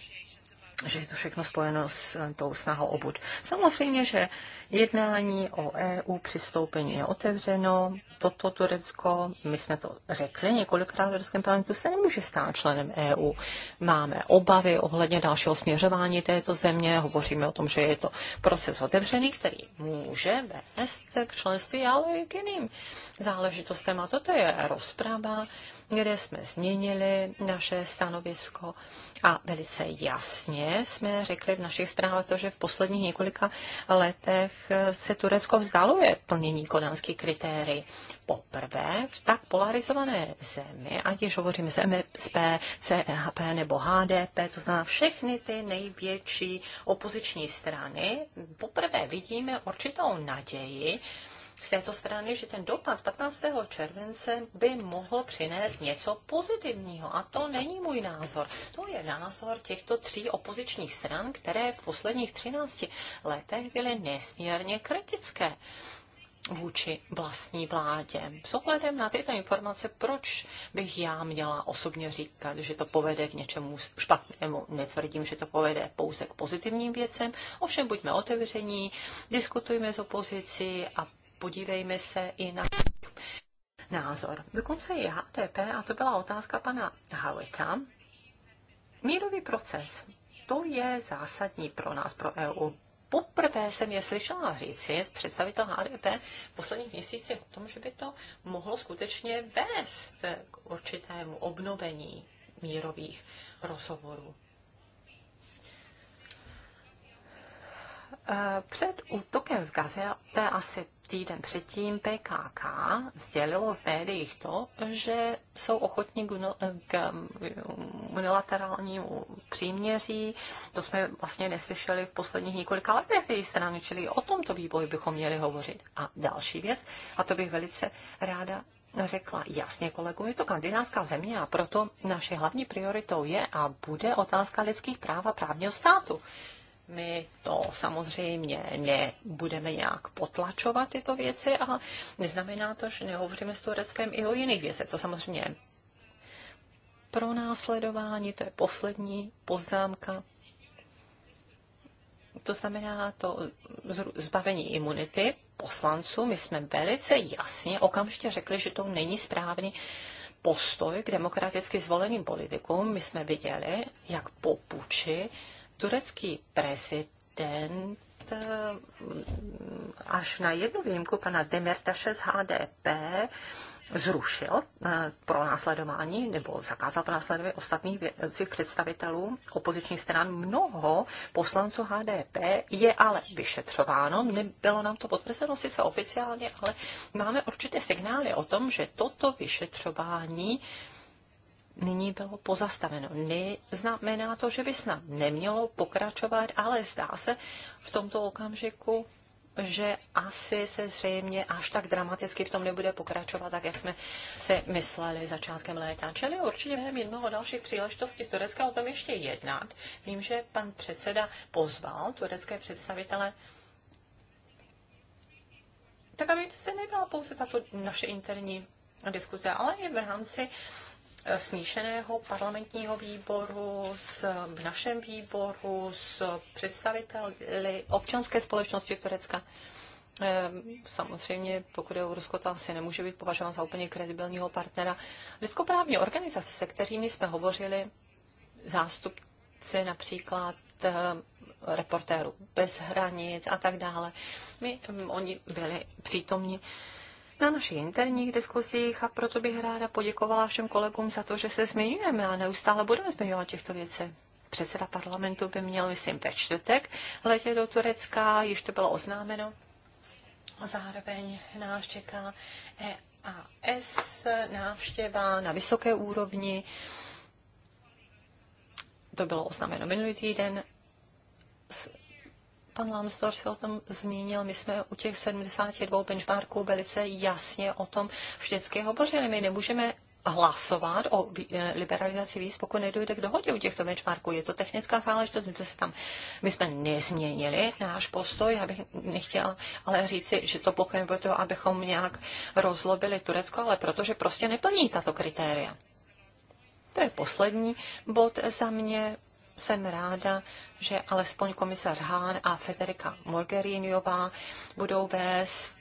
že je to všechno spojeno s eh, tou snahou obud. Samozřejmě, že Jednání o EU přistoupení je otevřeno. Toto Turecko, my jsme to řekli několikrát v Evropském parlamentu, se nemůže stát členem EU. Máme obavy ohledně dalšího směřování této země. Hovoříme o tom, že je to proces otevřený, který může vést k členství, ale i k jiným záležitostem. A toto je rozprava kde jsme změnili naše stanovisko a velice jasně jsme řekli v našich zprávách to, že v posledních několika letech se Turecko vzdaluje plnění kodanských kritérií. Poprvé v tak polarizované zemi, ať již hovořím z MSP, CHP e nebo HDP, to znamená všechny ty největší opoziční strany, poprvé vidíme určitou naději, z této strany, že ten dopad 15. července by mohl přinést něco pozitivního. A to není můj názor. To je názor těchto tří opozičních stran, které v posledních 13 letech byly nesmírně kritické vůči vlastní vládě. S ohledem na tyto informace, proč bych já měla osobně říkat, že to povede k něčemu špatnému? Netvrdím, že to povede pouze k pozitivním věcem, ovšem buďme otevření, diskutujme s opozicí a podívejme se i na názor. Dokonce i HDP, a to byla otázka pana Halita, mírový proces, to je zásadní pro nás, pro EU. Poprvé jsem je slyšela říci představitel HDP v posledních měsících o tom, že by to mohlo skutečně vést k určitému obnovení mírových rozhovorů. Eh, před útokem v Gaze, to je asi týden předtím PKK sdělilo v médiích to, že jsou ochotní no- k unilaterálnímu příměří. To jsme vlastně neslyšeli v posledních několika letech z její strany, čili o tomto výboji bychom měli hovořit. A další věc, a to bych velice ráda řekla, jasně kolegům, je to kandidátská země a proto naše hlavní prioritou je a bude otázka lidských práv a právního státu my to samozřejmě nebudeme nějak potlačovat tyto věci, ale neznamená to, že nehovoříme s Tureckem i o jiných věcech. To samozřejmě pro následování, to je poslední poznámka. To znamená to zbavení imunity poslanců. My jsme velice jasně okamžitě řekli, že to není správný postoj k demokraticky zvoleným politikům. My jsme viděli, jak po puči Turecký prezident eh, až na jednu výjimku pana Demirtaše z HDP zrušil eh, pro následování nebo zakázal pro následování ostatních vědcích představitelů opozičních stran. Mnoho poslanců HDP je ale vyšetřováno. Nebylo nám to potvrzeno sice oficiálně, ale máme určité signály o tom, že toto vyšetřování nyní bylo pozastaveno. Neznamená to, že by snad nemělo pokračovat, ale zdá se v tomto okamžiku, že asi se zřejmě až tak dramaticky v tom nebude pokračovat, tak jak jsme se mysleli začátkem léta. Čili určitě během jednoho dalších příležitostí z Turecka o tom ještě jednat. Vím, že pan předseda pozval turecké představitele tak aby se nebyla pouze tato naše interní diskuze, ale i v rámci uh, smíšeného parlamentního výboru, s, v našem výboru, s představiteli občanské společnosti Turecka. Ehm, samozřejmě, pokud je o Rusko, to asi nemůže být považován za úplně kredibilního partnera. Lidskoprávní organizace, se kterými jsme hovořili, zástupci například ehm, reportérů bez hranic a tak dále. My, ehm, oni byli přítomni na našich interních diskusích a proto bych ráda poděkovala všem kolegům za to, že se zmiňujeme a neustále budeme zmiňovat těchto věcí. Předseda parlamentu by měl, myslím, ve čtvrtek letět do Turecka, již to bylo oznámeno. Zároveň nás čeká EAS návštěva na vysoké úrovni. To bylo oznámeno minulý týden s Pan Lambsdorff se o tom zmínil, my jsme u těch 72 benchmarků velice jasně o tom vždycky hovořili. My nemůžeme hlasovat o eh, liberalizaci víz, pokud nedojde k dohodě u těchto benchmarků. Je to technická záležitost, my jsme, se tam, my jsme nezměnili náš postoj, já bych nechtěla ale říci, že to blokujeme proto, abychom nějak rozlobili Turecko, ale protože prostě neplní tato kritéria. To je poslední bod za mě jsem ráda, že alespoň komisař Hahn a Federika Morgherinová budou vést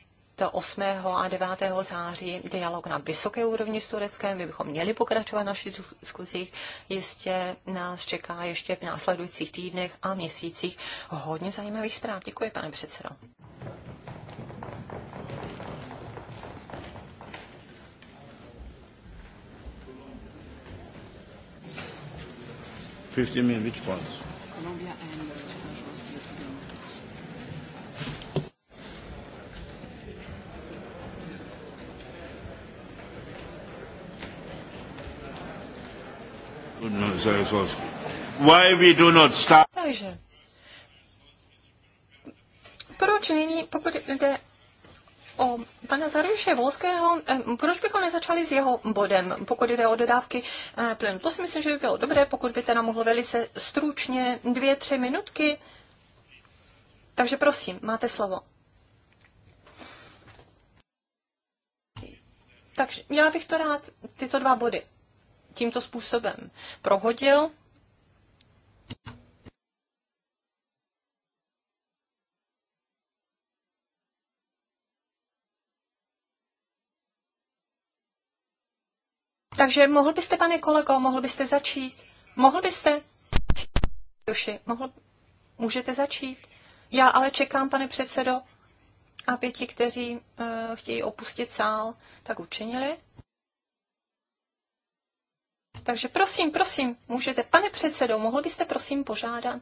8. a 9. září dialog na vysoké úrovni s Tureckem. My bychom měli pokračovat v našich diskuzích. Jistě nás čeká ještě v následujících týdnech a měsících hodně zajímavých zpráv. Děkuji, pane předsedo. 15 minutes, points? Colombia and uh, Why we do not start? Takže, proč nyní, pokud jde o pana Zaryše Volského, eh, proč bychom nezačali s jeho bodem, pokud jde o dodávky eh, plynu? To si myslím, že by bylo dobré, pokud by teda mohlo velice stručně dvě, tři minutky. Takže prosím, máte slovo. Takže já bych to rád, tyto dva body, tímto způsobem prohodil. Takže mohl byste, pane kolego, mohl byste začít? Mohl byste? Duši, mohl, můžete začít. Já ale čekám, pane předsedo, aby ti, kteří uh, chtějí opustit sál, tak učinili. Takže prosím, prosím, můžete. Pane předsedo, mohl byste prosím požádat?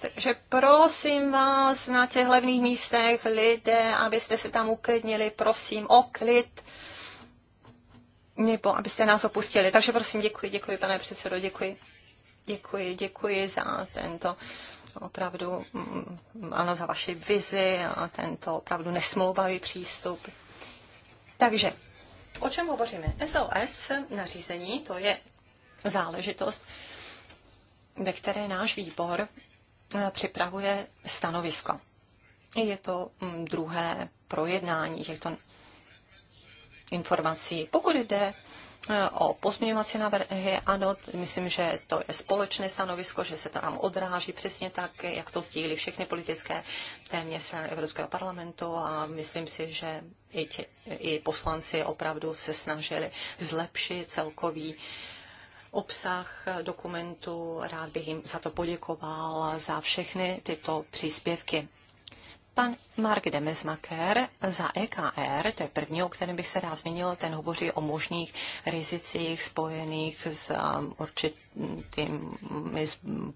Takže prosím vás na těch levných místech, lidé, abyste se tam uklidnili, prosím o klid nebo abyste nás opustili. Takže prosím, děkuji, děkuji, pane předsedo, děkuji. Děkuji, děkuji za tento opravdu, mm, ano, za vaši vizi a tento opravdu nesmlouvavý přístup. Takže, o čem hovoříme? SOS nařízení, to je záležitost, ve které náš výbor eh, připravuje stanovisko. Je to mm, druhé projednání těchto informací. Pokud jde eh, o pozměňovací návrhy, ano, myslím, že to je společné stanovisko, že se to nám odráží přesně tak, jak to sdílí všechny politické téměř Evropského parlamentu a myslím si, že i, tě, i poslanci opravdu se snažili zlepšit celkový obsah dokumentu. Rád bych jim za to poděkoval, za všechny tyto příspěvky. Pan Mark Demesmaker za EKR, to je první, o kterém bych se rád zmínil, ten hovoří o možných rizicích spojených s um, určitými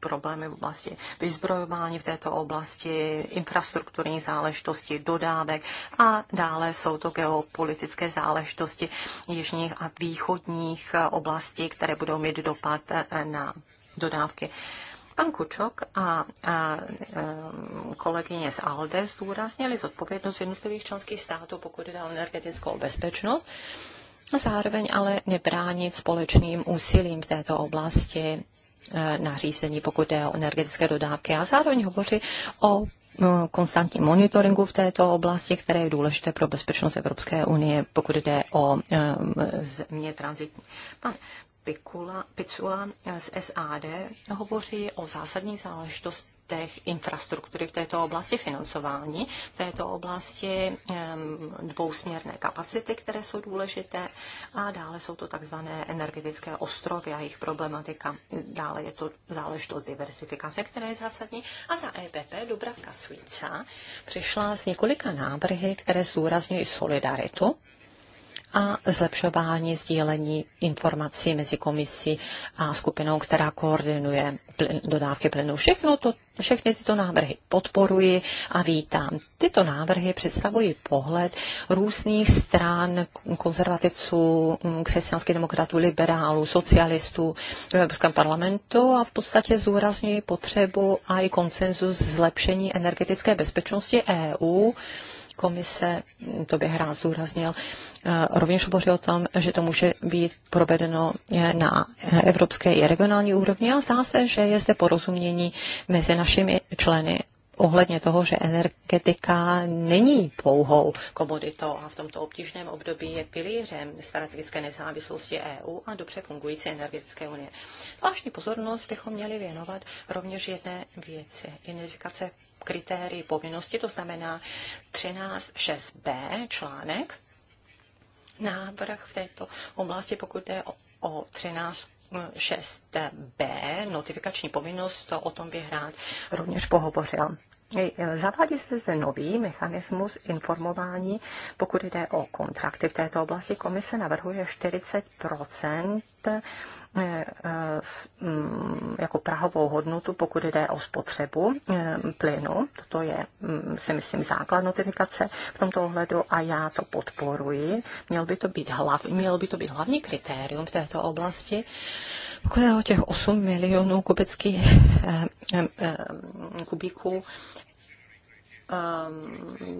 problémy v oblasti vyzbrojování v této oblasti, infrastrukturní záležitosti, dodávek a dále jsou to geopolitické záležitosti jižních a východních uh, oblastí, které budou mít dopad uh, na dodávky Pan Kučok a, a um, kolegyně z ALDE zdůraznili zodpovědnost jednotlivých členských států, pokud jde o energetickou bezpečnost, zároveň ale nebránit společným úsilím v této oblasti eh, nařízení, pokud jde o energetické dodávky a zároveň hovoří o eh, konstantním monitoringu v této oblasti, které je důležité pro bezpečnost Evropské unie, pokud jde o eh, země tranzitní. Pan Pikula, Picula eh, z SAD hovoří o zásadních záležitostech infrastruktury v této oblasti, financování v této oblasti, dvousměrné kapacity, které jsou důležité a dále jsou to takzvané energetické ostrovy a jejich problematika. Dále je to záležitost diversifikace, která je zásadní. A za EPP Dubravka Svíca přišla s několika návrhy, které zdůrazňují solidaritu a zlepšování sdílení informací mezi komisí a skupinou, která koordinuje plyn, dodávky plynu. Všechno to, všechny tyto návrhy podporuji a vítám. Tyto návrhy představují pohled různých stran konzervativců, mm, křesťanských demokratů, liberálů, socialistů v Evropském parlamentu a v podstatě zúrazňují potřebu a i koncenzus zlepšení energetické bezpečnosti EU komise, to bych rád zdůraznil, eh, rovněž hovoří o tom, že to může být provedeno eh, na evropské i regionální úrovni a zdá se, že je zde porozumění mezi našimi členy ohledně toho, že energetika není pouhou komoditou a v tomto obtížném období je pilířem strategické nezávislosti EU a dobře fungující energetické unie. Zvláštní pozornost bychom měli věnovat rovněž jedné věci, identifikace kritérii povinnosti, to znamená 13.6b článek, návrh v této oblasti, pokud jde o, 13 6b, notifikační povinnost, to o tom bych rád rovněž pohovořil. E, zavádí se zde nový mechanismus informování, pokud jde o kontrakty v této oblasti. Komise navrhuje 40 E, e, mm, jako prahovou hodnotu, pokud jde o spotřebu e, plynu. Toto je, mm, si myslím, základ notifikace v tomto ohledu a já to podporuji. Měl by to být hlav, mělo by to být hlavní kritérium v této oblasti. Pokud je o těch 8 milionů kubických kubíků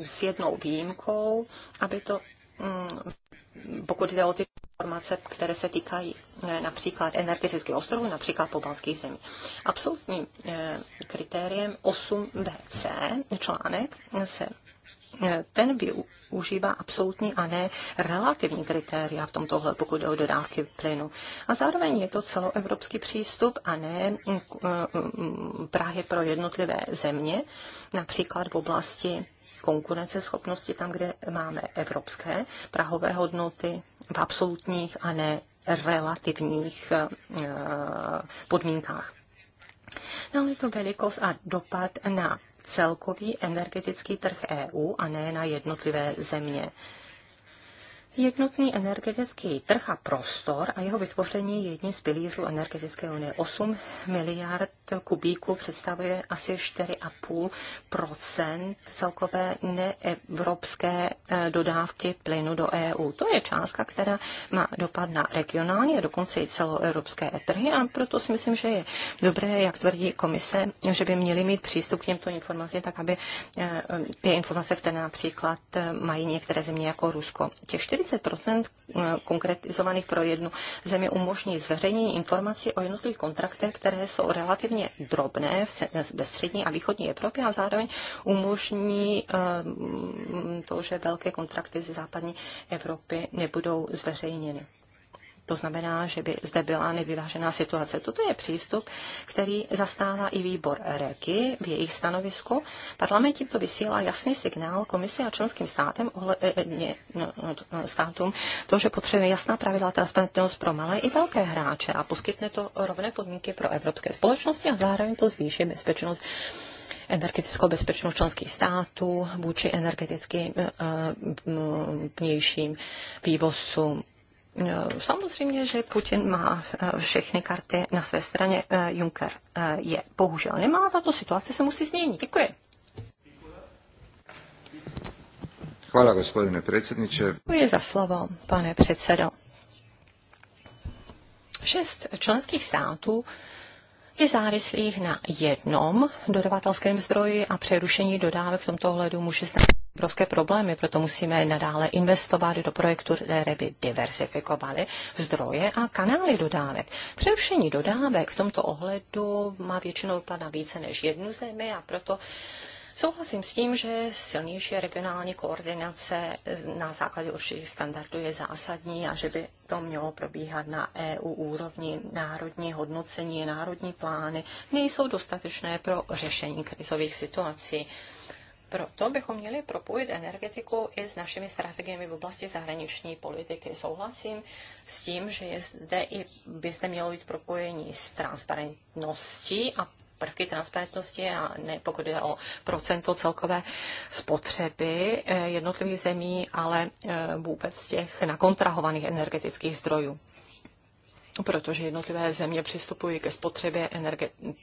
s jednou výjimkou, aby to mm, pokud jde o ty informace, které se týkají eh, například energetických ostrovů, například pobalských zemí. Absolutním eh, kritériem 8BC článek se eh, ten využívá absolutní a ne relativní kritéria v tomto ohledu, pokud jde o dodávky plynu. A zároveň je to celoevropský přístup a ne právě pro jednotlivé země, například v oblasti konkurenceschopnosti tam, kde máme evropské prahové hodnoty v absolutních a ne relativních eh, eh, podmínkách. No, ale to velikost a dopad na celkový energetický trh EU a ne na jednotlivé země. Jednotný energetický trh a prostor a jeho vytvoření je jedním z pilířů energetické unie. 8 miliard kubíků představuje asi 4,5 celkové neevropské eh, dodávky plynu do EU. To je částka, která má dopad na regionální a dokonce i celoevropské trhy a proto si myslím, že je dobré, jak tvrdí komise, že by měli mít přístup k těmto informacím, tak aby eh, eh, ty informace, které například mají některé země jako Rusko. Těch 40 40% eh, konkretizovaných pro jednu zemi umožní zveřejnění informací o jednotlivých kontraktech, které jsou relativně drobné ve střední a východní Evropě a zároveň umožní eh, to, že velké kontrakty ze západní Evropy nebudou zveřejněny. To znamená, že by zde byla nevyvážená situace. Toto je přístup, který zastává i výbor REKI v jejich stanovisku. Parlament tímto vysílá jasný signál komisi a členským státem, ohledně, e, e, no, no, e, státům to, že potřebuje jasná pravidla transparentnost pro malé i velké hráče a poskytne to rovné podmínky pro evropské společnosti a zároveň to zvýší bezpečnost energetickou bezpečnost členských států vůči energetickým vnějším vývozům. Eh, samozřejmě, že Putin má eh, všechny karty na své straně. Eh, Juncker je bohužel nemá. Tato situace se musí změnit. Děkuji. Hvala, gospodine predsjedniče. Děkuji za slovo, pane předsedo. Šest členských států je závislých na jednom dodavatelském zdroji a přerušení dodávek v tomto ohledu může znamenat obrovské problémy, proto musíme nadále investovat do projektů, které by diversifikovaly zdroje a kanály dodávek. Přerušení dodávek v tomto ohledu má většinou dopad na více než jednu zemi a proto Souhlasím s tím, že silnější regionální koordinace na základě určitých standardů je zásadní a že by to mělo probíhat na EU úrovni. Národní hodnocení, národní plány nejsou dostatečné pro řešení krizových situací. Proto bychom měli propojit energetiku i s našimi strategiemi v oblasti zahraniční politiky. Souhlasím s tím, že je zde i, by zde mělo být propojení s transparentností a prvky transparentnosti a ne pokud jde o procento celkové spotřeby eh, jednotlivých zemí, ale eh, vůbec těch nakontrahovaných energetických zdrojů protože jednotlivé země přistupují ke spotřebě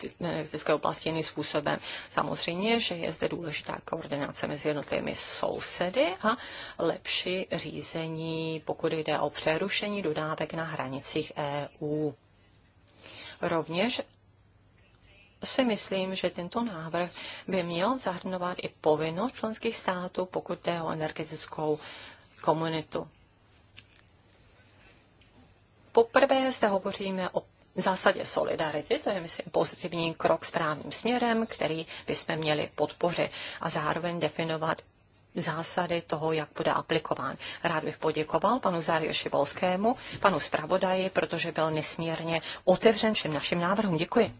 energetické oblasti jiným způsobem. Samozřejmě, že je zde důležitá koordinace mezi jednotlivými sousedy a lepší řízení, pokud jde o přerušení dodávek na hranicích EU. Rovněž si myslím, že tento návrh by měl zahrnovat i povinnost členských států, pokud jde o energetickou komunitu. Poprvé zde hovoříme o zásadě solidarity, to je, myslím, pozitivní krok správným směrem, který bychom měli podpořit a zároveň definovat zásady toho, jak bude aplikován. Rád bych poděkoval panu Zárioši Volskému, panu zpravodaji, protože byl nesmírně otevřen všem našim návrhům. Děkuji.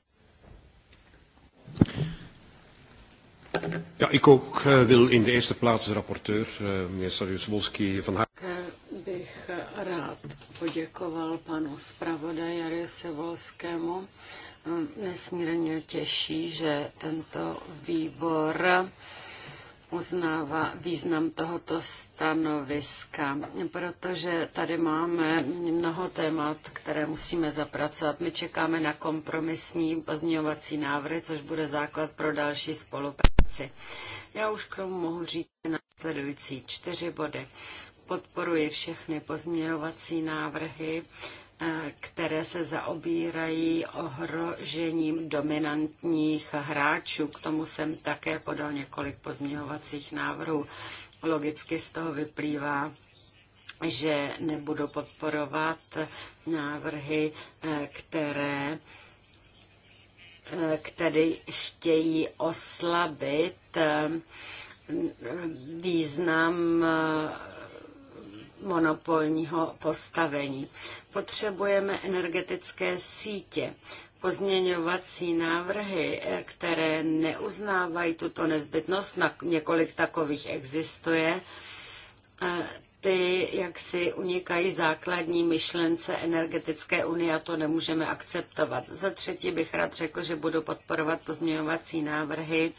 Ja, ik ook eh, wil in de eerste plaats de rapporteur, eh, meneer Sarjus-Wolski, van harte... bych eh, rád poděkoval panu zpravodaji Volskému. Mm, nesmírně těší, že tento výbor uznává význam tohoto stanoviska, protože tady máme mnoho témat, které musíme zapracovat. My čekáme na kompromisní pozměňovací návrhy, což bude základ pro další spolupráci práci. Já už k tomu mohu říct následující čtyři body. Podporuji všechny pozměňovací návrhy, eh, které se zaobírají ohrožením dominantních hráčů. K tomu jsem také podal několik pozměňovacích návrhů. Logicky z toho vyplývá, že nebudu podporovat návrhy, eh, které Eh, který chtějí oslabit eh, význam eh, monopolního postavení. Potřebujeme energetické sítě, pozměňovací návrhy, které neuznávají tuto nezbytnost, na několik takových existuje, ty jak si unikají základní myšlence energetické unie a to nemůžeme akceptovat. Za třetí bych rád řekl, že budu podporovat pozměňovací návrhy,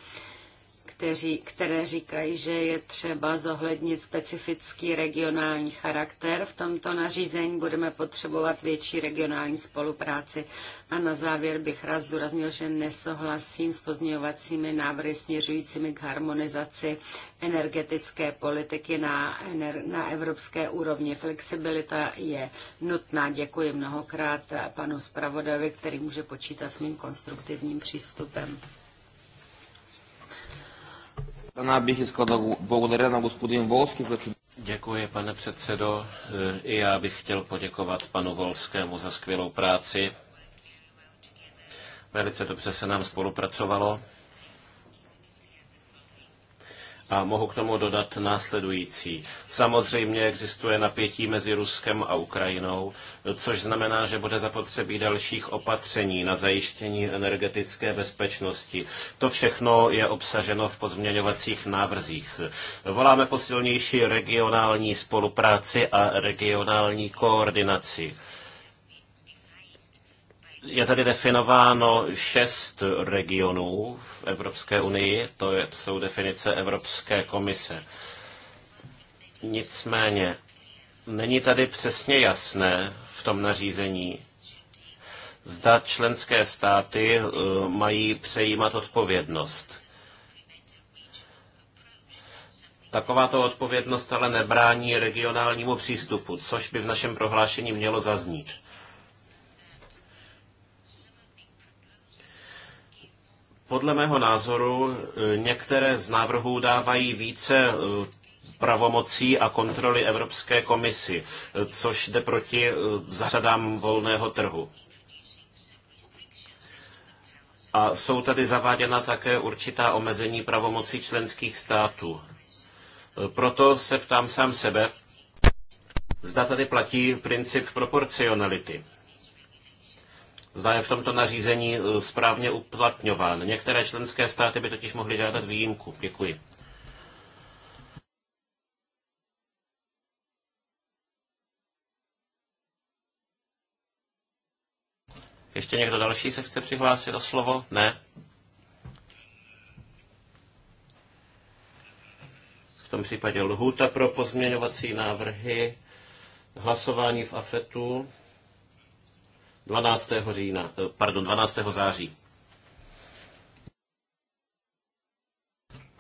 kteří, které říkají, že je třeba zohlednit specifický regionální charakter. V tomto nařízení budeme potřebovat větší regionální spolupráci. A na závěr bych rád zdůraznil, že nesouhlasím s pozměňovacími návrhy směřujícími k harmonizaci energetické politiky na, na evropské úrovni. Flexibilita je nutná. Děkuji mnohokrát panu zpravodajovi, který může počítat s mým konstruktivním přístupem. Děkuji, pane předsedo. E, I já bych chtěl poděkovat panu Volskému za skvělou práci. Velice dobře se nám spolupracovalo. A mohu k tomu dodat následující. Samozřejmě existuje napětí mezi Ruskem a Ukrajinou, což znamená, že bude zapotřebí dalších opatření na zajištění energetické bezpečnosti. To všechno je obsaženo v pozměňovacích návrzích. Voláme po silnější regionální spolupráci a regionální koordinaci je tady definováno šest regionů v Evropské unii, to, je, to jsou definice Evropské komise. Nicméně není tady přesně jasné v tom nařízení, zda členské státy eh, mají přejímat odpovědnost. Takováto odpovědnost ale nebrání regionálnímu přístupu, což by v našem prohlášení mělo zaznít. Podle mého názoru eh, některé z návrhů dávají více eh, pravomocí a kontroly Evropské komisi, eh, což jde proti zasadám volného trhu. A jsou tady zaváděna také určitá omezení pravomocí členských států. Proto se ptám sám sebe, zda tady platí princip proporcionality zda je v tomto nařízení eh, správně uplatňován. Některé členské státy by totiž mohly žádat výjimku. Děkuji. Ještě někdo další se chce přihlásit o slovo? Ne? V tom případě lhůta pro pozměňovací návrhy, hlasování v AFETu 12. října, eh, pardon, 12. září.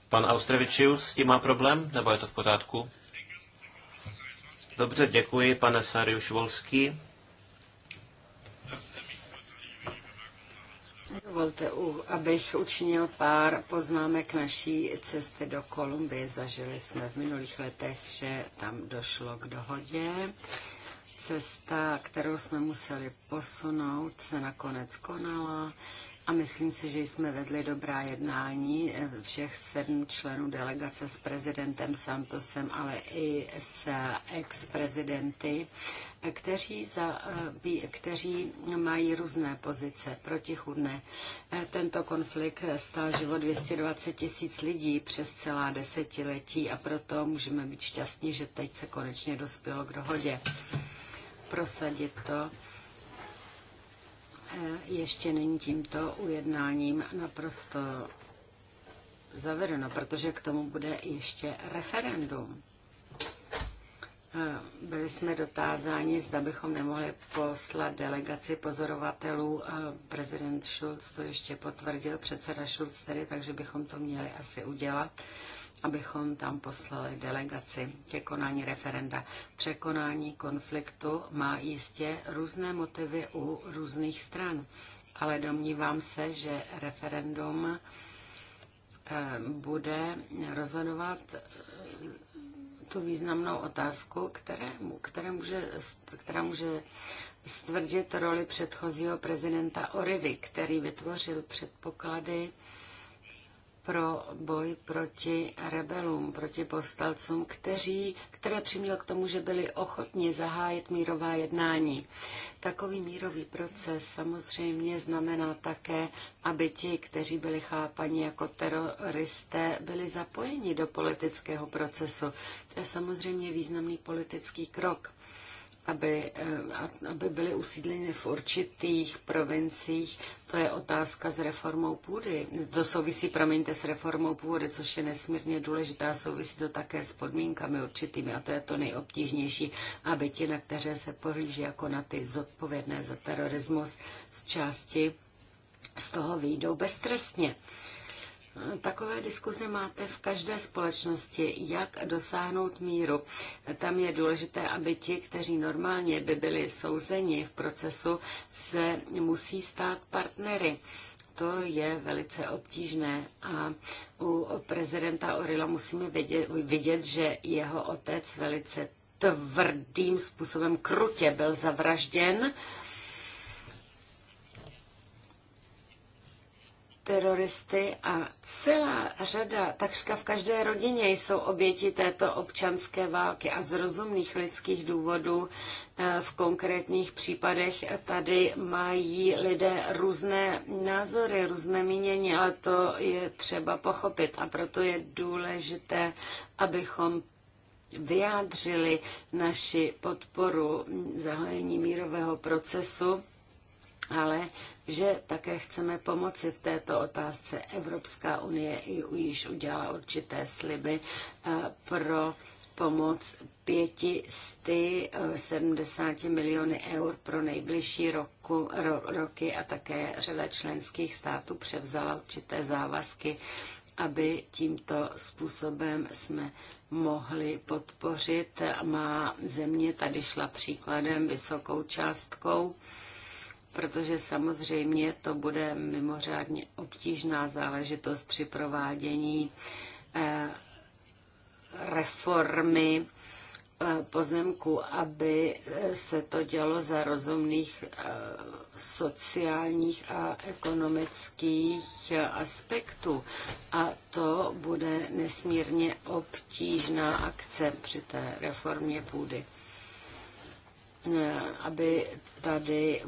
Pan Austrevičius s tím má problém, nebo je to v pořádku? Dobře, děkuji, pane Sariuš Volský. Dovolte, abych učinil pár poznámek naší cesty do Kolumbie. Zažili jsme v minulých letech, že tam došlo k dohodě Cesta, kterou jsme museli posunout, se nakonec konala a myslím si, že jsme vedli dobrá jednání eh, všech sedm členů delegace s prezidentem Santosem, ale i s ex-prezidenty, eh, kteří, za, eh, kteří mají různé pozice protichudné. Tento konflikt stál život 220 tisíc lidí přes celá desetiletí a proto můžeme být šťastní, že teď se konečně dospělo k dohodě prosadit to, e, ještě není tímto ujednáním naprosto zavedeno, protože k tomu bude ještě referendum. E, byli jsme dotázáni, zda bychom nemohli poslat delegaci pozorovatelů. E, prezident Schulz to ještě potvrdil, předseda Schulz tedy, takže bychom to měli asi udělat abychom tam poslali delegaci ke konání referenda. Překonání konfliktu má jistě různé motivy u různých stran, ale domnívám se, že referendum eh, bude rozhodovat eh, tu významnou otázku, kterému, které může, která může stvrdit roli předchozího prezidenta Orivy, který vytvořil předpoklady pro boj proti rebelům, proti povstalcům, kteří, které přiměl k tomu, že byli ochotni zahájit mírová jednání. Takový mírový proces samozřejmě znamená také, aby ti, kteří byli chápani jako teroristé, byli zapojeni do politického procesu. To je samozřejmě významný politický krok aby, eh, aby byly usídleny v určitých provinciích, to je otázka s reformou půdy. To souvisí, promiňte, s reformou půdy, což je nesmírně důležitá, souvisí to také s podmínkami určitými a to je to nejobtížnější, aby ti, na které se pohlíží jako na ty zodpovědné za terorismus z části, z toho výjdou beztrestně. Takové diskuze máte v každé společnosti, jak dosáhnout míru. Tam je důležité, aby ti, kteří normálně by byli souzeni v procesu, se musí stát partnery. To je velice obtížné a u prezidenta Orila musíme vidět, vidět že jeho otec velice tvrdým způsobem krutě byl zavražděn teroristy a celá řada, takřka v každé rodině jsou oběti této občanské války a z rozumných lidských důvodů eh, v konkrétních případech tady mají lidé různé názory, různé mínění, ale to je třeba pochopit a proto je důležité, abychom vyjádřili naši podporu zahájení mírového procesu, ale že také chceme pomoci v této otázce. Evropská unie již udělala určité sliby eh, pro pomoc 570 eh, miliony eur pro nejbližší roku, ro, roky a také řada členských států převzala určité závazky, aby tímto způsobem jsme mohli podpořit. Má země tady šla příkladem vysokou částkou protože samozřejmě to bude mimořádně obtížná záležitost při provádění eh, reformy eh, pozemku, aby eh, se to dělo za rozumných sociálních a ekonomických aspektů. A to bude nesmírně obtížná akce při té reformě půdy. Eh, aby tady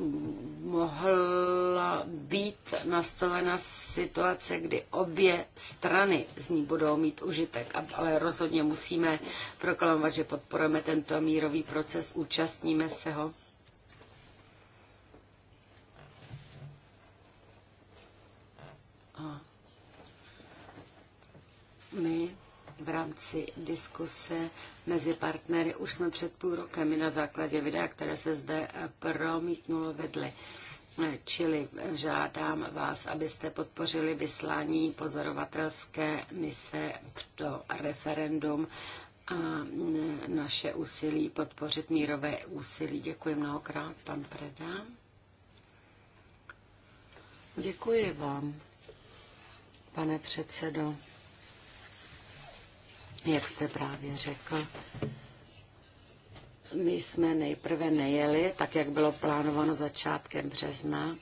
mohla být nastavena situace, kdy obě strany z ní budou mít užitek. Ale rozhodně musíme proklamovat, že podporujeme tento mírový proces, účastníme se ho. A my v rámci diskuse mezi partnery. Už jsme před půl rokem na základě videa, které se zde eh, promítnulo, vedli. Eh, čili eh, žádám vás, abyste podpořili vyslání pozorovatelské mise do referendum a naše úsilí podpořit mírové úsilí. Děkuji mnohokrát, pan Preda. Děkuji vám, pane předsedo jak jste právě řekl, my jsme nejprve nejeli, tak jak bylo plánováno začátkem března.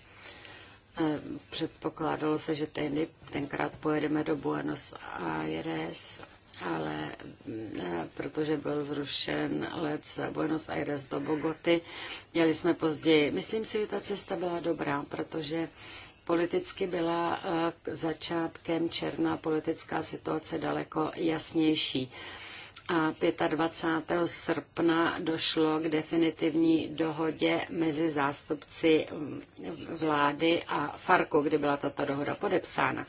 Eh, předpokládalo se, že ten, tenkrát pojedeme do Buenos Aires, ale mm, eh, protože byl zrušen let z Buenos Aires do Bogoty, jeli jsme později. Myslím si, že ta cesta byla dobrá, protože Politicky byla eh, začátkem června politická situace daleko jasnější a 25. srpna došlo k definitivní dohodě mezi zástupci mm, vlády a Farku, kdy byla tato dohoda podepsána.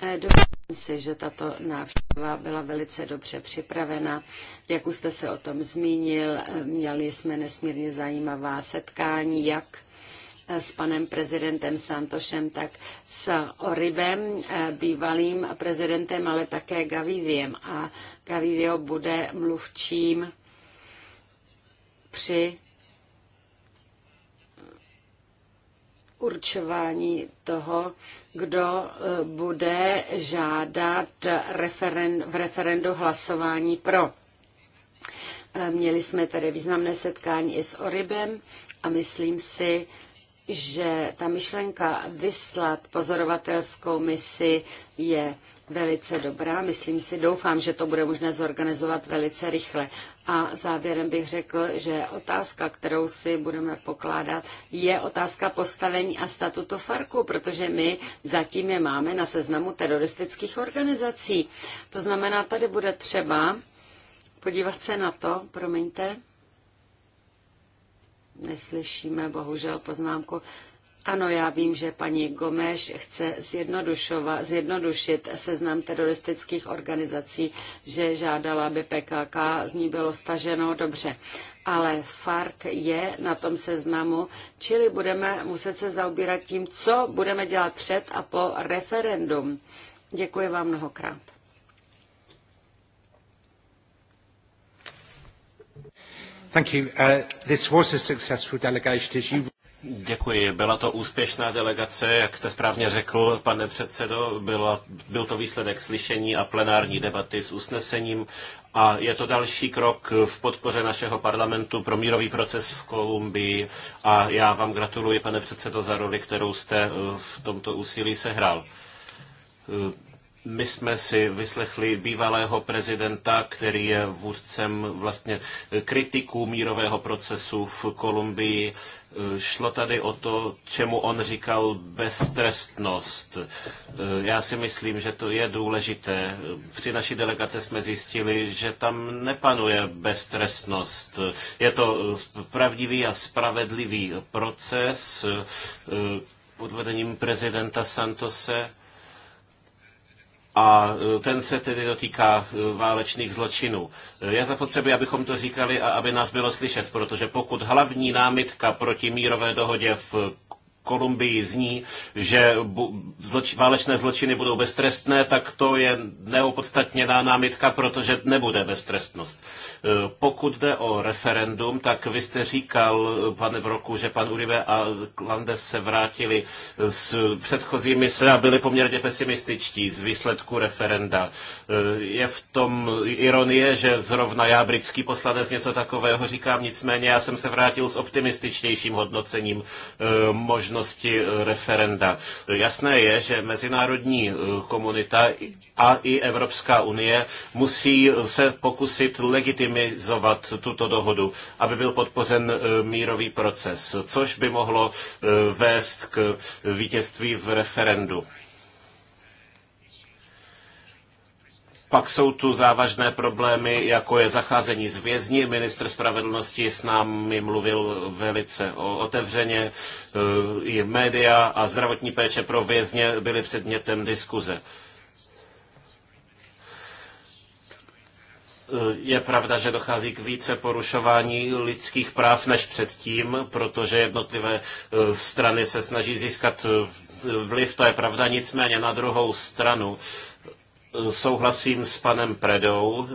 Eh, domnívám si, že tato návštěva byla velice dobře připravena. Jak už jste se o tom zmínil, eh, měli jsme nesmírně zajímavá setkání, jak s panem prezidentem Santošem, tak s Oribem, eh, bývalým prezidentem, ale také Gaviviem. A Gavivio bude mluvčím při určování toho, kdo eh, bude žádat referen, v referendu hlasování pro. Eh, měli jsme tady významné setkání i s Oribem a myslím si, že ta myšlenka vyslat pozorovatelskou misi je velice dobrá. Myslím si, doufám, že to bude možné zorganizovat velice rychle. A závěrem bych řekl, že otázka, kterou si budeme pokládat, je otázka postavení a statutu Farku, protože my zatím je máme na seznamu teroristických organizací. To znamená, tady bude třeba podívat se na to, promiňte, neslyšíme bohužel poznámku. Ano, já vím, že paní Gomeš chce zjednodušit seznam teroristických organizací, že žádala, aby PKK z ní bylo staženo dobře. Ale FARC je na tom seznamu, čili budeme muset se zaobírat tím, co budeme dělat před a po referendum. Děkuji vám mnohokrát. Děkuji. Byla to úspěšná delegace, jak jste správně řekl, pane předsedo. Byla, byl to výsledek slyšení a plenární debaty s usnesením a je to další krok v podpoře našeho parlamentu pro mírový proces v Kolumbii a já vám gratuluji, pane předsedo, za roli, kterou jste eh, v tomto úsilí sehrál. Eh, my jsme si vyslechli bývalého prezidenta, který je vůdcem vlastně kritiků mírového procesu v Kolumbii. Šlo tady o to, čemu on říkal beztrestnost. Já si myslím, že to je důležité. Při naší delegace jsme zjistili, že tam nepanuje beztrestnost. Je to pravdivý a spravedlivý proces eh, pod vedením prezidenta Santose a e, ten se tedy dotýká e, válečných zločinů. E, je zapotřebí, abychom to říkali a aby nás bylo slyšet, protože pokud hlavní námitka proti mírové dohodě v Kolumbii zní, že zloč, válečné zločiny budou beztrestné, tak to je neopodstatněná námitka, protože nebude beztrestnost. E, pokud jde o referendum, tak vy jste říkal, pane Broku, že pan Uribe a Landes se vrátili s předchozími se a byli poměrně pesimističtí z výsledku referenda. E, je v tom ironie, že zrovna já, britský poslanec, něco takového říkám, nicméně já jsem se vrátil s optimističtějším hodnocením e, možná možnosti eh, referenda. Jasné je, že mezinárodní eh, komunita a i Evropská unie musí se pokusit legitimizovat tuto dohodu, aby byl podpořen eh, mírový proces, což by mohlo vést k vítězství v referendu. Pak jsou tu závažné problémy, jako je zacházení z vězni. Ministr spravedlnosti s námi mluvil velice otevřeně. E, I média a zdravotní péče pro vězně byly předmětem diskuze. E, je pravda, že dochází k více porušování lidských práv než předtím, protože jednotlivé e, strany se snaží získat vliv, to je pravda, nicméně na druhou stranu souhlasím s panem Predou.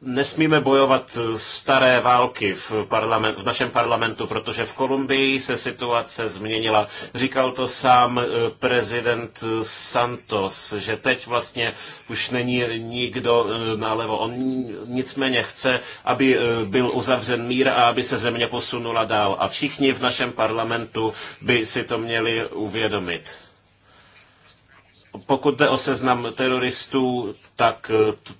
Nesmíme bojovat staré války v, parlament, v našem parlamentu, protože v Kolumbii se situace změnila. Říkal to sám eh, prezident Santos, že teď vlastně už není nikdo eh, nalevo. On nicméně chce, aby eh, byl uzavřen mír a aby se země posunula dál. A všichni v našem parlamentu by si to měli uvědomit. Pokud jde o seznam teroristů, tak eh,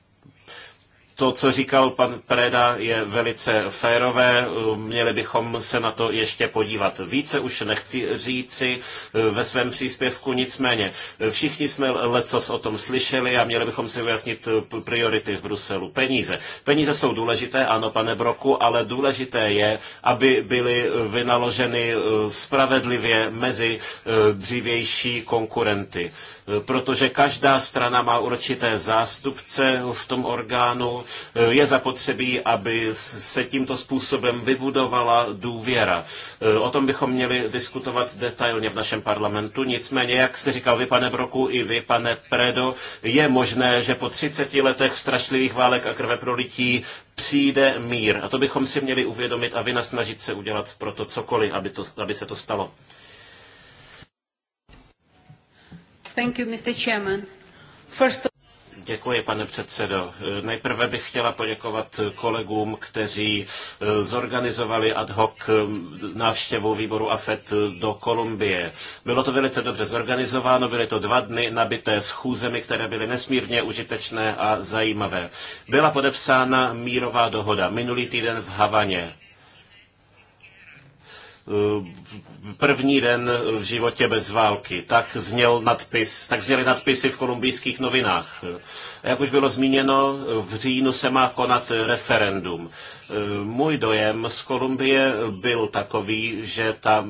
to, co říkal pan Preda, je velice férové. Měli bychom se na to ještě podívat. Více už nechci říci eh, ve svém příspěvku, nicméně eh, všichni jsme lecos o tom slyšeli a měli bychom si ujasnit eh, priority v Bruselu. Peníze. Peníze jsou důležité, ano, pane Broku, ale důležité je, aby byly vynaloženy spravedlivě mezi dřívější konkurenty protože každá strana má určité zástupce v tom orgánu Eh, je zapotřebí, aby se tímto způsobem vybudovala důvěra. Eh, o tom bychom měli diskutovat detailně v našem parlamentu. Nicméně, jak jste říkal vy, pane Broku, i vy, pane Predo, je možné, že po 30 letech strašlivých válek a krveprolití přijde mír. A to bychom si měli uvědomit a vynasnažit se udělat pro to cokoliv, aby, to, aby se to stalo. Thank you, Mr. Chairman. First of Děkuji, pane předsedo. Nejprve bych chtěla poděkovat kolegům, kteří eh, zorganizovali ad hoc eh, návštěvu výboru AFET do Kolumbie. Bylo to velice dobře zorganizováno, byly to dva dny nabité schůzemi, které byly nesmírně užitečné a zajímavé. Byla podepsána mírová dohoda minulý týden v Havaně Eh, první den v životě bez války. Tak, zněl nadpis, tak zněly nadpisy v kolumbijských novinách. Eh, jak už bylo zmíněno, v říjnu se má konat referendum. Eh, můj dojem z Kolumbie byl takový, že ta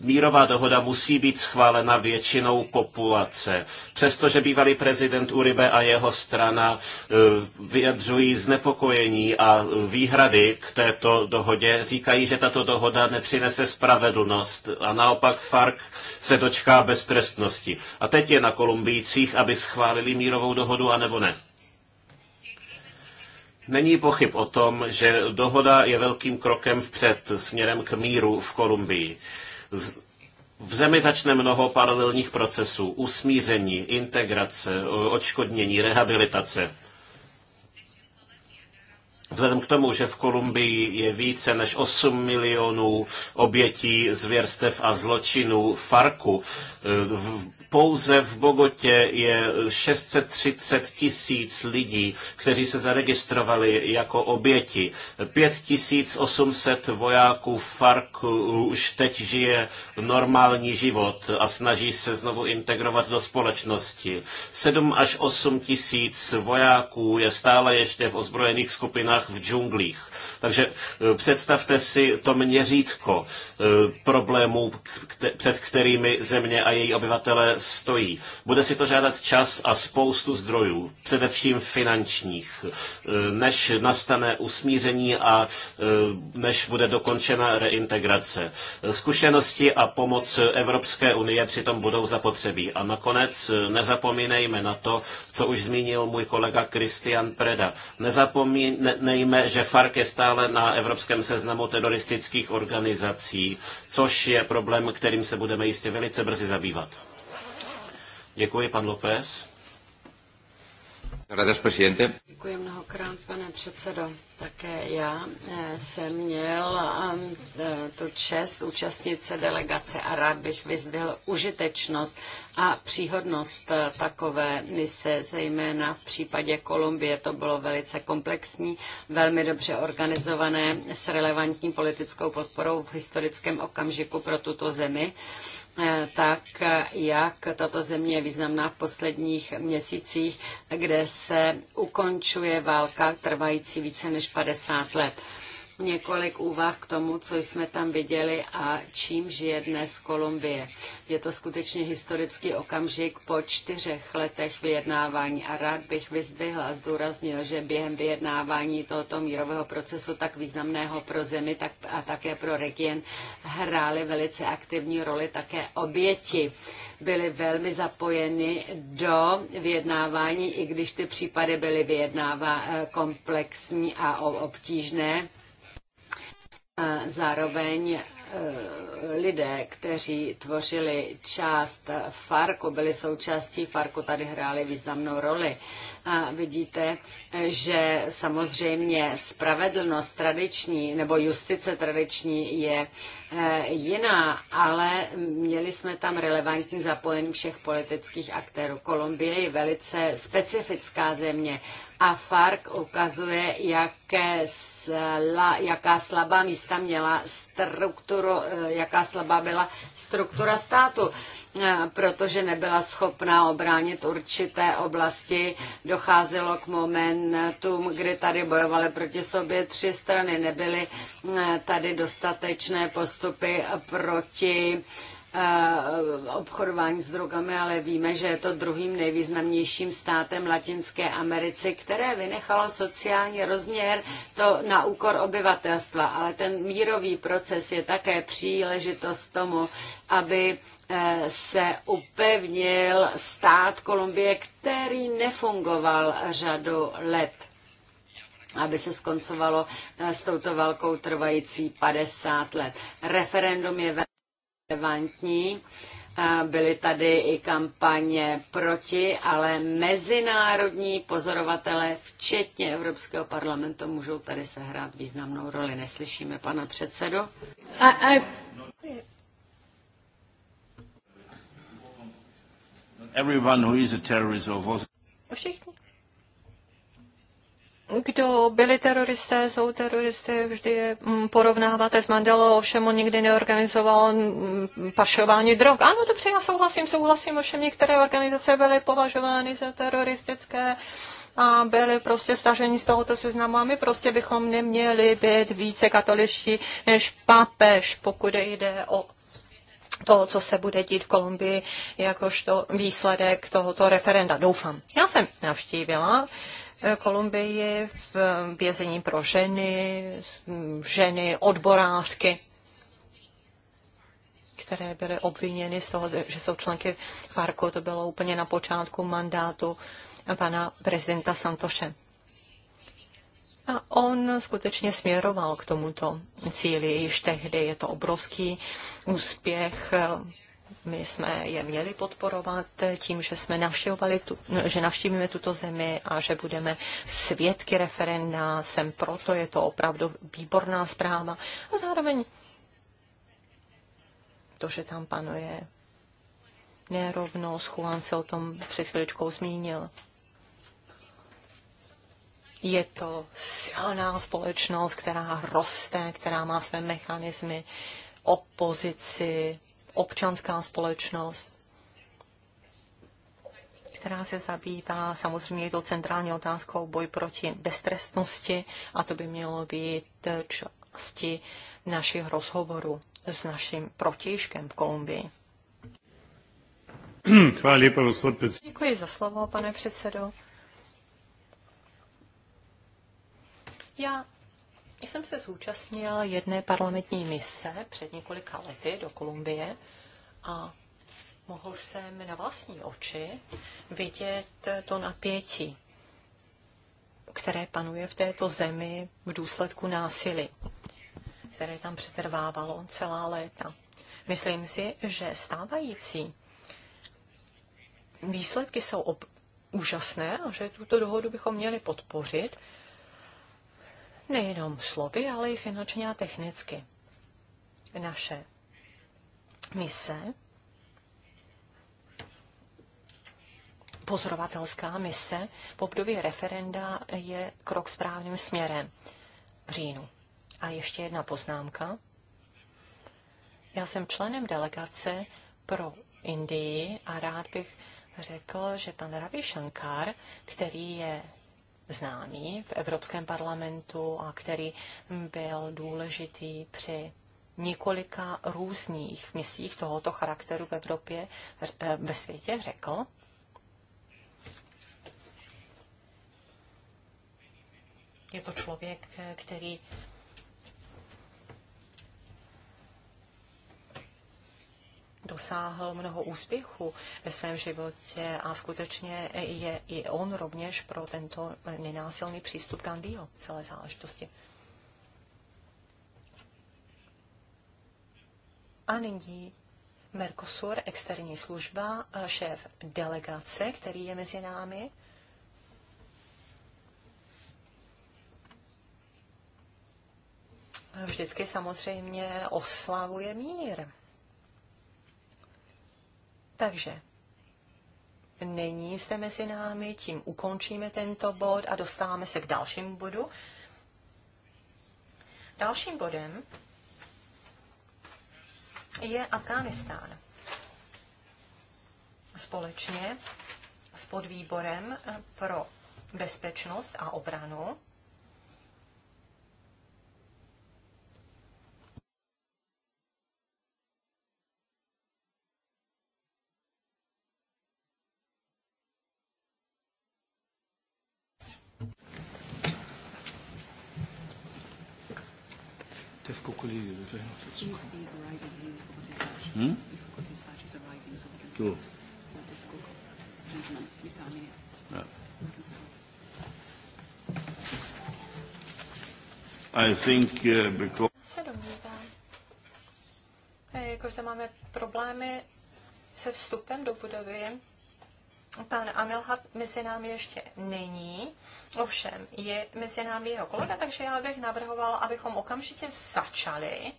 mírová dohoda musí být schválena většinou populace. Přestože bývalý prezident Uribe a jeho strana vyjadřují znepokojení a výhrady k této dohodě, říkají, že tato dohoda nepřináší přinese spravedlnost a naopak FARC se dočká beztrestnosti. A teď je na Kolumbijcích, aby schválili mírovou dohodu, anebo ne. Není pochyb o tom, že dohoda je velkým krokem vpřed směrem k míru v Kolumbii. V zemi začne mnoho paralelních procesů. Usmíření, integrace, odškodnění, rehabilitace. Vzhledem k tomu, že v Kolumbii je více než 8 milionů obětí zvěrstev a zločinů Farku, eh, pouze v Bogotě je 630 tisíc lidí, kteří se zaregistrovali jako oběti. 5800 vojáků FARC už teď žije normální život a snaží se znovu integrovat do společnosti. 7 až 8 tisíc vojáků je stále ještě v ozbrojených skupinách v džunglích. Takže e, představte si to měřítko e, problémů, před kterými země a její obyvatele stojí. Bude si to žádat čas a spoustu zdrojů, především finančních, e, než nastane usmíření a než bude dokončena reintegrace. Zkušenosti a pomoc Evropské unie přitom budou zapotřebí. A nakonec nezapomínejme na to, co už zmínil můj kolega Christian Preda. Nezapomínejme, že FARC je stále nadále na evropském seznamu teroristických organizací, což je problém, kterým se budeme jistě velice brzy zabývat. Děkuji, pan López. Gracias, presidente. Děkuji mnohokrát, pane předsedo. Také já eh, jsem měl eh, tu čest účastnit se delegace a rád bych vyzdvihl užitečnost a příhodnost eh, takové mise, zejména v případě Kolumbie. To bylo velice komplexní, velmi dobře organizované s relevantní politickou podporou v historickém okamžiku pro tuto zemi tak jak tato země je významná v posledních měsících, kde se ukončuje válka trvající více než 50 let několik úvah k tomu, co jsme tam viděli a čím žije dnes Kolumbie. Je to skutečně historický okamžik po čtyřech letech vyjednávání a rád bych vyzdvihl a zdůraznil, že během vyjednávání tohoto mírového procesu tak významného pro zemi tak a také pro region hrály velice aktivní roli také oběti byly velmi zapojeny do vyjednávání, i když ty případy byly vyjednává eh, komplexní a obtížné. Zároveň e, lidé, kteří tvořili část Farku, byli součástí Farku, tady hráli významnou roli. A vidíte, že samozřejmě spravedlnost tradiční nebo justice tradiční je eh, jiná, ale měli jsme tam relevantní zapojení všech politických aktérů. Kolumbie je velice specifická země a FARC ukazuje, jaké sla, jaká slabá místa měla strukturu, eh, jaká slabá byla struktura státu protože nebyla schopná obránit určité oblasti. Docházelo k momentům, kdy tady bojovaly proti sobě tři strany. Nebyly eh, tady dostatečné postupy proti Eh, obchodování s drogami, ale víme, že je to druhým nejvýznamnějším státem Latinské Americe, které vynechalo sociální rozměr to na úkor obyvatelstva. Ale ten mírový proces je také příležitost tomu, aby eh, se upevnil stát Kolumbie, který nefungoval řadu let aby se skoncovalo eh, s touto válkou trvající 50 let. Referendum je relevantní. Byly tady i kampaně proti, ale mezinárodní pozorovatele, včetně Evropského parlamentu, můžou tady sehrát významnou roli. Neslyšíme pana předsedu? A, a... Everyone who is a terrorist or was... Všichni, kdo byli teroristé, jsou teroristé, vždy je mm, porovnáváte s Mandelou, ovšem on nikdy neorganizoval mm, pašování drog. Ano, dobře, já souhlasím, souhlasím, ovšem některé organizace byly považovány za teroristické a byli prostě staženi z tohoto seznamu a my prostě bychom neměli být více katoličtí než papež, pokud jde o to, co se bude dít v Kolumbii, jakožto výsledek tohoto referenda. Doufám. Já jsem navštívila Kolumbii v vězení pro ženy, ženy, odborářky, které byly obviněny z toho, že jsou členky Farku. To bylo úplně na počátku mandátu pana prezidenta Santoše. A on skutečně směroval k tomuto cíli již tehdy. Je to obrovský úspěch my jsme je měli podporovat tím, že jsme navštěvovali, tu, že navštívíme tuto zemi a že budeme svědky referenda. Jsem proto, je to opravdu výborná zpráva. A zároveň to, že tam panuje nerovnost, Juan se o tom před chviličkou zmínil. Je to silná společnost, která roste, která má své mechanismy, opozici, občanská společnost, která se zabývá samozřejmě i tou centrální otázkou boj proti beztrestnosti a to by mělo být části našich rozhovorů s naším protějškem v Kolumbii. (clears throat) Děkuji za slovo, pane předsedo. Já jsem se zúčastnil jedné parlamentní mise před několika lety do Kolumbie a mohl jsem na vlastní oči vidět to napětí, které panuje v této zemi v důsledku násilí, které tam přetrvávalo celá léta. Myslím si, že stávající výsledky jsou ob- úžasné a že tuto dohodu bychom měli podpořit, nejenom slovy, ale i finančně a technicky. Naše mise, pozorovatelská mise v období referenda je krok správným směrem v říjnu. A ještě jedna poznámka. Já jsem členem delegace pro Indii a rád bych řekl, že pan Ravi Shankar, který je známý v Evropském parlamentu a který byl důležitý při několika různých misích tohoto charakteru v Evropě, eh, ve světě, řekl, Je to člověk, který dosáhl mnoho úspěchu ve svém životě a skutečně je i on rovněž pro tento nenásilný přístup Gandhiho celé záležitosti. A nyní Mercosur, externí služba, šéf delegace, který je mezi námi. Vždycky samozřejmě oslavuje mír. Takže není zde mezi námi, tím ukončíme tento bod a dostáváme se k dalšímu bodu. Dalším bodem je Afghánistán. Společně s podvýborem pro bezpečnost a obranu DEFCO Kollege wird gleich noch So. I think, uh, because... Se domnívám, eh, jakože máme problémy se vstupem do budovy, Pan Amilhat mezi námi ještě není, ovšem je mezi námi jeho kolega, takže já bych navrhovala, abychom okamžitě začali.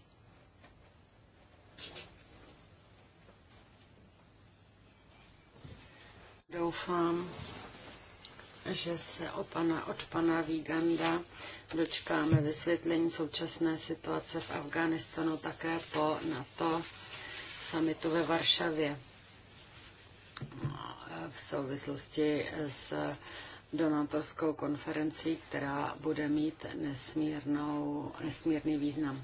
Doufám, že se o pana, od pana Víganda dočkáme vysvětlení současné situace v Afganistanu také po NATO samitu ve Varšavě v souvislosti s donátorskou konferencí, která bude mít nesmírnou, nesmírný význam.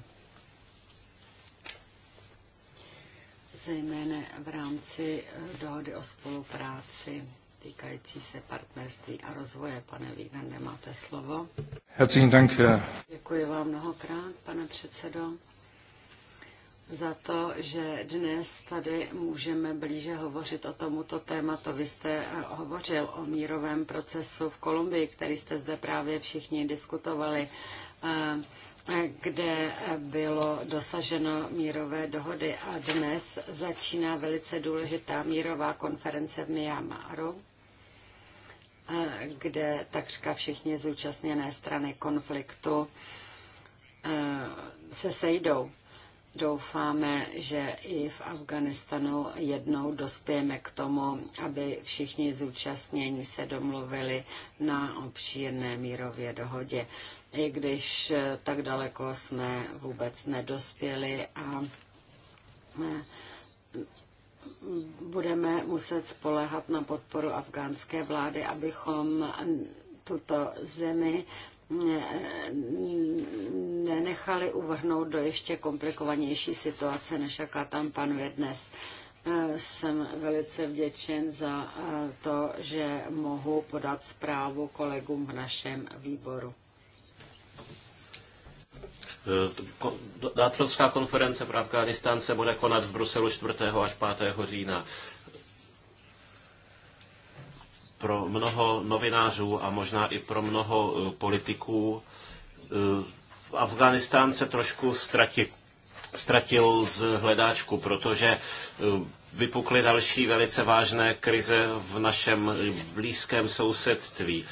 Zejména v rámci dohody o spolupráci týkající se partnerství a rozvoje. Pane Vígande, máte slovo. Herzlichen Dank. Děkuji vám mnohokrát, pane předsedo za to, že dnes tady můžeme blíže hovořit o tomuto tématu. Vy jste eh, hovořil o mírovém procesu v Kolumbii, který jste zde právě všichni diskutovali, eh, kde bylo dosaženo mírové dohody a dnes začíná velice důležitá mírová konference v Myanmaru eh, kde takřka všichni zúčastněné strany konfliktu se sejdou Doufáme, že i v Afganistanu jednou dospějeme k tomu, aby všichni zúčastnění se domluvili na obšírné mírově dohodě. I když eh, tak daleko jsme vůbec nedospěli a eh, budeme muset spolehat na podporu afgánské vlády, abychom tuto zemi nenechali uvrhnout do ještě komplikovanější situace, než jaká tam panuje dnes. E, jsem velice vděčen za e, to, že mohu podat zprávu kolegům v našem výboru. E, dátelská konference právka Afghánistán bude konat v Bruselu 4. až 5. října pro mnoho novinářů a možná i pro mnoho e, politiků e, Afganistán se trošku ztratil, ztratil z hledáčku, protože e, vypukly další velice vážné krize v našem blízkém sousedství.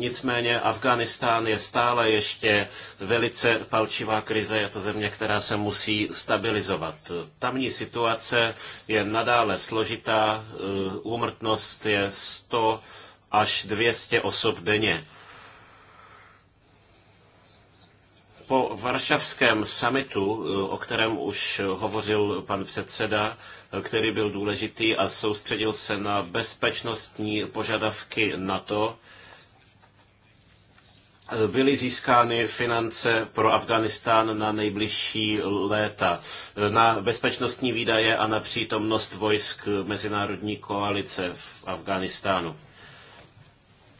Nicméně Afghánistán je stále ještě velice palčivá krize, je to země, která se musí stabilizovat. Tamní situace je nadále složitá, eh, úmrtnost je 100 až 200 osob denně. po varšavském summitu, eh, o kterém už hovořil pan předseda, eh, který byl důležitý a soustředil se na bezpečnostní požadavky NATO, byly získány finance pro Afghánistán na nejbližší léta, na bezpečnostní výdaje a na přítomnost vojsk mezinárodní koalice v Afghánistánu.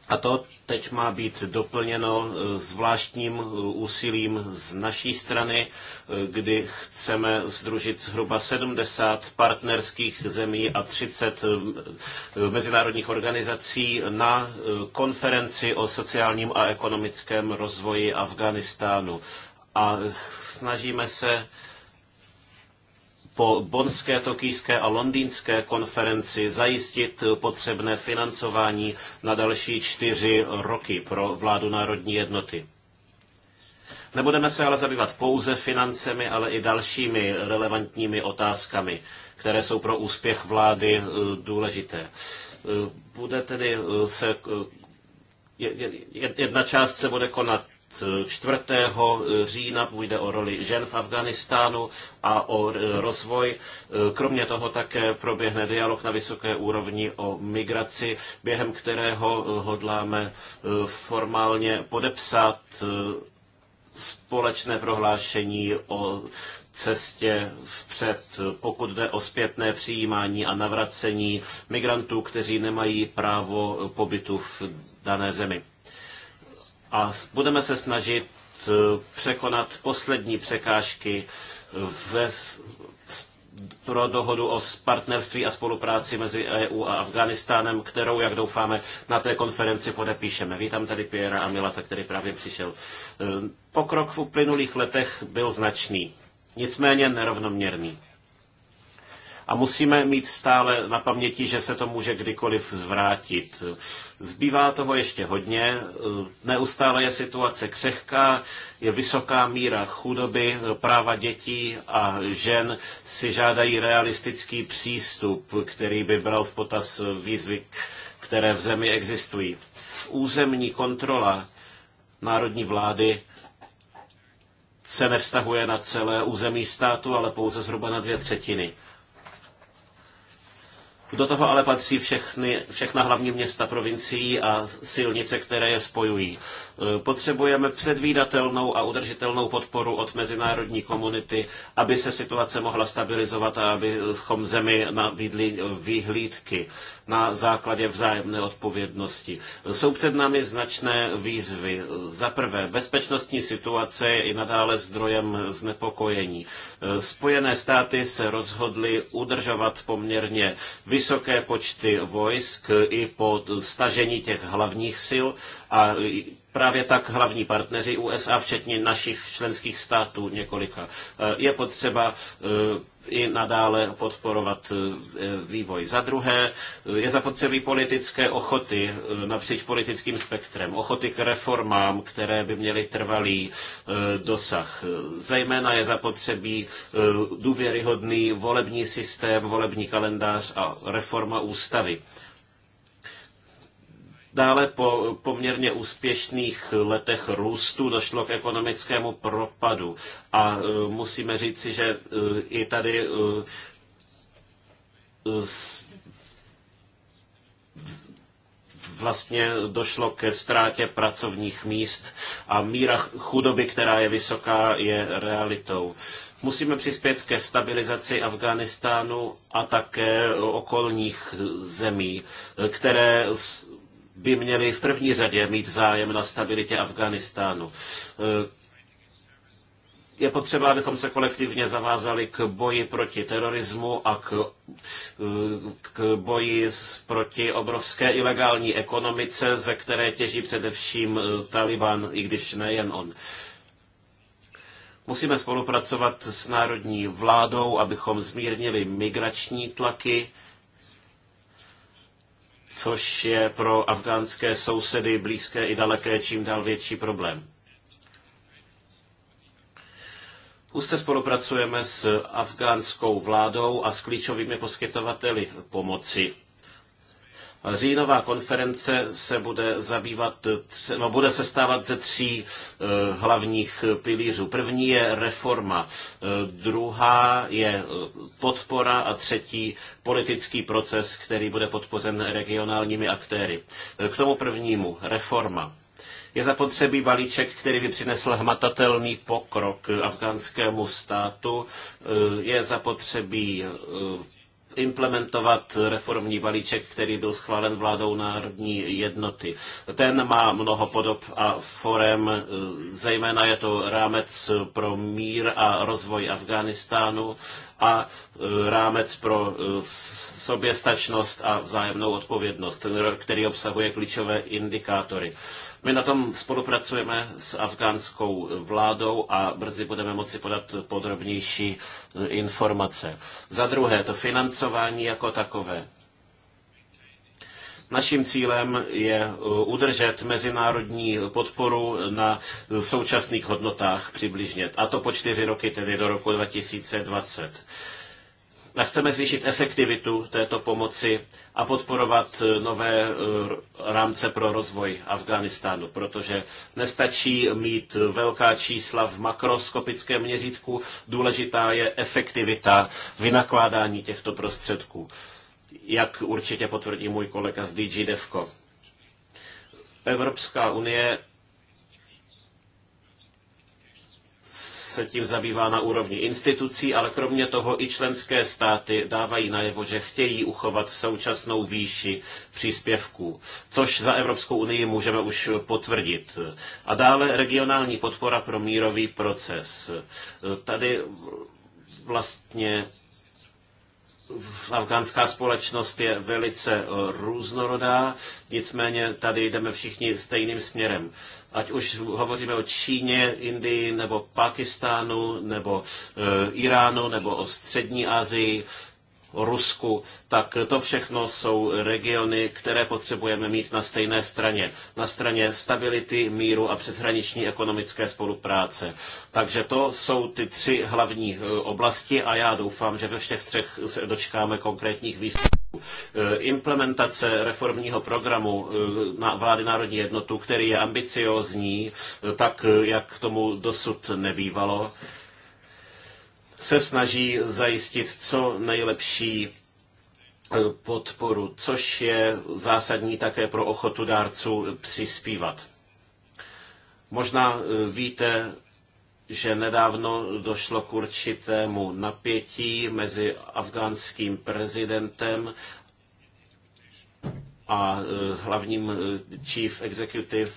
A to teď má být doplněno eh, zvláštním eh, úsilím z naší strany, eh, kdy chceme združit zhruba 70 partnerských zemí a 30 mezinárodních organizací na konferenci o sociálním a ekonomickém rozvoji Afganistánu. A snažíme se po bonské, tokijské a londýnské konferenci zajistit potřebné financování na další čtyři roky pro vládu národní jednoty. Nebudeme se ale zabývat pouze financemi, ale i dalšími relevantními otázkami, které jsou pro úspěch vlády eh, důležité. Eh, bude tedy eh, se, jedna část se bude konat 4. Eh, října půjde o roli žen v Afganistánu a o eh, rozvoj. Eh, kromě toho také proběhne dialog na vysoké úrovni o migraci, během kterého hodláme formálně podepsat společné prohlášení o cestě vpřed, pokud jde o zpětné přijímání a navracení migrantů, kteří nemají právo pobytu v dané zemi a budeme se snažit eh, překonat poslední překážky ve, pro dohodu o partnerství a spolupráci mezi EU a Afghánistánem, kterou, jak doufáme, na té konferenci podepíšeme. Vítám tady Piera a Milata, který právě přišel. Eh, pokrok v uplynulých letech byl značný, nicméně nerovnoměrný. A musíme mít stále na paměti, že se to může kdykoliv zvrátit. Zbývá toho ještě hodně. Neustále je situace křehká, je vysoká míra chudoby, práva dětí a žen si žádají realistický přístup, který by bral v potaz výzvy, které v zemi existují. Územní kontrola národní vlády se nevztahuje na celé území státu, ale pouze zhruba na dvě třetiny. Do toho ale patří všechny, všechna hlavní města provincií a silnice, které je spojují. Potřebujeme předvídatelnou a udržitelnou podporu od mezinárodní komunity, aby se situace mohla stabilizovat a abychom zemi nabídli výhlídky na základě vzájemné odpovědnosti. Jsou před námi značné výzvy. Za prvé, bezpečnostní situace je i nadále zdrojem znepokojení. Spojené státy se rozhodly udržovat poměrně vysoké počty vojsk i po stažení těch hlavních sil a právě tak hlavní partneři USA, včetně našich členských států několika. Eh, je potřeba eh, i nadále podporovat eh, vývoj. Za druhé, je zapotřebí politické ochoty napříč politickým spektrem, ochoty k reformám, které by měly trvalý dosah. Zejména je zapotřebí důvěryhodný volební systém, volební kalendář a reforma ústavy. Dále po poměrně úspěšných letech růstu došlo k ekonomickému propadu a e, musíme říci, že e, i tady e, vlastně došlo ke ztrátě pracovních míst a míra chudoby, která je vysoká, je realitou. Musíme přispět ke stabilizaci Afghánistánu a také okolních zemí, které by měli v první řadě mít zájem na stabilitě Afganistánu je potřeba, abychom se kolektivně zavázali k boji proti terorismu a k, k boji proti obrovské ilegální ekonomice, ze které těží především eh, Taliban, i když nejen on. Musíme spolupracovat s národní vládou, abychom zmírnili migrační tlaky což je pro afgánské sousedy blízké i daleké čím dál větší problém. Úzce spolupracujeme s afgánskou vládou a s klíčovými poskytovateli pomoci Říjnová konference se bude zabývat, no, bude se stávat ze tří eh, hlavních pilířů. První je reforma, eh, druhá je eh, podpora a třetí politický proces, který bude podpořen regionálními aktéry. K tomu prvnímu, reforma je zapotřebí balíček, který by přinesl hmatatelný pokrok afgánskému státu, je zapotřebí implementovat reformní balíček, který byl schválen vládou Národní jednoty. Ten má mnoho podob a forem, e, zejména je to rámec pro mír a rozvoj Afghánistánu a e, rámec pro e, soběstačnost a vzájemnou odpovědnost, který obsahuje klíčové indikátory. My na tom spolupracujeme s afgánskou vládou a brzy budeme moci podat podrobnější eh, informace. Za druhé, to financování jako takové. Naším cílem je eh, udržet mezinárodní podporu na eh, současných hodnotách přibližně, a to po čtyři roky, tedy do roku 2020 a chceme zvýšit efektivitu této pomoci a podporovat eh, nové eh, rámce pro rozvoj Afghánistánu, protože nestačí mít eh, velká čísla v makroskopickém měřítku, důležitá je efektivita vynakládání těchto prostředků, jak určitě potvrdí můj kolega z DG DEVCO. Evropská unie se tím zabývá na úrovni institucí, ale kromě toho i členské státy dávají najevo, že chtějí uchovat současnou výši příspěvků, což za Evropskou unii můžeme už potvrdit. A dále regionální podpora pro mírový proces. Tady vlastně afgánská společnost je velice eh, různorodá, nicméně tady jdeme všichni stejným směrem. Ať už hovoříme o Číně, Indii, nebo Pakistánu, nebo e, Iránu, nebo o Střední Asii, Rusku, tak to všechno jsou regiony, které potřebujeme mít na stejné straně. Na straně stability, míru a přeshraniční ekonomické spolupráce. Takže to jsou ty tři hlavní eh, oblasti a já doufám, že ve všech třech se dočkáme konkrétních výsledků. Eh, implementace reformního programu eh, na vlády národní jednotu, který je ambiciózní, tak jak tomu dosud nebývalo se snaží zajistit co nejlepší eh, podporu, což je zásadní také pro ochotu dárců přispívat. Možná eh, víte, že nedávno došlo k určitému napětí mezi afgánským prezidentem a e, hlavním e, chief executive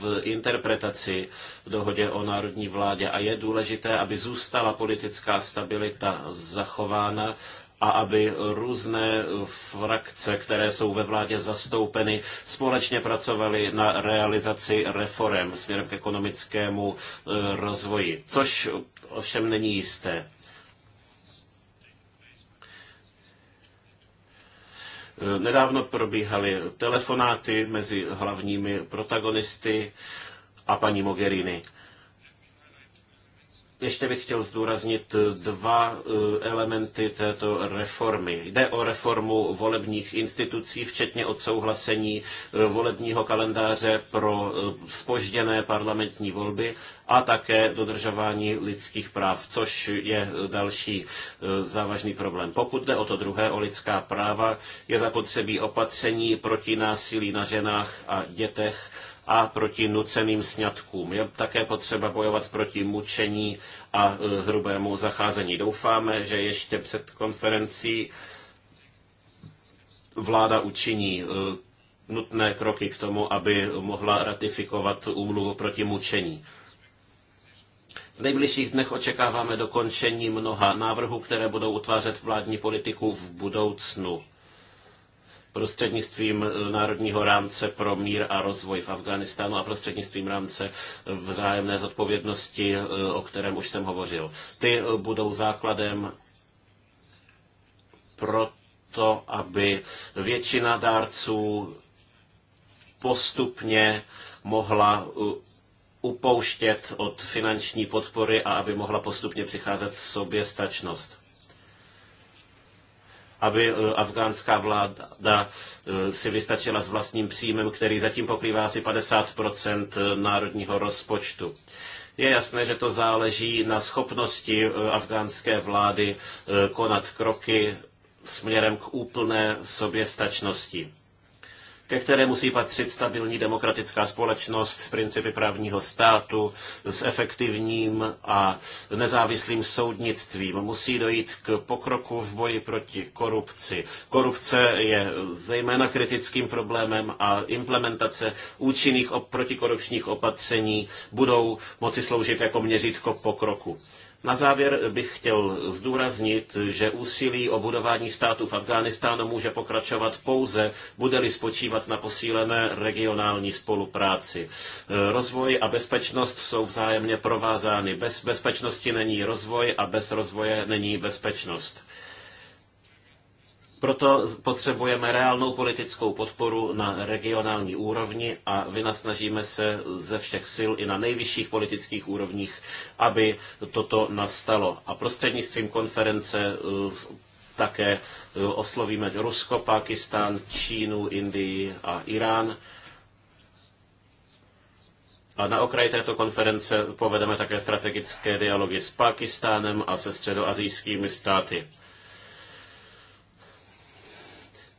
v interpretaci dohodě o národní vládě. A je důležité, aby zůstala politická stabilita zachována a aby různé frakce, které jsou ve vládě zastoupeny, společně pracovaly na realizaci reform směrem k ekonomickému e, rozvoji, což ovšem není jisté. Nedávno probíhaly telefonáty mezi hlavními protagonisty a paní Mogherini. Ještě bych chtěl zdůraznit dva eh, elementy této reformy. Jde o reformu volebních institucí, včetně odsouhlasení eh, volebního kalendáře pro spožděné eh, parlamentní volby a také dodržování lidských práv, což je další závažný problém. Pokud jde o to druhé, o lidská práva, je zapotřebí opatření proti násilí na ženách a dětech a proti nuceným sňatkům. Je také potřeba bojovat proti mučení a e, hrubému zacházení. Doufáme, že ještě před konferencí vláda učiní e, nutné kroky k tomu, aby mohla ratifikovat úmluvu proti mučení. V nejbližších dnech očekáváme dokončení mnoha návrhů, které budou utvářet vládní politiku v budoucnu prostřednictvím eh, národního rámce pro mír a rozvoj v Afghánistánu a prostřednictvím rámce vzájemné zodpovědnosti, eh, o kterém už jsem hovořil. Ty eh, budou základem pro to, aby většina dárců postupně mohla upouštět od finanční podpory a aby mohla postupně přicházet stačnost aby eh, afgánská vláda eh, si vystačila s vlastním příjmem, který zatím pokrývá asi 50 eh, národního rozpočtu. Je jasné, že to záleží na schopnosti afgánské vlády konat kroky směrem k úplné soběstačnosti ke které musí patřit stabilní demokratická společnost s principy právního státu, s efektivním a nezávislým soudnictvím. Musí dojít k pokroku v boji proti korupci. Korupce je zejména kritickým problémem a implementace účinných protikorupčních opatření budou moci sloužit jako měřítko pokroku. Na závěr bych chtěl zdůraznit, že úsilí o budování státu v Afghánistánu může pokračovat pouze, bude-li spočívat na posílené regionální spolupráci. Rozvoj a bezpečnost jsou vzájemně provázány. Bez bezpečnosti není rozvoj a bez rozvoje není bezpečnost. Proto potřebujeme reálnou politickou podporu na regionální úrovni a vynasnažíme se ze všech sil i na nejvyšších politických úrovních, aby toto nastalo. A prostřednictvím konference eh, také eh, oslovíme Rusko, Pakistán, Čínu, Indii a Irán. A na okraji této konference povedeme také strategické dialogy s Pakistánem a se středoazijskými státy.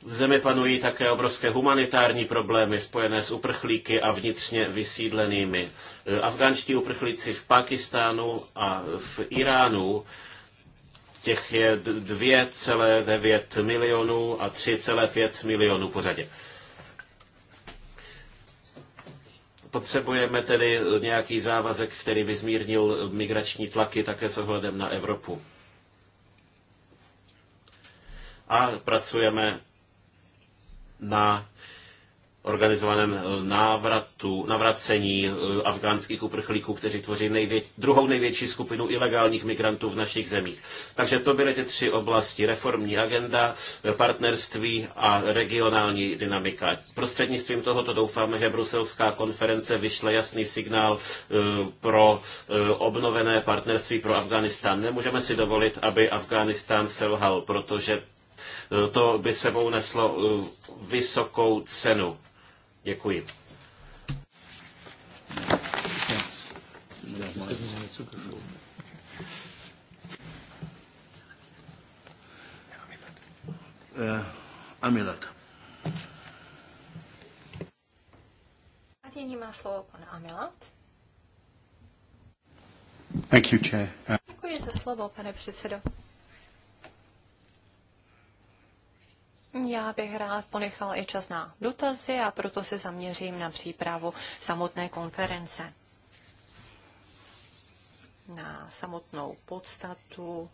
V zemi panují také obrovské humanitární problémy spojené s uprchlíky a vnitřně vysídlenými. E, afgánští uprchlíci v Pakistánu a v Iránu těch je 2,9 milionů a 3,5 milionů pořadě. Potřebujeme tedy nějaký závazek, který by zmírnil migrační tlaky také s ohledem na Evropu. A pracujeme na organizovaném návratu, navracení eh, afgánských uprchlíků, kteří tvoří největ, druhou největší skupinu ilegálních migrantů v našich zemích. Takže to byly ty tři oblasti. Reformní agenda, eh, partnerství a regionální dynamika. Prostřednictvím tohoto doufáme, že bruselská konference vyšle jasný signál eh, pro obnovené partnerství pro Afghánistán. Nemůžeme si dovolit, aby Afghánistán selhal, protože to by sebou neslo uh, vysokou cenu. Děkuji. Eh, Amilat. A nyní má slovo pan Amilat. Thank you, Chair. Děkuji za slovo, pane předsedo. Já bych rád ponechal i čas na dotazy a proto se zaměřím na přípravu samotné konference. Na samotnou podstatu,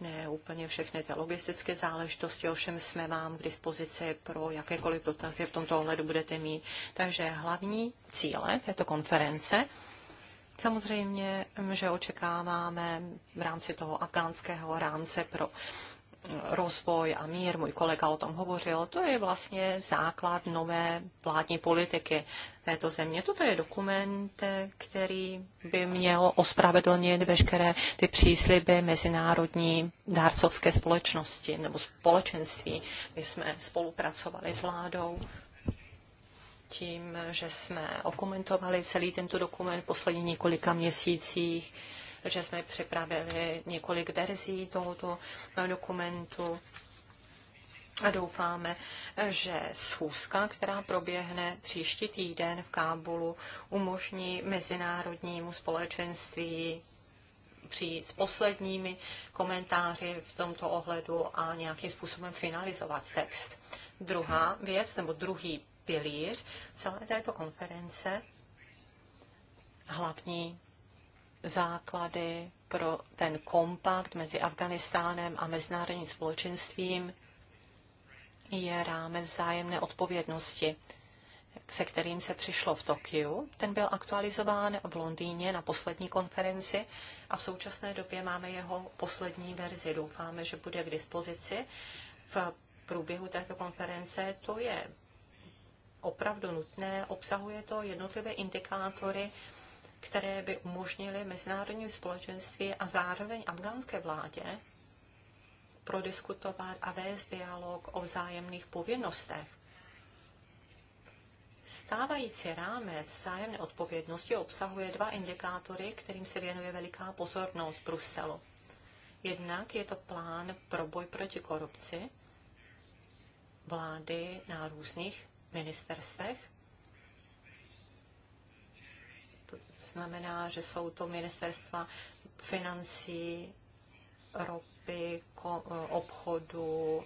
ne úplně všechny ty logistické záležitosti, ovšem jsme vám k dispozici pro jakékoliv dotazy v tomto ohledu budete mít. Takže hlavní cíle této konference Samozřejmě, že očekáváme v rámci toho afgánského rámce pro rozvoj a mír, můj kolega o tom hovořil, to je vlastně základ nové vládní politiky této země. Toto je dokument, který by měl ospravedlnit veškeré ty přísliby mezinárodní dárcovské společnosti nebo společenství. My jsme spolupracovali s vládou tím, že jsme okomentovali celý tento dokument v posledních několika měsících že jsme připravili několik verzí tohoto dokumentu. A doufáme, že schůzka, která proběhne příští týden v Kábulu, umožní mezinárodnímu společenství přijít s posledními komentáři v tomto ohledu a nějakým způsobem finalizovat text. Druhá věc, nebo druhý pilíř celé této konference, hlavní základy pro ten kompakt mezi Afganistánem a mezinárodním společenstvím je rámec vzájemné odpovědnosti, se kterým se přišlo v Tokiu. Ten byl aktualizován v Londýně na poslední konferenci a v současné době máme jeho poslední verzi. Doufáme, že bude k dispozici v průběhu této konference. To je opravdu nutné, obsahuje to jednotlivé indikátory, které by umožnily mezinárodním společenství a zároveň afgánské vládě prodiskutovat a vést dialog o vzájemných povinnostech. Stávající rámec vzájemné odpovědnosti obsahuje dva indikátory, kterým se věnuje veliká pozornost Bruselu. Jednak je to plán pro boj proti korupci vlády na různých ministerstvech znamená, že jsou to ministerstva financí, ropy, obchodu,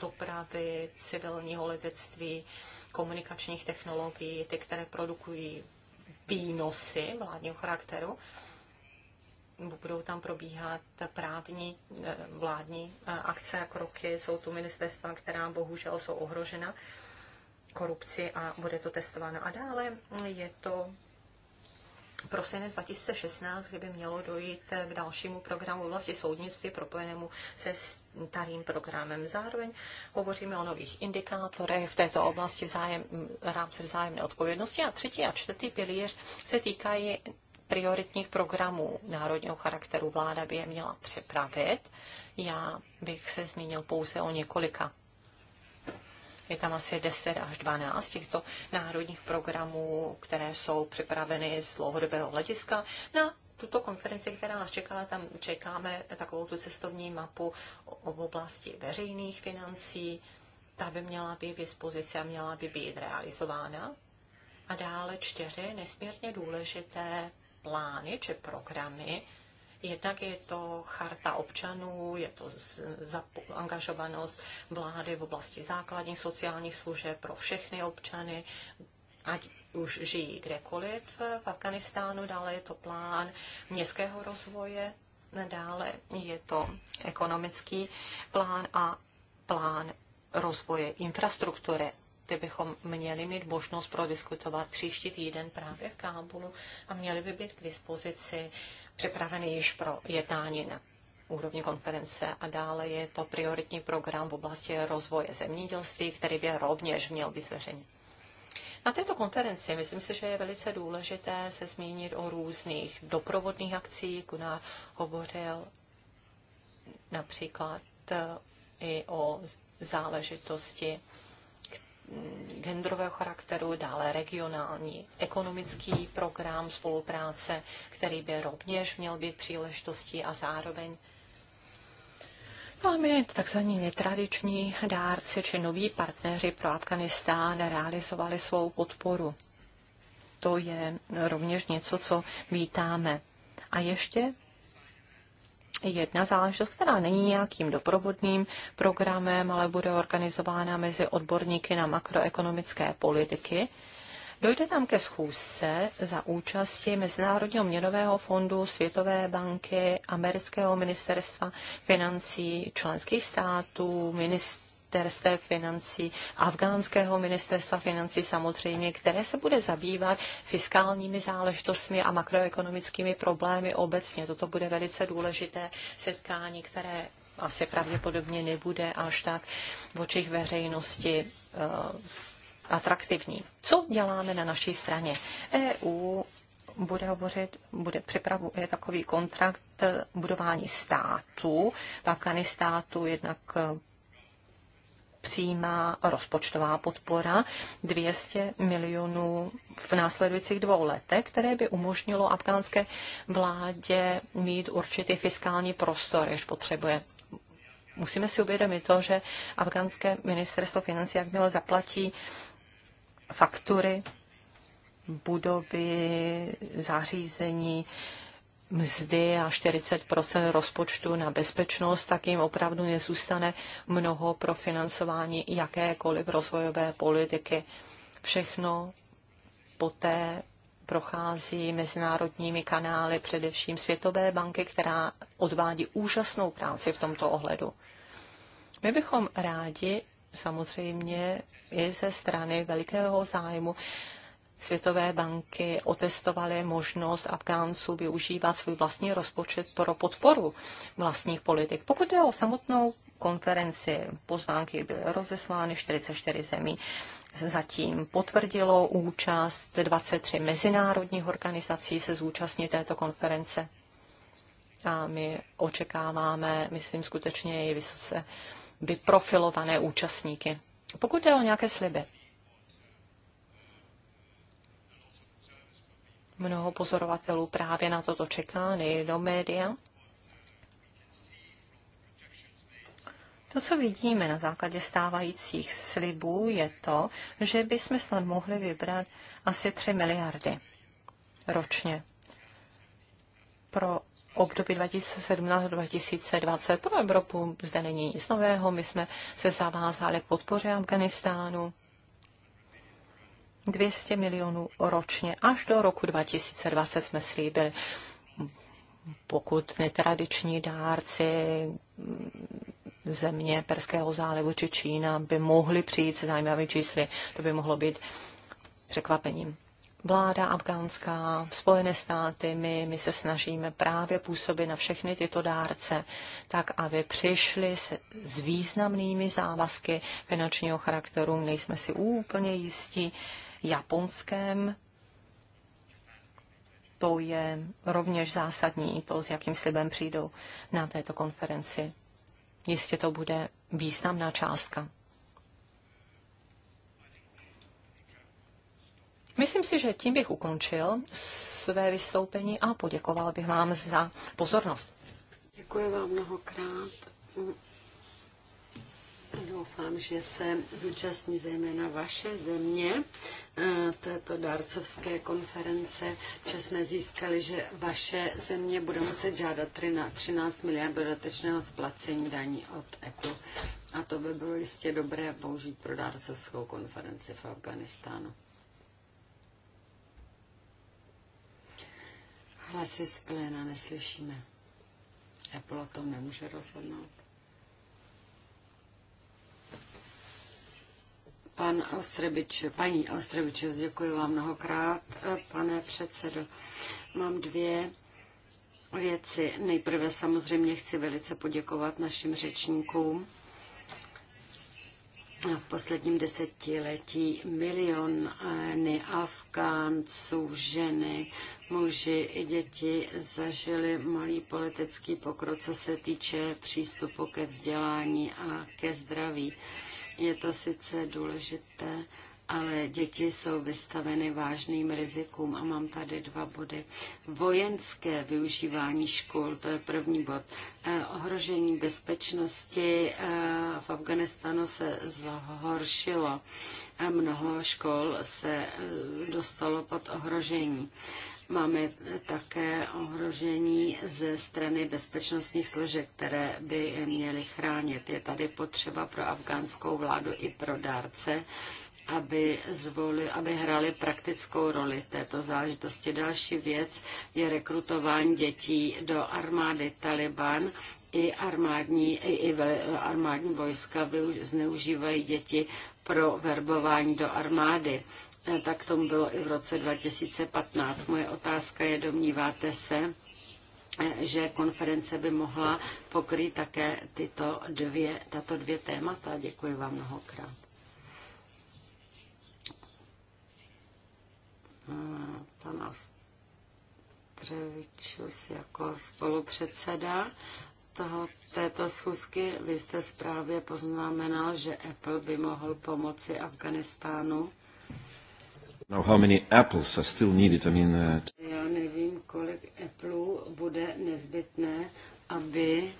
dopravy, civilního letectví, komunikačních technologií, ty, které produkují výnosy vládního charakteru. Budou tam probíhat právní eh, vládní eh, akce a kroky. Jsou tu ministerstva, která bohužel jsou ohrožena korupci a bude to testováno. A dále je to prosinec 2016, kdyby mělo dojít eh, k dalšímu programu oblasti soudnictví propojenému se starým programem. Zároveň hovoříme o nových indikátorech v této oblasti vzájem, rámce vzájemné odpovědnosti a třetí a čtvrtý pilíř se týkají prioritních programů národního charakteru vláda by je měla připravit. Já bych se zmínil pouze o několika je tam asi 10 až 12 těchto národních programů, které jsou připraveny z dlouhodobého hlediska na tuto konferenci, která nás čekala, tam čekáme takovou tu cestovní mapu v oblasti veřejných financí. Ta by měla být v dispozici a měla by být realizována. A dále čtyři nesmírně důležité plány či programy, Jednak je to charta občanů, je to angažovanost vlády v oblasti základních sociálních služeb pro všechny občany, ať už žijí kdekoliv v Afganistánu, dále je to plán městského rozvoje, dále je to ekonomický plán a plán rozvoje infrastruktury. Ty bychom měli mít možnost prodiskutovat příští týden právě v Kábulu a měli by být k dispozici uh, připraveny již pro jednání na úrovni konference a dále je to prioritní program v oblasti rozvoje zemědělství, který by rovněž měl být zveřejněn. Na této konferenci myslím si, že je velice důležité se zmínit o různých doprovodných akcích. Gunnar hovořil například eh, i o záležitosti Mm, genderového charakteru, dále regionální ekonomický program spolupráce, který by rovněž měl být příležitostí a zároveň Máme takzvaní netradiční dárci či noví partneři pro Afganistán realizovali svou podporu. To je rovněž něco, co vítáme. A ještě jedna záležitost, která není nějakým doprovodným programem, ale bude organizována mezi odborníky na makroekonomické politiky. Dojde tam ke schůzce za účasti Mezinárodního měnového fondu, Světové banky, Amerického ministerstva financí, členských států, ministrů ministerstve financí, afgánského ministerstva financí samozřejmě, které se bude zabývat fiskálními záležitostmi a makroekonomickými problémy obecně. Toto bude velice důležité setkání, které asi pravděpodobně nebude až tak v očích veřejnosti eh, atraktivní. Co děláme na naší straně? EU bude hovořit, bude je takový kontrakt budování státu, Pakany států, jednak přímá rozpočtová podpora 200 milionů v následujících dvou letech, které by umožnilo afgánské vládě mít určitý fiskální prostor, jež potřebuje musíme si uvědomit to, že afgánské ministerstvo financí, jakmile zaplatí faktury, budovy, zařízení, mzdy a 40 rozpočtu na bezpečnost, tak jim opravdu nezůstane mnoho pro financování jakékoliv rozvojové politiky. Všechno poté prochází mezinárodními kanály, především Světové banky, která odvádí úžasnou práci v tomto ohledu. My bychom rádi samozřejmě i ze strany velikého zájmu Světové banky otestovaly možnost Afgánců využívat svůj vlastní rozpočet pro podporu vlastních politik. Pokud jde o samotnou konferenci, pozvánky byly rozeslány 44 zemí. Zatím potvrdilo účast 23 mezinárodních organizací se zúčastní této konference. A my očekáváme, myslím, skutečně i vysoce vyprofilované účastníky. Pokud jde o nějaké sliby, Mnoho pozorovatelů právě na toto čeká, nejen do média. To, co vidíme na základě stávajících slibů, je to, že bychom snad mohli vybrat asi 3 miliardy ročně pro období 2017-2020. Pro Evropu zde není nic nového. My jsme se zavázali k podpoře Afganistánu. 200 milionů ročně. Až do roku 2020 jsme slíbili, pokud netradiční dárci země Perského zálivu či Čína by mohli přijít se zajímavými čísly, to by mohlo být překvapením. Vláda afgánská, Spojené státy, my, my se snažíme právě působit na všechny tyto dárce, tak aby přišli s, s významnými závazky finančního charakteru. Nejsme si úplně jistí, Japonském. To je rovněž zásadní, to, s jakým slibem přijdou na této konferenci. Jistě to bude významná částka. Myslím si, že tím bych ukončil své vystoupení a poděkoval bych vám za pozornost. Děkuji vám mnohokrát. Doufám, že se zúčastní zejména vaše země eh, této darcovské konference, že jsme získali, že vaše země bude muset žádat 13 miliard dodatečného splacení daní od Apple. A to by bylo jistě dobré použít pro darcovskou konferenci v Afganistánu. Hlasy z pléna neslyšíme. Apple o tom nemůže rozhodnout. Pan Austrebič, paní Austrebič, děkuji vám mnohokrát, pane předsedo. Mám dvě věci. Nejprve samozřejmě chci velice poděkovat našim řečníkům. V posledním desetiletí miliony Afgánců, ženy, muži i děti zažili malý politický pokrok, co se týče přístupu ke vzdělání a ke zdraví. Je to sice důležité, ale děti jsou vystaveny vážným rizikům a mám tady dva body. Vojenské využívání škol, to je první bod. Eh, ohrožení bezpečnosti eh, v Afganistánu se zhoršilo. Eh, mnoho škol se eh, dostalo pod ohrožení. Eh, Máme také ohrožení ze strany bezpečnostních složek, které by měly chránit. Je tady potřeba pro afgánskou vládu i pro dárce, aby, zvoli, aby hrali praktickou roli v této záležitosti. Další věc je rekrutování dětí do armády Taliban. I armádní, i armádní vojska zneužívají děti pro verbování do armády No, tak tomu bylo i v roce 2015. Moje otázka je, domníváte se, že konference by mohla pokrýt také tyto dvě, tato dvě témata. Děkuji vám mnohokrát. Pan Ostrevičus jako spolupředseda toho, této schůzky. Vy jste zprávě poznamenal, že Apple by mohl pomoci Afganistánu Now how many apples are still needed? I mean, uh... Já nevím, kolik eplů bude nezbytné, aby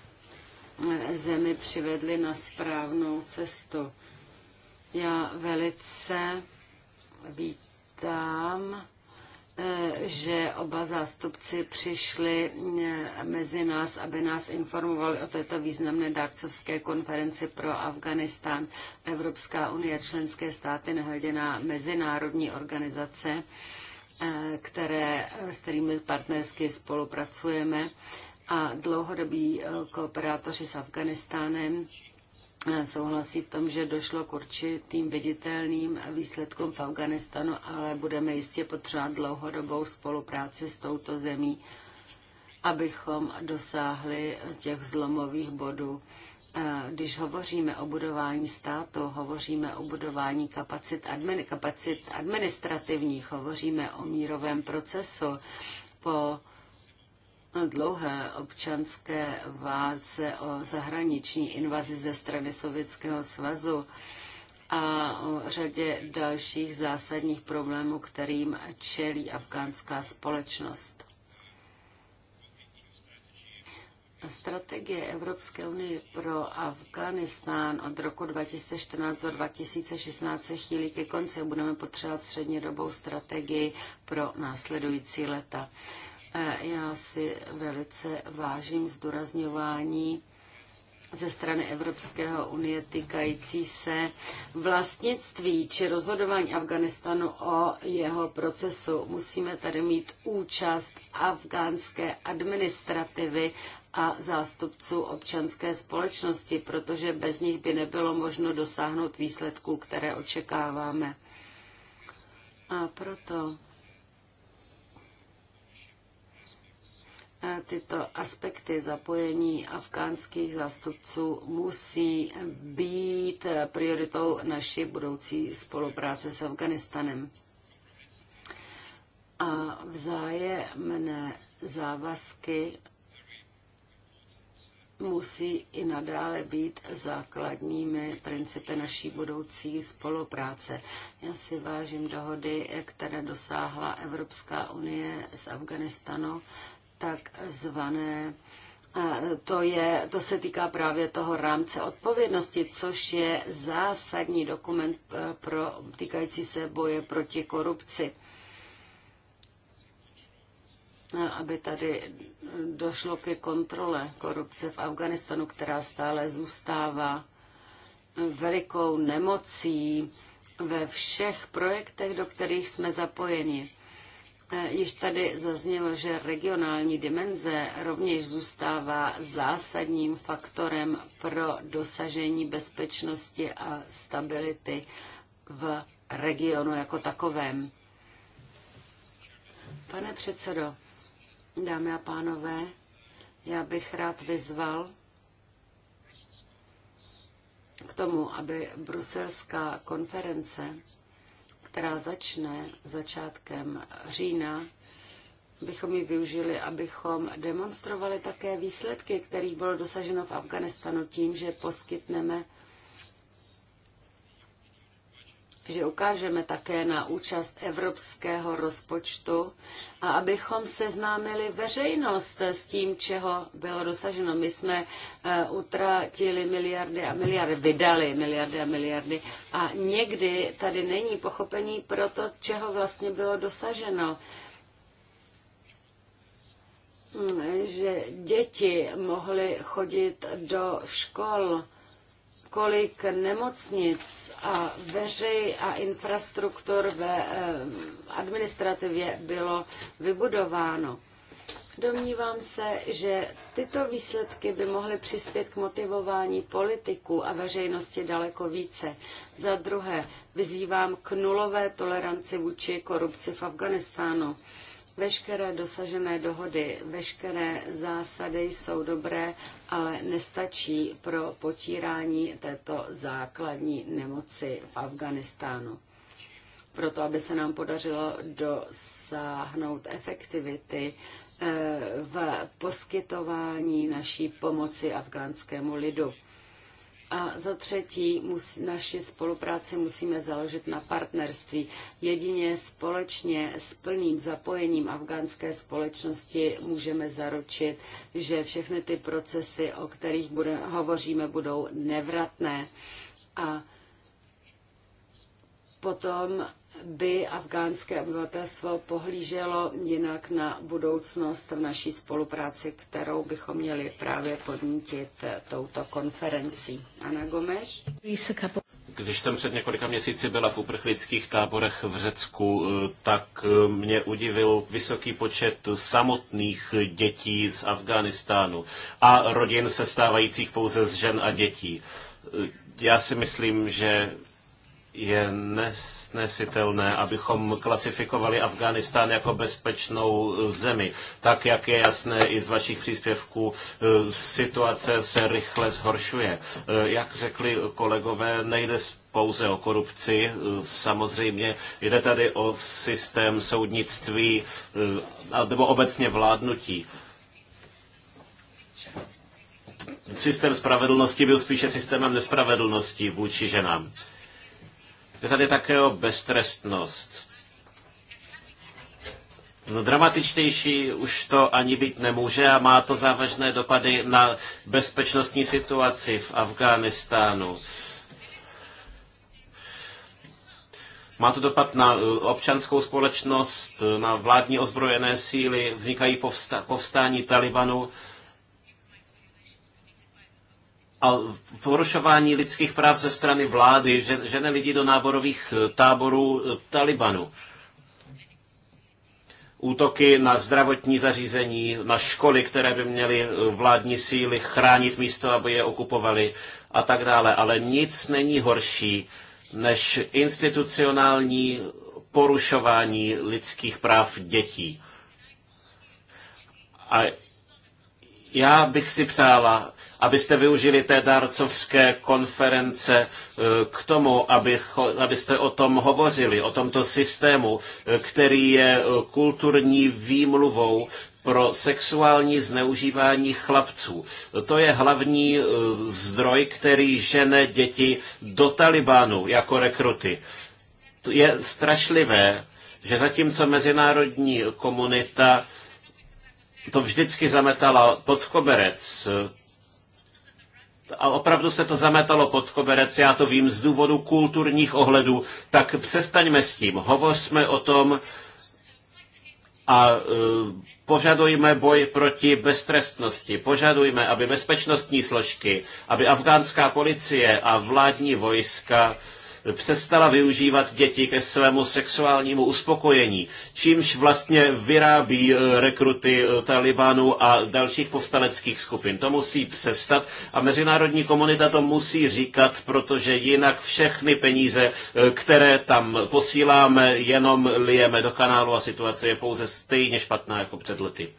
eh, zemi přivedli na správnou cestu. Já velice vítám Eh, že oba zástupci přišli eh, mezi nás, aby nás informovali o této významné dárcovské konferenci pro Afganistán. Evropská unie, členské státy, nehledě na mezinárodní organizace, eh, které, s kterými partnersky spolupracujeme a dlouhodobí kooperátoři s Afganistánem souhlasí v tom, že došlo k určitým viditelným výsledkům v Afganistanu, ale budeme jistě potřebovat dlouhodobou spolupráci s touto zemí, abychom dosáhli těch zlomových bodů. Eh, když hovoříme o budování státu, hovoříme o budování kapacit, admin, kapacit administrativních, hovoříme o mírovém procesu po dlouhé občanské válce o zahraniční invazi ze strany Sovětského svazu a o řadě dalších zásadních problémů, kterým čelí afgánská společnost. Strategie Evropské unie pro Afganistán od roku 2014 do 2016 se chýlí ke konci a budeme potřebovat střednědobou strategii pro následující leta. Já si velice vážím zdůrazňování ze strany Evropského unie týkající se vlastnictví či rozhodování Afganistanu o jeho procesu. Musíme tady mít účast afgánské administrativy a zástupců občanské společnosti, protože bez nich by nebylo možno dosáhnout výsledků, které očekáváme. A proto tyto aspekty zapojení afgánských zástupců musí být prioritou naší budoucí spolupráce s Afganistanem. A vzájemné závazky musí i nadále být základními principy naší budoucí spolupráce. Já si vážím dohody, které dosáhla Evropská unie s Afganistanu takzvané to, je, to se týká právě toho rámce odpovědnosti, což je zásadní dokument e, pro týkající se boje proti korupci. Aby tady došlo ke kontrole korupce v Afganistanu, která stále zůstává velikou nemocí ve všech projektech, do kterých jsme zapojeni E, již tady zaznělo, že regionální dimenze rovněž zůstává zásadním faktorem pro dosažení bezpečnosti a stability v regionu jako takovém. Pane předsedo, dámy a pánové, já bych rád vyzval k tomu, aby bruselská konference která začne začátkem října, bychom ji využili, abychom demonstrovali také výsledky, které bylo dosaženo v Afganistanu tím, že poskytneme že ukážeme také na účast evropského rozpočtu a abychom seznámili veřejnost s tím, čeho bylo dosaženo. My jsme eh, utratili miliardy a miliardy, vydali miliardy a miliardy a někdy tady není pochopení pro to, čeho vlastně bylo dosaženo hm, že děti mohly chodit do škol kolik nemocnic a veřej a infrastruktur ve eh, administrativě bylo vybudováno. Domnívám se, že tyto výsledky by mohly přispět k motivování politiků a veřejnosti daleko více. Za druhé, vyzývám k nulové toleranci vůči korupci v Afganistánu. Veškeré dosažené dohody, veškeré zásady jsou dobré, ale nestačí pro potírání této základní nemoci v Afganistánu. Proto, aby se nám podařilo dosáhnout efektivity eh, v poskytování naší pomoci afgánskému lidu a za třetí, mus, naši spolupráci musíme založit na partnerství. Jedině společně s plným zapojením afgánské společnosti můžeme zaručit, že všechny ty procesy, o kterých bude, hovoříme, budou nevratné. A potom by afgánské obyvatelstvo pohlíželo jinak na budoucnost v naší spolupráci, kterou bychom měli právě podnítit touto konferencí. Ana Gomes? Když jsem před několika měsíci byla v uprchlických táborech v Řecku, eh, tak eh, mě udivil vysoký počet samotných dětí z Afghánistánu a rodin sestávajících pouze z žen a dětí. Eh, já si myslím, že je nesnesitelné, abychom klasifikovali Afghánistán jako bezpečnou eh, zemi. Tak, jak je jasné i z vašich příspěvků, eh, situace se rychle zhoršuje. Eh, jak řekli kolegové, nejde pouze o korupci. Samozřejmě jde tady o systém soudnictví nebo obecně vládnutí systém spravedlnosti byl spíše systémem nespravedlnosti vůči ženám. Je tady také o beztrestnost. No, dramatičtější už to ani být nemůže a má to závažné dopady na bezpečnostní situaci v Afghánistánu. Má to dopad na uh, občanskou společnost, na vládní ozbrojené síly, vznikají povsta- povstání Talibanu a porušování lidských práv ze strany vlády, že, žene lidi do náborových eh, táborů eh, Talibanu. Útoky na zdravotní zařízení, na školy, které by měly eh, vládní síly chránit místo, aby je okupovali a tak dále. Ale nic není horší než institucionální porušování lidských práv dětí. A já bych si přála, abyste využili té dárcovské konference e, k tomu, abyste o tom hovořili, o tomto systému, e, který je e, kulturní výmluvou pro sexuální zneužívání chlapců. To je hlavní zdroj, který žene děti do Talibánu jako rekruty. Je strašlivé, že zatímco mezinárodní komunita to vždycky zametala pod koberec, a opravdu se to zametalo pod koberec, já to vím z důvodu kulturních ohledů, tak přestaňme s tím, hovořme o tom a e, Požadujme boj proti beztrestnosti, požadujme, aby bezpečnostní složky, aby afgánská policie a vládní vojska přestala využívat děti ke svému sexuálnímu uspokojení, čímž vlastně vyrábí e, rekruty e, Talibanu a dalších povstaneckých skupin. To musí přestat a mezinárodní komunita to musí říkat, protože jinak všechny peníze, e, které tam posíláme, jenom lijeme do kanálu a situace je pouze stejně špatná jako před lety.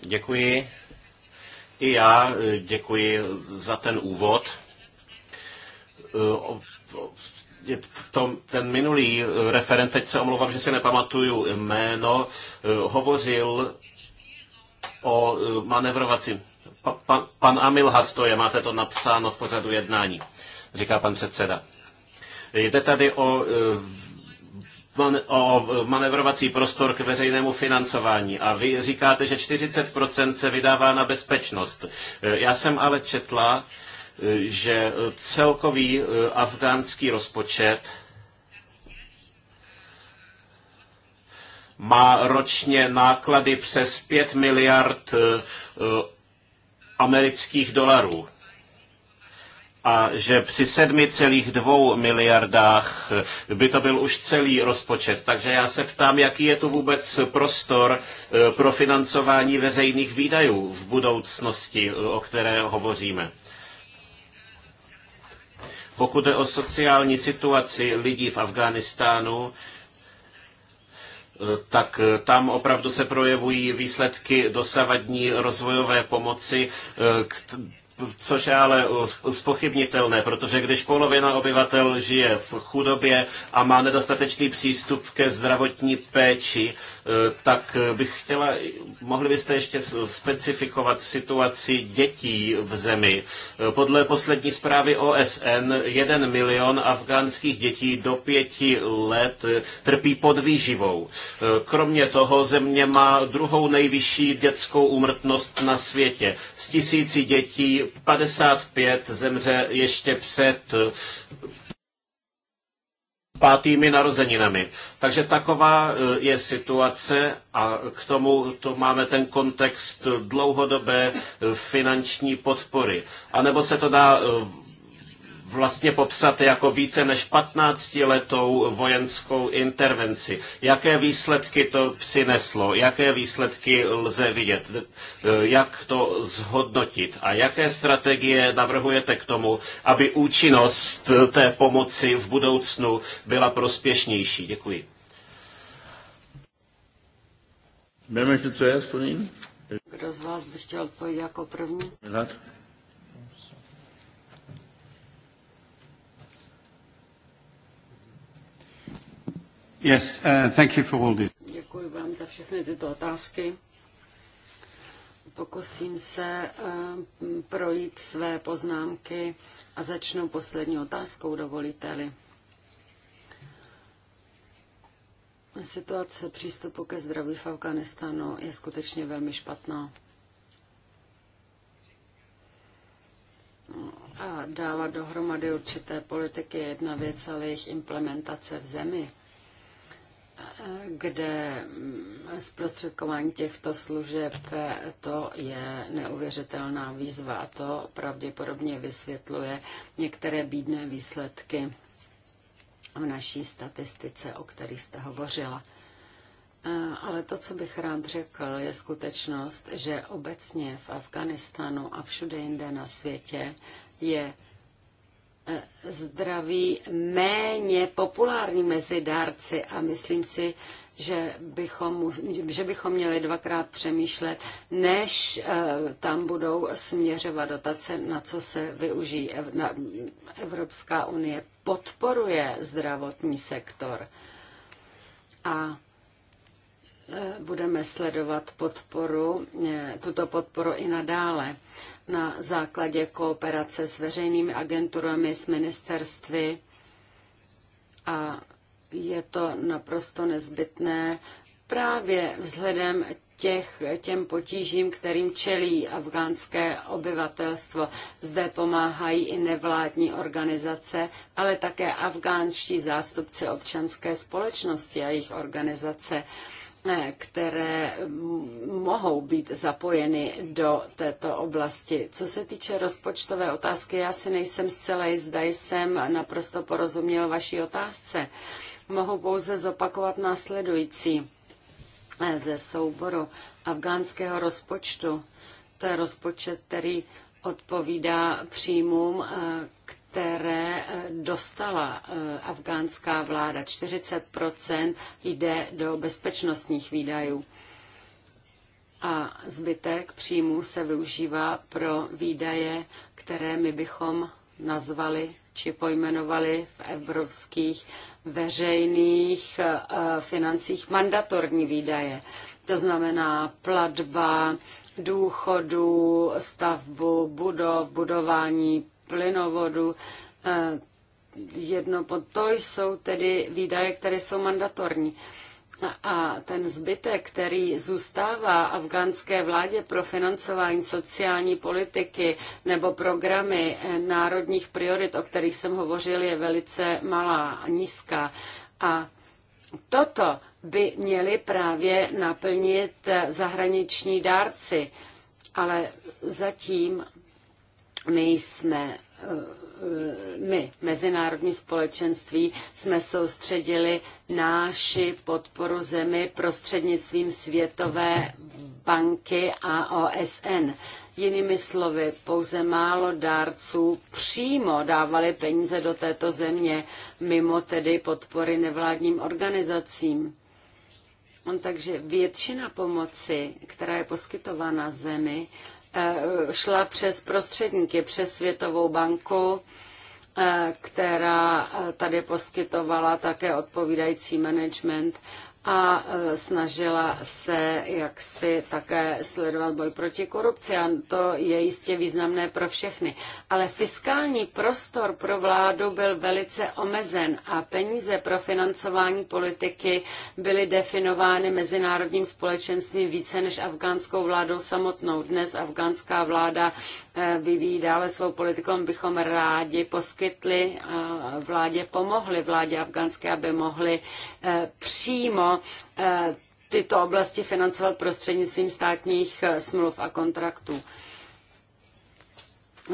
Děkuji. I já eh, děkuji za ten úvod. Eh, ten minulý eh, referent, teď se omlouvám, že si nepamatuju jméno, hovořil o manevrovacím. Pa, pa, pan Amilhad to je, máte to napsáno v pořadu jednání, říká pan předseda. Jde tady o man, o manevrovací prostor k veřejnému financování. A vy říkáte, že 40% se vydává na bezpečnost. E, já jsem ale četla, e, že celkový e, afgánský rozpočet má ročně náklady přes 5 miliard amerických dolarů a že při 7,2 miliardách by to byl už celý rozpočet. Takže já se ptám, jaký je tu vůbec prostor eh, pro financování veřejných výdajů v budoucnosti, eh, o které hovoříme. Pokud jde o sociální situaci lidí v Afghánistánu, eh, tak tam opravdu se projevují výsledky dosavadní rozvojové pomoci, což je ale spochybnitelné, protože když polovina obyvatel žije v chudobě a má nedostatečný přístup ke zdravotní péči, eh, tak eh, bych chtěla, mohli byste ještě specifikovat situaci dětí v zemi. Eh, podle poslední zprávy OSN jeden milion afgánských dětí do pěti let trpí podvýživou. Kromě toho země má druhou nejvyšší dětskou úmrtnost na světě. Z tisíci dětí 55 zemře ještě před eh, pátými narozeninami. Takže taková eh, je situace a k tomu to máme ten kontext dlouhodobé eh, finanční podpory. A nebo se to dá vlastně popsat jako více než 15 letou vojenskou intervenci. Jaké výsledky to přineslo? Jaké výsledky lze vidět? Eh, jak to zhodnotit? A jaké strategie navrhujete k tomu, aby účinnost té pomoci v budoucnu byla prospěšnější? Děkuji. Wer möchte zuerst Kdo z vás by chtěl odpovědět jako první? Milad. Yes, uh, thank you for all this. Děkuji vám za všechny tyto otázky. Pokusím se uh, projít své poznámky a začnu poslední otázkou, dovolíte-li. Situace přístupu ke zdraví v Afganistánu je skutečně velmi špatná. A dávat dohromady určité politiky je jedna věc, ale jejich implementace v zemi kde zprostředkování těchto služeb to je neuvěřitelná výzva a to pravděpodobně vysvětluje některé bídné výsledky v naší statistice, o kterých jste hovořila. Eh, ale to, co bych rád řekl, je skutečnost, že obecně v Afganistánu a všude jinde na světě je zdraví méně populární mezi dárci a myslím si, že bychom, že bychom měli dvakrát přemýšlet, než eh, tam budou směřovat dotace, na co se využijí. Evropská unie podporuje zdravotní sektor. A budeme sledovat podporu, eh, tuto podporu i nadále na základě kooperace s veřejnými agenturami, s ministerství a je to naprosto nezbytné právě vzhledem těch, těm potížím, kterým čelí afgánské obyvatelstvo. Zde pomáhají i nevládní organizace, ale také afgánští zástupci občanské společnosti a jejich organizace které mohou být zapojeny do této oblasti. Co se týče rozpočtové otázky, já si nejsem zcela jistá, jsem naprosto porozuměl vaší otázce. Mohu pouze zopakovat následující ze souboru afgánského rozpočtu. To je rozpočet, který odpovídá příjmům, eh, které eh, dostala eh, afgánská vláda. 40 jde do bezpečnostních výdajů a zbytek příjmů se využívá pro výdaje, které my bychom nazvali či pojmenovali v evropských veřejných eh, financích mandatorní výdaje. To znamená platba důchodu, stavbu budov, budování plynovodu. Eh, jedno, pod to jsou tedy výdaje, které jsou mandatorní. A ten zbytek, který zůstává afgánské vládě pro financování sociální politiky nebo programy eh, národních priorit, o kterých jsem hovořil, je velice malá a nízká. A toto by měli právě naplnit eh, zahraniční dárci, ale zatím my jsme eh, my, mezinárodní společenství, jsme soustředili náši podporu zemi prostřednictvím Světové banky a OSN. Jinými slovy, pouze málo dárců přímo dávali peníze do této země, mimo tedy podpory nevládním organizacím. On takže většina pomoci, která je poskytována zemi, Eh, šla přes prostředníky, přes Světovou banku, eh, která eh, tady poskytovala také odpovídající management a e, snažila se jaksi také sledovat boj proti korupci a to je jistě významné pro všechny. Ale fiskální prostor pro vládu byl velice omezen a peníze pro financování politiky byly definovány mezinárodním společenstvím více než afgánskou vládou samotnou. Dnes afgánská vláda e, vyvíjí dále svou politikou, bychom rádi poskytli vládě, pomohli vládě afgánské, aby mohli e, přímo Eh, tyto oblasti financovat prostřednictvím státních eh, smluv a kontraktů.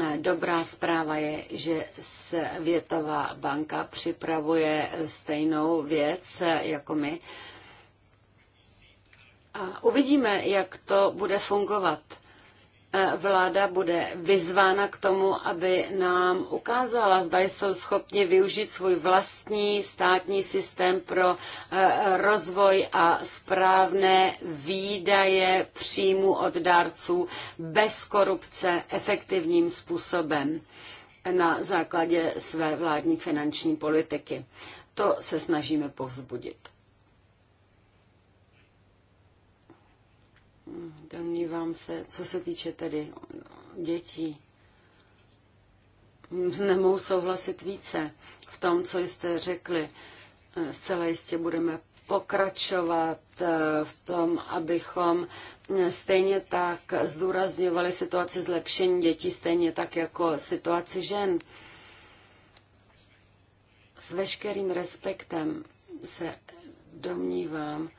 Eh, dobrá zpráva je, že Světová banka připravuje stejnou věc jako my. A uvidíme, jak to bude fungovat. E, vláda bude vyzvána k tomu, aby nám ukázala, zda jsou schopni využít svůj vlastní státní systém pro e, rozvoj a správné výdaje příjmu od dárců bez korupce efektivním způsobem na základě své vládní finanční politiky. To se snažíme povzbudit. Domnívám se, co se týče tedy dětí, nemohu souhlasit více v tom, co jste řekli. Zcela jistě budeme pokračovat eh, v tom, abychom eh, stejně tak zdůrazňovali situaci zlepšení dětí, stejně tak jako situaci žen. S veškerým respektem se domnívám,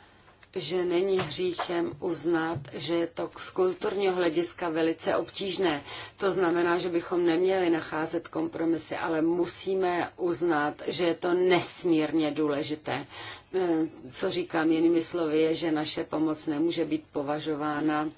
že není hříchem uznat, že je to z kulturního hlediska velice obtížné. To znamená, že bychom neměli nacházet kompromisy, ale musíme uznat, že je to nesmírně důležité. E, co říkám jinými slovy, je, že naše pomoc nemůže být považována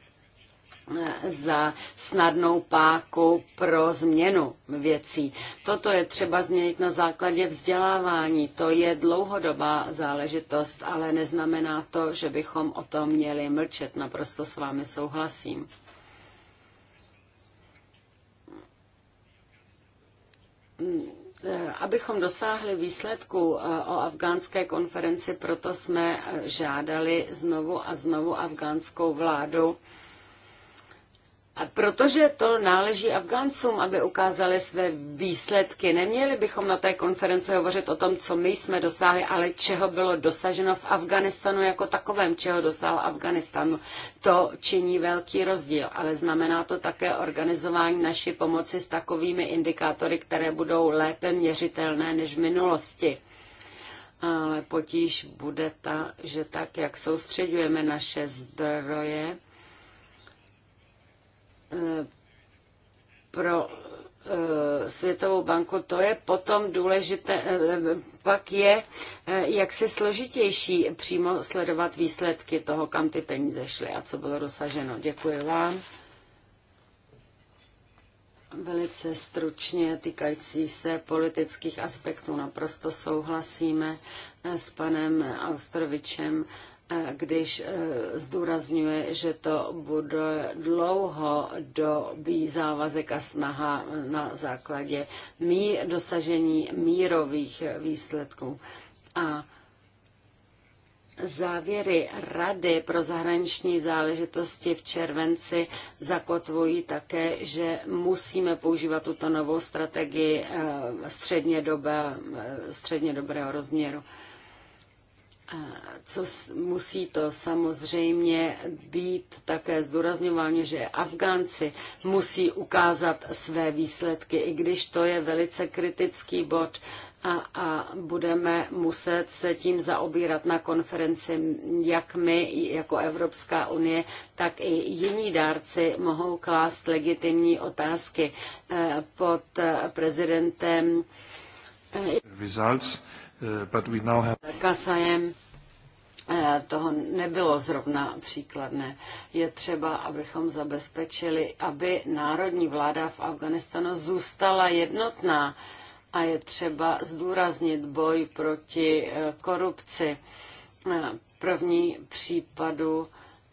za snadnou páku pro změnu věcí. Toto je třeba změnit na základě vzdělávání. To je dlouhodobá záležitost, ale neznamená to, že bychom o tom měli mlčet. Naprosto s vámi souhlasím. Abychom dosáhli výsledku eh, o afgánské konferenci, proto jsme eh, žádali znovu a znovu afgánskou vládu, a protože to náleží Afgáncům, aby ukázali své výsledky. Neměli bychom na té konferenci hovořit o tom, co my jsme dosáhli, ale čeho bylo dosaženo v Afganistanu jako takovém, čeho dosáhl Afganistanu. To činí velký rozdíl, ale znamená to také organizování naší pomoci s takovými indikátory, které budou lépe měřitelné než v minulosti ale potíž bude ta, že tak, jak soustředujeme naše zdroje, Eh, pro eh, Světovou banku, to je potom důležité, eh, pak je jaksi složitější přímo sledovat výsledky toho, kam ty peníze šly a co bylo dosaženo. Děkuji vám. Velice stručně týkající se politických aspektů naprosto souhlasíme s panem Austrovičem když e, zdůrazňuje, že to bude dlouho dobý závazek a snaha na základě mír, dosažení mírových výsledků. A Závěry Rady pro zahraniční záležitosti v červenci zakotvují také, že musíme používat tuto novou strategii středně, dobe, středně e, dobrého rozměru co musí to samozřejmě být také zdůrazňováno, že Afgánci musí ukázat své výsledky, i když to je velice kritický bod a, a budeme muset se tím zaobírat na konferenci, jak my jako Evropská unie, tak i jiní dárci mohou klást legitimní otázky eh, pod eh, prezidentem. Eh, Results Eh, but we now have... Kasajem eh, toho nebylo zrovna příkladné. Je třeba, abychom zabezpečili, aby národní vláda v Afganistanu zůstala jednotná a je třeba zdůraznit boj proti eh, korupci. První, případu,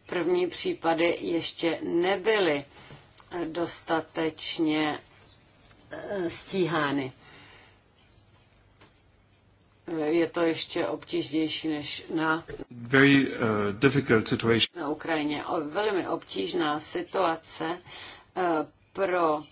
první případy ještě nebyly dostatečně stíhány je to ještě obtížnější než na, Very, uh, na Ukrajině. O, velmi obtížná situace uh, pro um,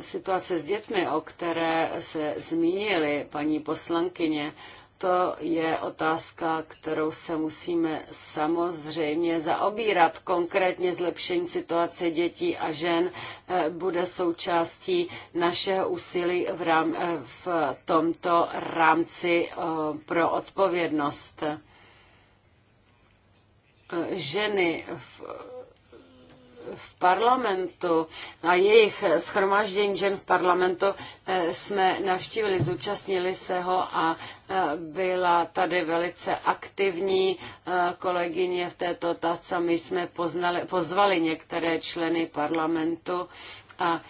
situace s dětmi, o které se zmínili paní poslankyně, to je otázka, kterou se musíme samozřejmě zaobírat. Konkrétně zlepšení situace dětí a žen eh, bude součástí našeho úsilí v, rám, eh, v tomto rámci eh, pro odpovědnost. Ženy v v parlamentu, na jejich schromáždění žen v parlamentu eh, jsme navštívili, zúčastnili se ho a eh, byla tady velice aktivní eh, kolegyně v této otázce. My jsme poznali, pozvali některé členy parlamentu a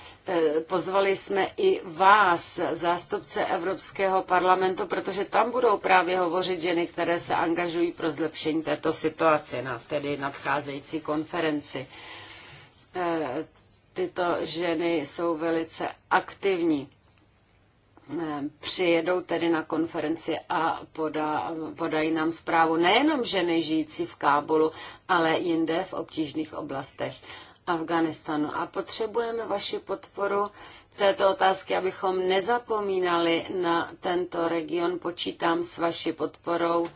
pozvali jsme i vás, zástupce Evropského parlamentu, protože tam budou právě hovořit ženy, které se angažují pro zlepšení této situace na tedy nadcházející konferenci. Eh, tyto ženy jsou velice aktivní. Eh, přijedou tedy na konferenci a poda, podají nám zprávu nejenom ženy žijící v Kábulu, ale jinde v obtížných oblastech Afganistanu. A potřebujeme vaši podporu této otázky, abychom nezapomínali na tento region. Počítám s vaší podporou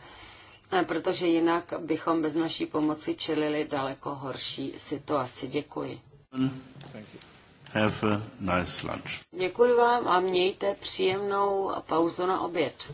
Eh, protože jinak bychom bez naší pomoci čelili daleko horší situaci. Děkuji. Have a nice lunch. Děkuji vám a mějte příjemnou pauzu na oběd.